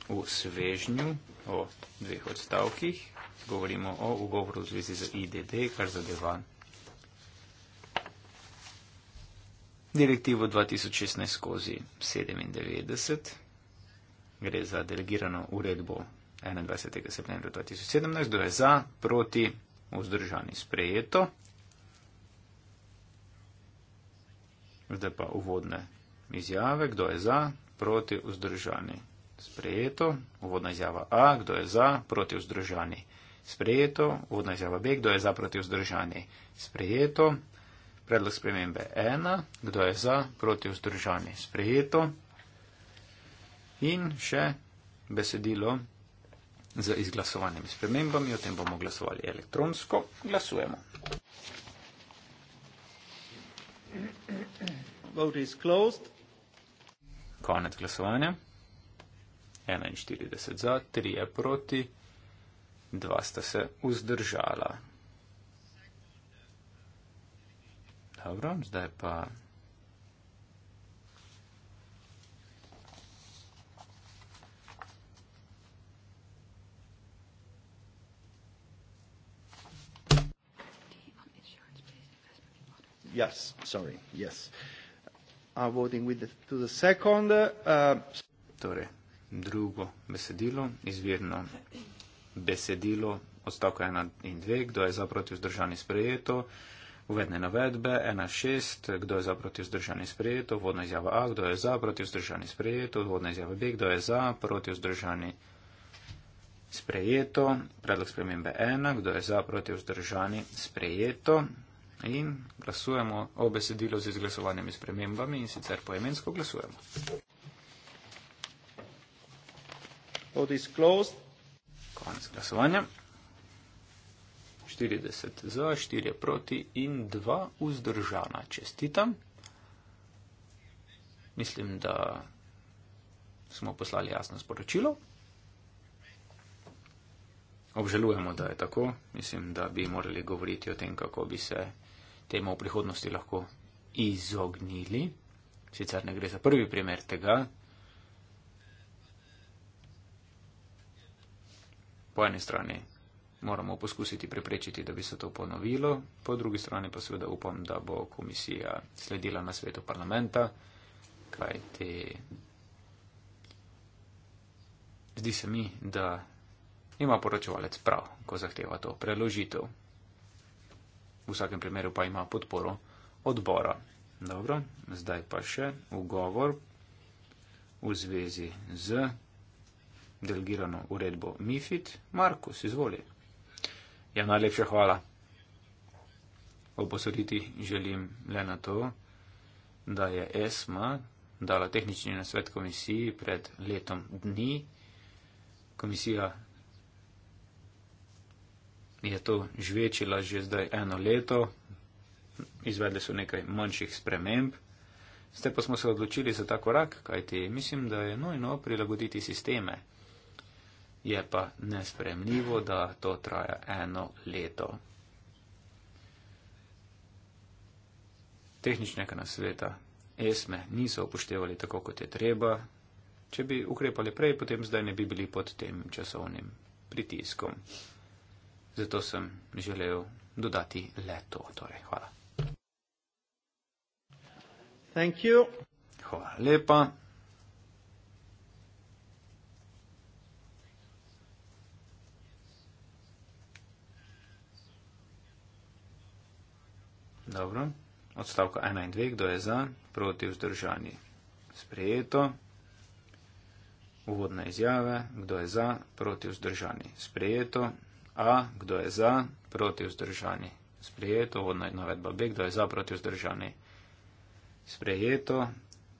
v svežnju o dveh odstavkih govorimo o ugovoru v zvezi z IDD, kar zadeva direktivo 2016 skozi 97. Gre za delegirano uredbo 21. septembra 2017, kdo je za, proti, vzdržani, sprejeto. Zdaj pa uvodne izjave, kdo je za, proti, vzdržani, sprejeto. Uvodna izjava A, kdo je za, proti, vzdržani, sprejeto sprejeto, vodna izjava B, kdo je za proti vzdržanje, sprejeto, predlog spremembe 1, kdo je za proti vzdržanje, sprejeto in še besedilo z izglasovanimi spremembami, o tem bomo glasovali elektronsko, glasujemo. Konec glasovanja. 41 za, 3 proti dva sta se vzdržala. Dobro, zdaj pa. Yes, sorry, yes. I'm voting with the, to the second. Uh, torej, drugo besedilo, izvirno besedilo odstavka 1 in 2, kdo je za proti vzdržani sprejeto, uvedne navedbe 1.6, kdo je za proti vzdržani sprejeto, vodna izjava A, kdo je za proti vzdržani sprejeto, vodna izjava B, kdo je za proti vzdržani sprejeto, predlog spremembe 1, kdo je za proti vzdržani sprejeto in glasujemo o besedilo z izglasovanimi spremembami in sicer poemensko glasujemo. Vote is closed. Konec glasovanja. 40 za, 4 proti in 2 vzdržana. Čestitam. Mislim, da smo poslali jasno sporočilo. Obžalujemo, da je tako. Mislim, da bi morali govoriti o tem, kako bi se temu v prihodnosti lahko izognili. Sicer ne gre za prvi primer tega, po eni strani moramo poskusiti preprečiti, da bi se to ponovilo, po drugi strani pa seveda upam, da bo komisija sledila na svetu parlamenta, kajti zdi se mi, da ima poročevalec prav, ko zahteva to preložitev. V vsakem primeru pa ima podporo odbora. Dobro, zdaj pa še ugovor v zvezi z delegirano uredbo MIFID. Markus, izvoli. Ja, najlepša hvala. Oposoditi želim le na to, da je ESMA dala tehnični nasvet komisiji pred letom dni. Komisija je to žvečila že zdaj eno leto, izvedli so nekaj manjših sprememb, zdaj pa smo se odločili za ta korak, kajti mislim, da je nojno prilagoditi sisteme. Je pa nespremljivo, da to traja eno leto. Tehničnega nasveta ESME niso upoštevali tako, kot je treba. Če bi ukrepali prej, potem zdaj ne bi bili pod tem časovnim pritiskom. Zato sem želel dodati leto. Torej, hvala. Thank you. Hvala lepa. Dobro. Odstavka 1 in 2, kdo je za, proti vzdržani. Sprejeto. Uvodna izjave, kdo je za, proti vzdržani. Sprejeto. A, kdo je za, proti vzdržani. Sprejeto. Uvodna navedba B, kdo je za, proti vzdržani. Sprejeto.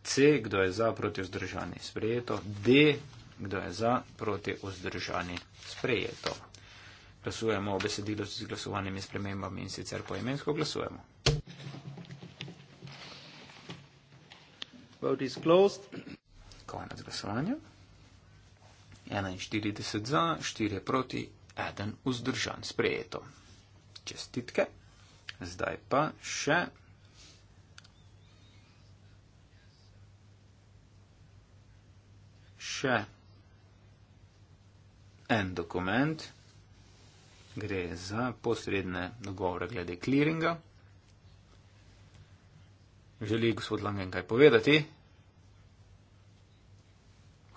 C, kdo je za, proti vzdržani. Sprejeto. D, kdo je za, proti vzdržani. Sprejeto glasujemo o besedilu z glasovanimi spremembami in sicer poimensko glasujemo. Vote is closed. Konec glasovanja. 41 za, 4 proti, 1 vzdržan. Sprejeto. Čestitke. Zdaj pa še. Še en dokument gre za posredne dogovore glede kliringa. Želi gospod Langen kaj povedati?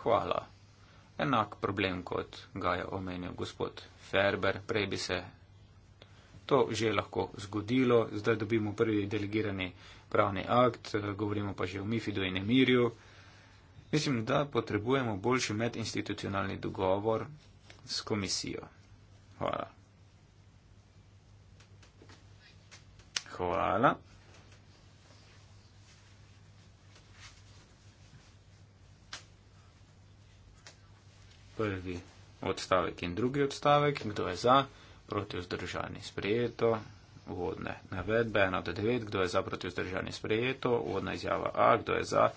Hvala. Enak problem, kot ga je omenil gospod Ferber, prej bi se to že lahko zgodilo, zdaj dobimo prvi delegirani pravni akt, govorimo pa že o Mifidu in Emirju. Mislim, da potrebujemo boljši medinstitucionalni dogovor s komisijo. Hvala. koala. Prvi odstavek in drugi odstavek, kdo je za, proti vzdržani sprejeto, uvodne navedbe 1 do 9, kdo je za, proti vzdržani sprejeto, uvodna izjava A, kdo je za,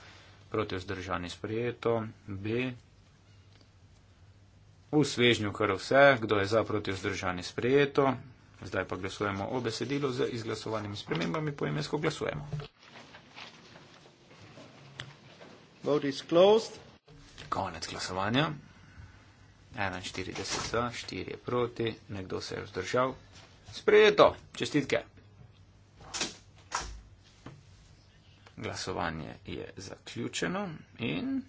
proti vzdržani sprejeto, B. V svežnju kar vse, kdo je za, proti vzdržani sprejeto, Zdaj pa glasujemo o besedilu z izglasovanimi spremembami po imensko glasujemo. Konec glasovanja. 41 za, 4 je proti, nekdo se je vzdržal. Sprejeto, čestitke. Glasovanje je zaključeno in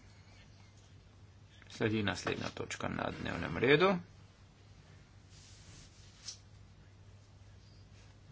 sledi naslednja točka na dnevnem redu.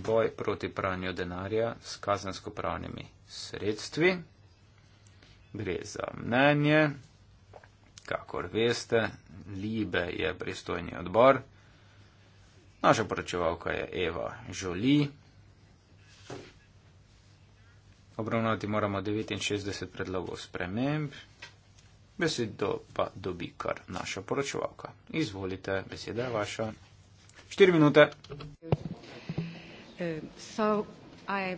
boj proti pranju denarja s kazenskopravnimi sredstvi. Gre za mnenje, kakor veste, Libe je pristojni odbor. Naša poročevalka je Eva Žoli. Obravnavati moramo 69 predlogov sprememb. Besedo pa dobi kar naša poročevalka. Izvolite, beseda je vaša. 4 minute. Uh, so I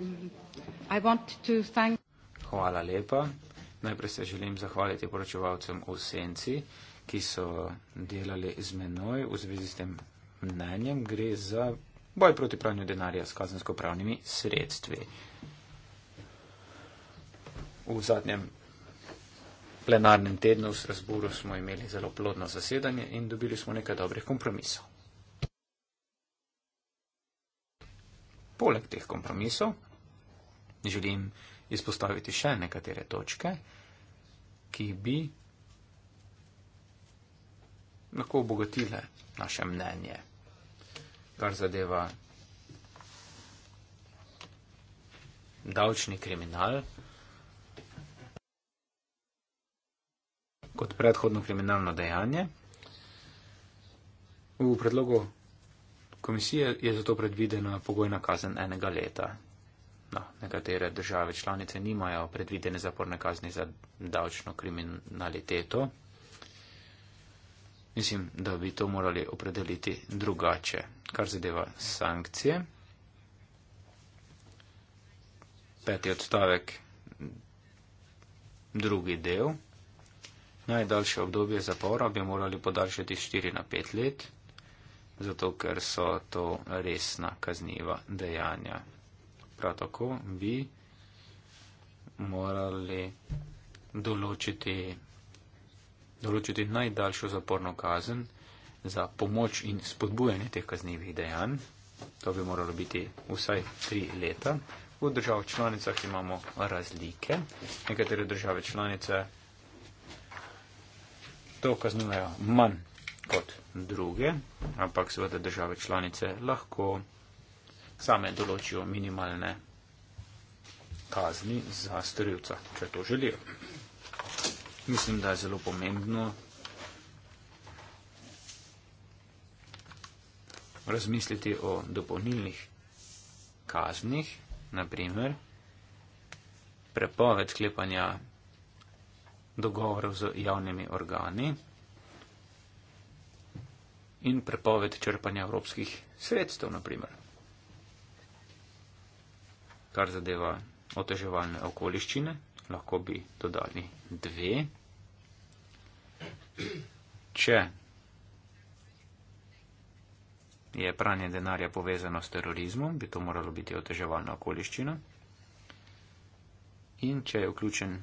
want to thank Hvala lepa. Najprej se želim zahvaliti poročevalcem v senci, ki so delali z menoj v zvezi s tem mnenjem. Gre za boj proti pranju denarja s kazensko-pravnimi sredstvi. V zadnjem plenarnem tednu v Strasburu smo imeli zelo plodno zasedanje in dobili smo nekaj dobrih kompromisov. Poleg teh kompromisov želim izpostaviti še nekatere točke, ki bi lahko obogatile naše mnenje, kar zadeva davčni kriminal. Kot predhodno kriminalno dejanje. V predlogu komisije je zato predvidena pogojna kazen enega leta. No, nekatere države članice nimajo predvidene zaporne kazni za davčno kriminaliteto. Mislim, da bi to morali opredeliti drugače, kar zadeva sankcije. Peti odstavek, drugi del. Najdaljše obdobje zapora bi morali podaljšati 4 na 5 let zato ker so to resna kazniva dejanja. Prav tako bi morali določiti, določiti najdaljšo zaporno kazen za pomoč in spodbujanje teh kaznivih dejanj. To bi moralo biti vsaj tri leta. V državah članicah imamo razlike. Nekatere države članice to kaznujejo manj kot druge, ampak seveda države članice lahko same določijo minimalne kazni za storilca, če to želijo. Mislim, da je zelo pomembno razmisliti o dopolnilnih kaznih, naprimer prepoved sklepanja dogovorov z javnimi organi, in prepoved črpanja evropskih sredstev, naprimer. Kar zadeva oteževalne okoliščine, lahko bi dodali dve. Če je pranje denarja povezano s terorizmom, bi to moralo biti oteževalna okoliščina. In če je vključen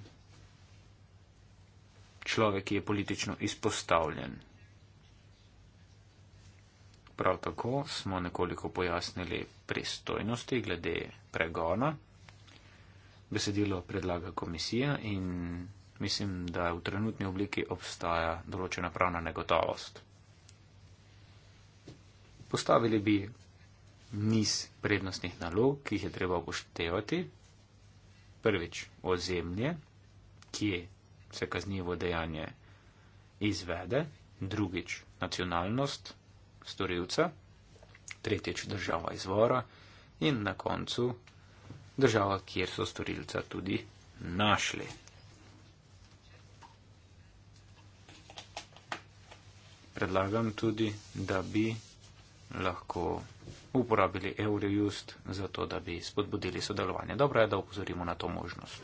človek, ki je politično izpostavljen Prav tako smo nekoliko pojasnili pristojnosti glede pregona. Besedilo predlaga komisija in mislim, da v trenutni obliki obstaja določena pravna negotovost. Postavili bi niz prednostnih nalog, ki jih je treba upoštevati. Prvič, ozemlje, kje se kaznivo dejanje izvede. Drugič, nacionalnost, storilca, tretjič država izvora in na koncu država, kjer so storilca tudi našli. Predlagam tudi, da bi lahko uporabili Eurojust za to, da bi spodbudili sodelovanje. Dobro je, da upozorimo na to možnost.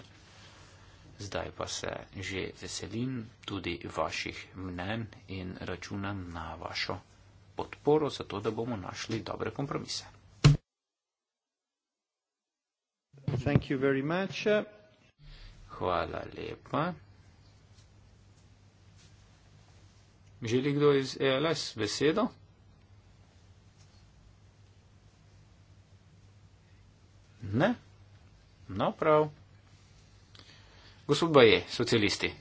Zdaj pa se že veselim tudi vaših mnen in računam na vašo podporo za to, da bomo našli dobre kompromise. Hvala lepa. Želi kdo iz ELS besedo? Ne? No, prav. Gospod Baje, socialisti.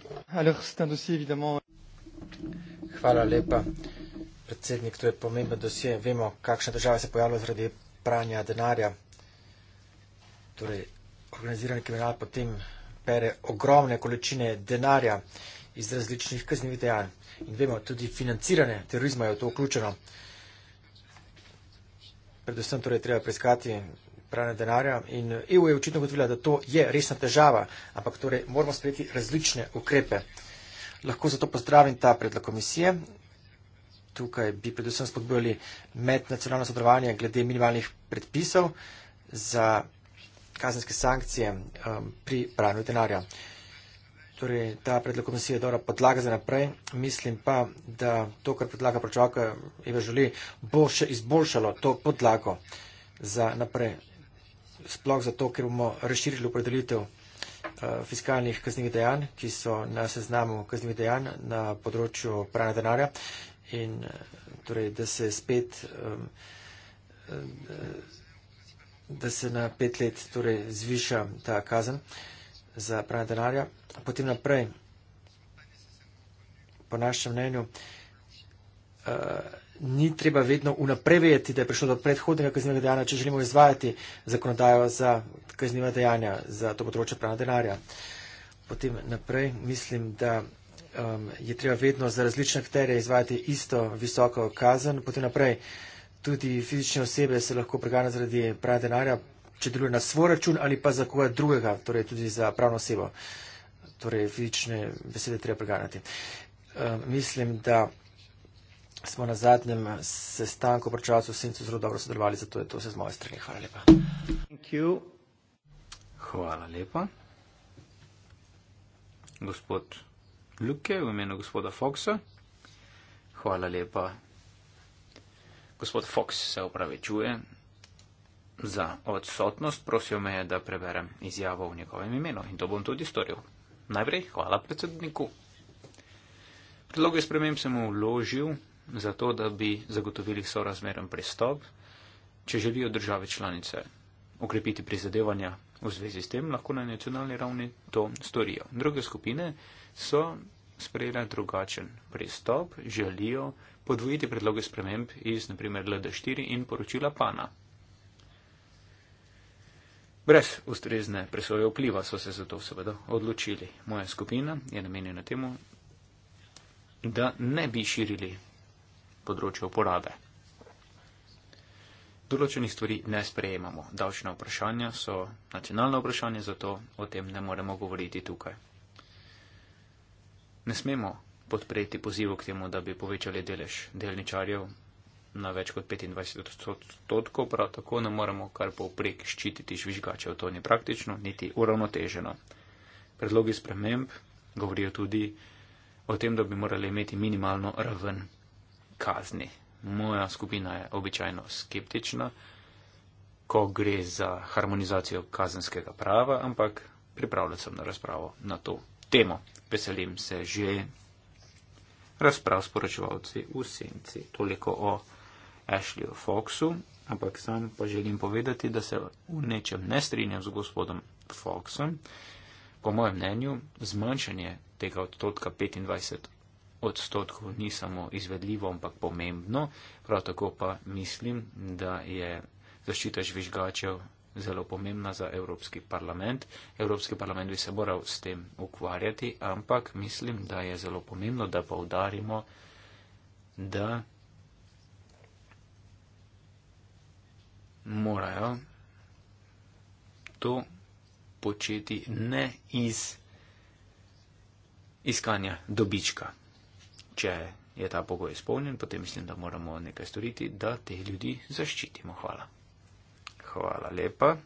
Hvala lepa predsednik, to je pomemben dosje. Vemo, kakšne države se pojavljajo zaradi pranja denarja. Torej, organizirani kriminal potem pere ogromne količine denarja iz različnih kaznjivih dejanj. In vemo, tudi financiranje terorizma je v to vključeno. Predvsem torej treba preiskati pranje denarja in EU je očitno gotovila, da to je resna težava, ampak torej moramo sprejeti različne ukrepe. Lahko zato pozdravim ta predlog komisije, tukaj bi predvsem spodbujali mednacionalno sodelovanje glede minimalnih predpisov za kazenske sankcije um, pri pranju denarja. Torej, ta predlog komisije je dobra podlaga za naprej. Mislim pa, da to, kar predlaga pročevalka Eva Žuli, bo še izboljšalo to podlago za naprej. Sploh zato, ker bomo razširili opredelitev uh, fiskalnih kaznjivih dejanj, ki so na seznamu kaznjivih dejanj na področju pranja denarja in eh, torej, da se spet, um, da se na pet let torej, zviša ta kazen za pranje denarja. Potem naprej, po našem mnenju, uh, ni treba vedno unaprevejeti, da je prišlo do predhodnega kaznjega dejanja, če želimo izvajati zakonodajo za kaznjiva dejanja za to področje pranja denarja. Potem naprej, mislim, da um, je treba vedno za različne akterje izvajati isto visoko kazen. Potem naprej, tudi fizične osebe se lahko preganja zaradi pranja denarja, če deluje na svoj račun ali pa za koga drugega, torej tudi za pravno osebo. Torej, fizične besede treba preganjati. Um, mislim, da smo na zadnjem sestanku pričalcev v Sincu zelo dobro sodelovali, zato je to vse z moje strani. Hvala lepa. Hvala lepa. Gospod Luke v imenu gospoda Foxa. Hvala lepa. Gospod Fox se opravičuje za odsotnost, prosil me je, da preberem izjavo v njegovem imenu in to bom tudi storil. Najprej hvala predsedniku. Predloge sprememb sem vložil zato, da bi zagotovili sorazmeren pristop, če želijo države članice ukrepiti prizadevanja v zvezi s tem, lahko na nacionalni ravni to storijo. Druge skupine so sprejela drugačen pristop, želijo podvojiti predloge sprememb iz, naprimer, LD4 in poročila PANA. Brez ustrezne presoje vpliva so se zato seveda odločili. Moja skupina je namenjena temu, da ne bi širili področje uporabe. Določenih stvari ne sprejemamo. Davčne vprašanja so nacionalne vprašanja, zato o tem ne moremo govoriti tukaj ne smemo podpreti pozivu k temu, da bi povečali delež delničarjev na več kot 25 odstotkov, prav tako ne moremo kar povprek ščititi žvižgačev, to ni praktično, niti uravnoteženo. Predlogi sprememb govorijo tudi o tem, da bi morali imeti minimalno raven kazni. Moja skupina je običajno skeptična, ko gre za harmonizacijo kazenskega prava, ampak pripravljam se na razpravo na to temo. Veselim se že razprav s poročevalci v senci. Toliko o Ashleyju Foxu, ampak sam pa želim povedati, da se v nečem ne strinjam z gospodom Foxom. Po mojem mnenju, zmanjšanje tega odstotka 25 odstotkov ni samo izvedljivo, ampak pomembno. Prav tako pa mislim, da je zaščita žvižgačev zelo pomembna za Evropski parlament. Evropski parlament bi se moral s tem ukvarjati, ampak mislim, da je zelo pomembno, da povdarimo, da morajo to početi ne iz iskanja dobička. Če je ta pogoj izpolnjen, potem mislim, da moramo nekaj storiti, da te ljudi zaščitimo. Hvala. Hvala lepa.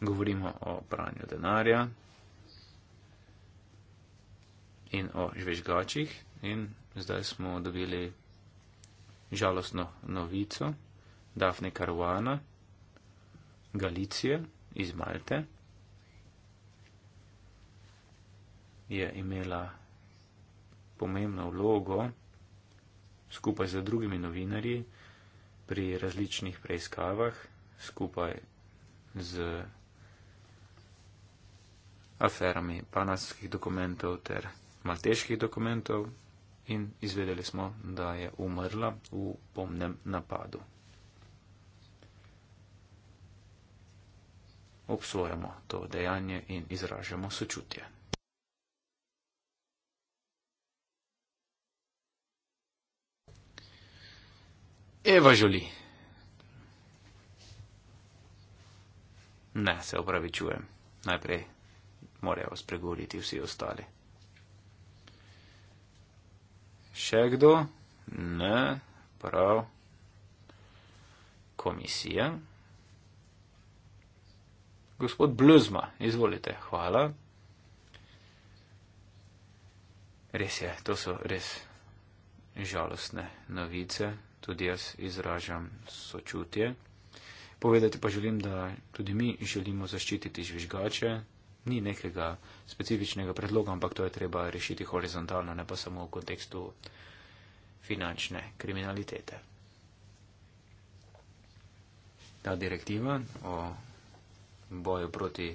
Govorimo o pranju denarja in o žvežgačih in zdaj smo dobili žalostno novico Dafne Karuana Galicije iz Malte. je imela pomembno vlogo skupaj z drugimi novinarji pri različnih preiskavah, skupaj z aferami panaskih dokumentov ter malteških dokumentov in izvedeli smo, da je umrla v pomnem napadu. Obsojamo to dejanje in izražamo sočutje. Eva želi. Ne, se opravičujem. Najprej morajo spregovoriti vsi ostali. Še kdo? Ne, prav. Komisija. Gospod Bluzma, izvolite. Hvala. Res je, to so res žalostne novice tudi jaz izražam sočutje. Povedati pa želim, da tudi mi želimo zaščititi žvižgače. Ni nekega specifičnega predloga, ampak to je treba rešiti horizontalno, ne pa samo v kontekstu finančne kriminalitete. Ta direktiva o boju proti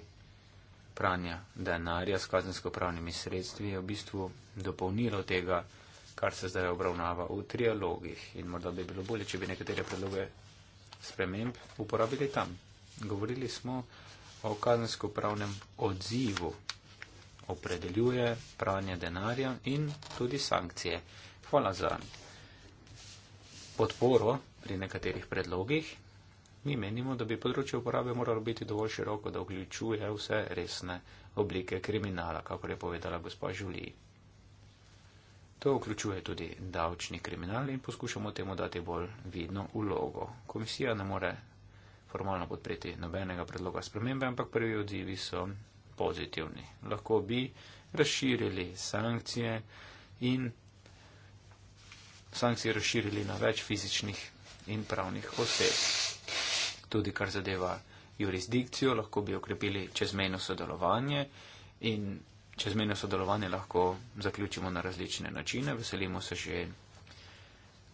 pranja denarja s kazensko pravnimi sredstvi je v bistvu dopolnilo tega, kar se zdaj obravnava v trialogih. In morda bi bilo bolje, če bi nekatere predloge sprememb uporabili tam. Govorili smo o kazensko-pravnem odzivu. Opredeljuje pranje denarja in tudi sankcije. Hvala za podporo pri nekaterih predlogih. Mi menimo, da bi področje uporabe moralo biti dovolj široko, da vključuje vse resne oblike kriminala, kako je povedala gospa Žuliji. To vključuje tudi davčni kriminal in poskušamo temu dati bolj vidno ulogo. Komisija ne more formalno podpreti nobenega predloga spremembe, ampak prvi odzivi so pozitivni. Lahko bi razširili sankcije in sankcije razširili na več fizičnih in pravnih oseb. Tudi kar zadeva jurisdikcijo, lahko bi okrepili čezmejno sodelovanje in čezmejno sodelovanje lahko zaključimo na različne načine. Veselimo se že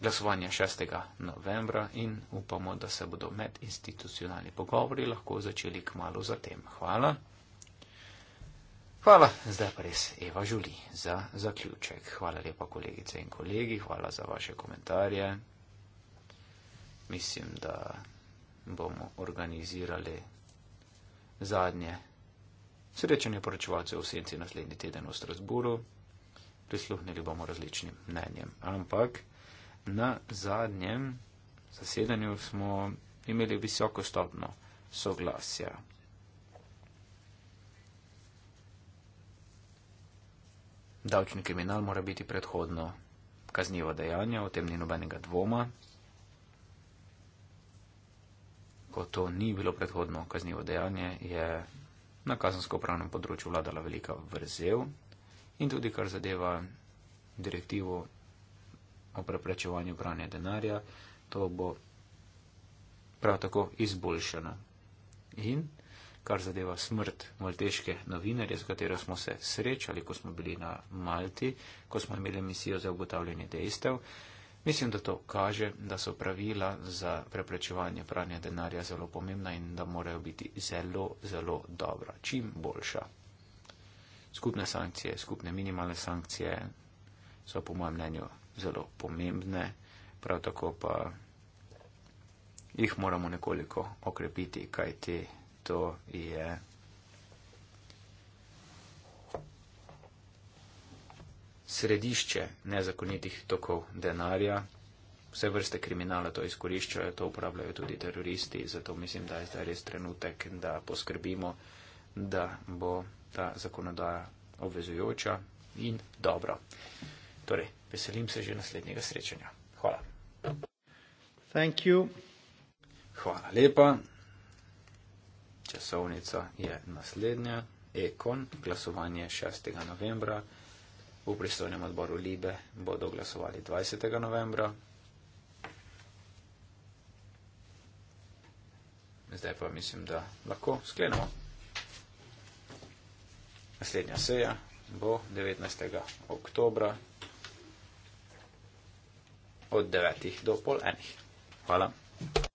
glasovanja 6. novembra in upamo, da se bodo medinstitucionalni pogovori lahko začeli k malu zatem. Hvala. Hvala. Zdaj pa res Eva Žuli za zaključek. Hvala lepa kolegice in kolegi, hvala za vaše komentarje. Mislim, da bomo organizirali zadnje. Srečanje poročevalcev v senci naslednji teden v Strasburu. Prisluhnili bomo različnim mnenjem. Ampak na zadnjem zasedanju smo imeli visoko stopno soglasja. Davčni kriminal mora biti predhodno kaznjivo dejanje, o tem ni nobenega dvoma. Ko to ni bilo predhodno kaznjivo dejanje, je na kazansko pravnem področju vladala velika vrzel in tudi kar zadeva direktivo o preprečevanju pranja denarja, to bo prav tako izboljšano. In kar zadeva smrt malteške novinarje, z katero smo se srečali, ko smo bili na Malti, ko smo imeli misijo za ugotavljanje dejstev, Mislim, da to kaže, da so pravila za preprečevanje pranja denarja zelo pomembna in da morajo biti zelo, zelo dobra, čim boljša. Skupne sankcije, skupne minimalne sankcije so po mojem mnenju zelo pomembne, prav tako pa jih moramo nekoliko okrepiti, kaj ti to je. središče nezakonitih tokov denarja. Vse vrste kriminala to izkoriščajo, to uporabljajo tudi teroristi, zato mislim, da je zdaj res trenutek, da poskrbimo, da bo ta zakonodaja obvezujoča in dobro. Torej, veselim se že naslednjega srečanja. Hvala. Thank you. Hvala lepa. Časovnica je naslednja. Ekon, glasovanje 6. novembra. V pristojnem odboru Libe bodo glasovali 20. novembra. Zdaj pa mislim, da lahko sklenemo. Naslednja seja bo 19. oktobra od 9. do pol enih. Hvala.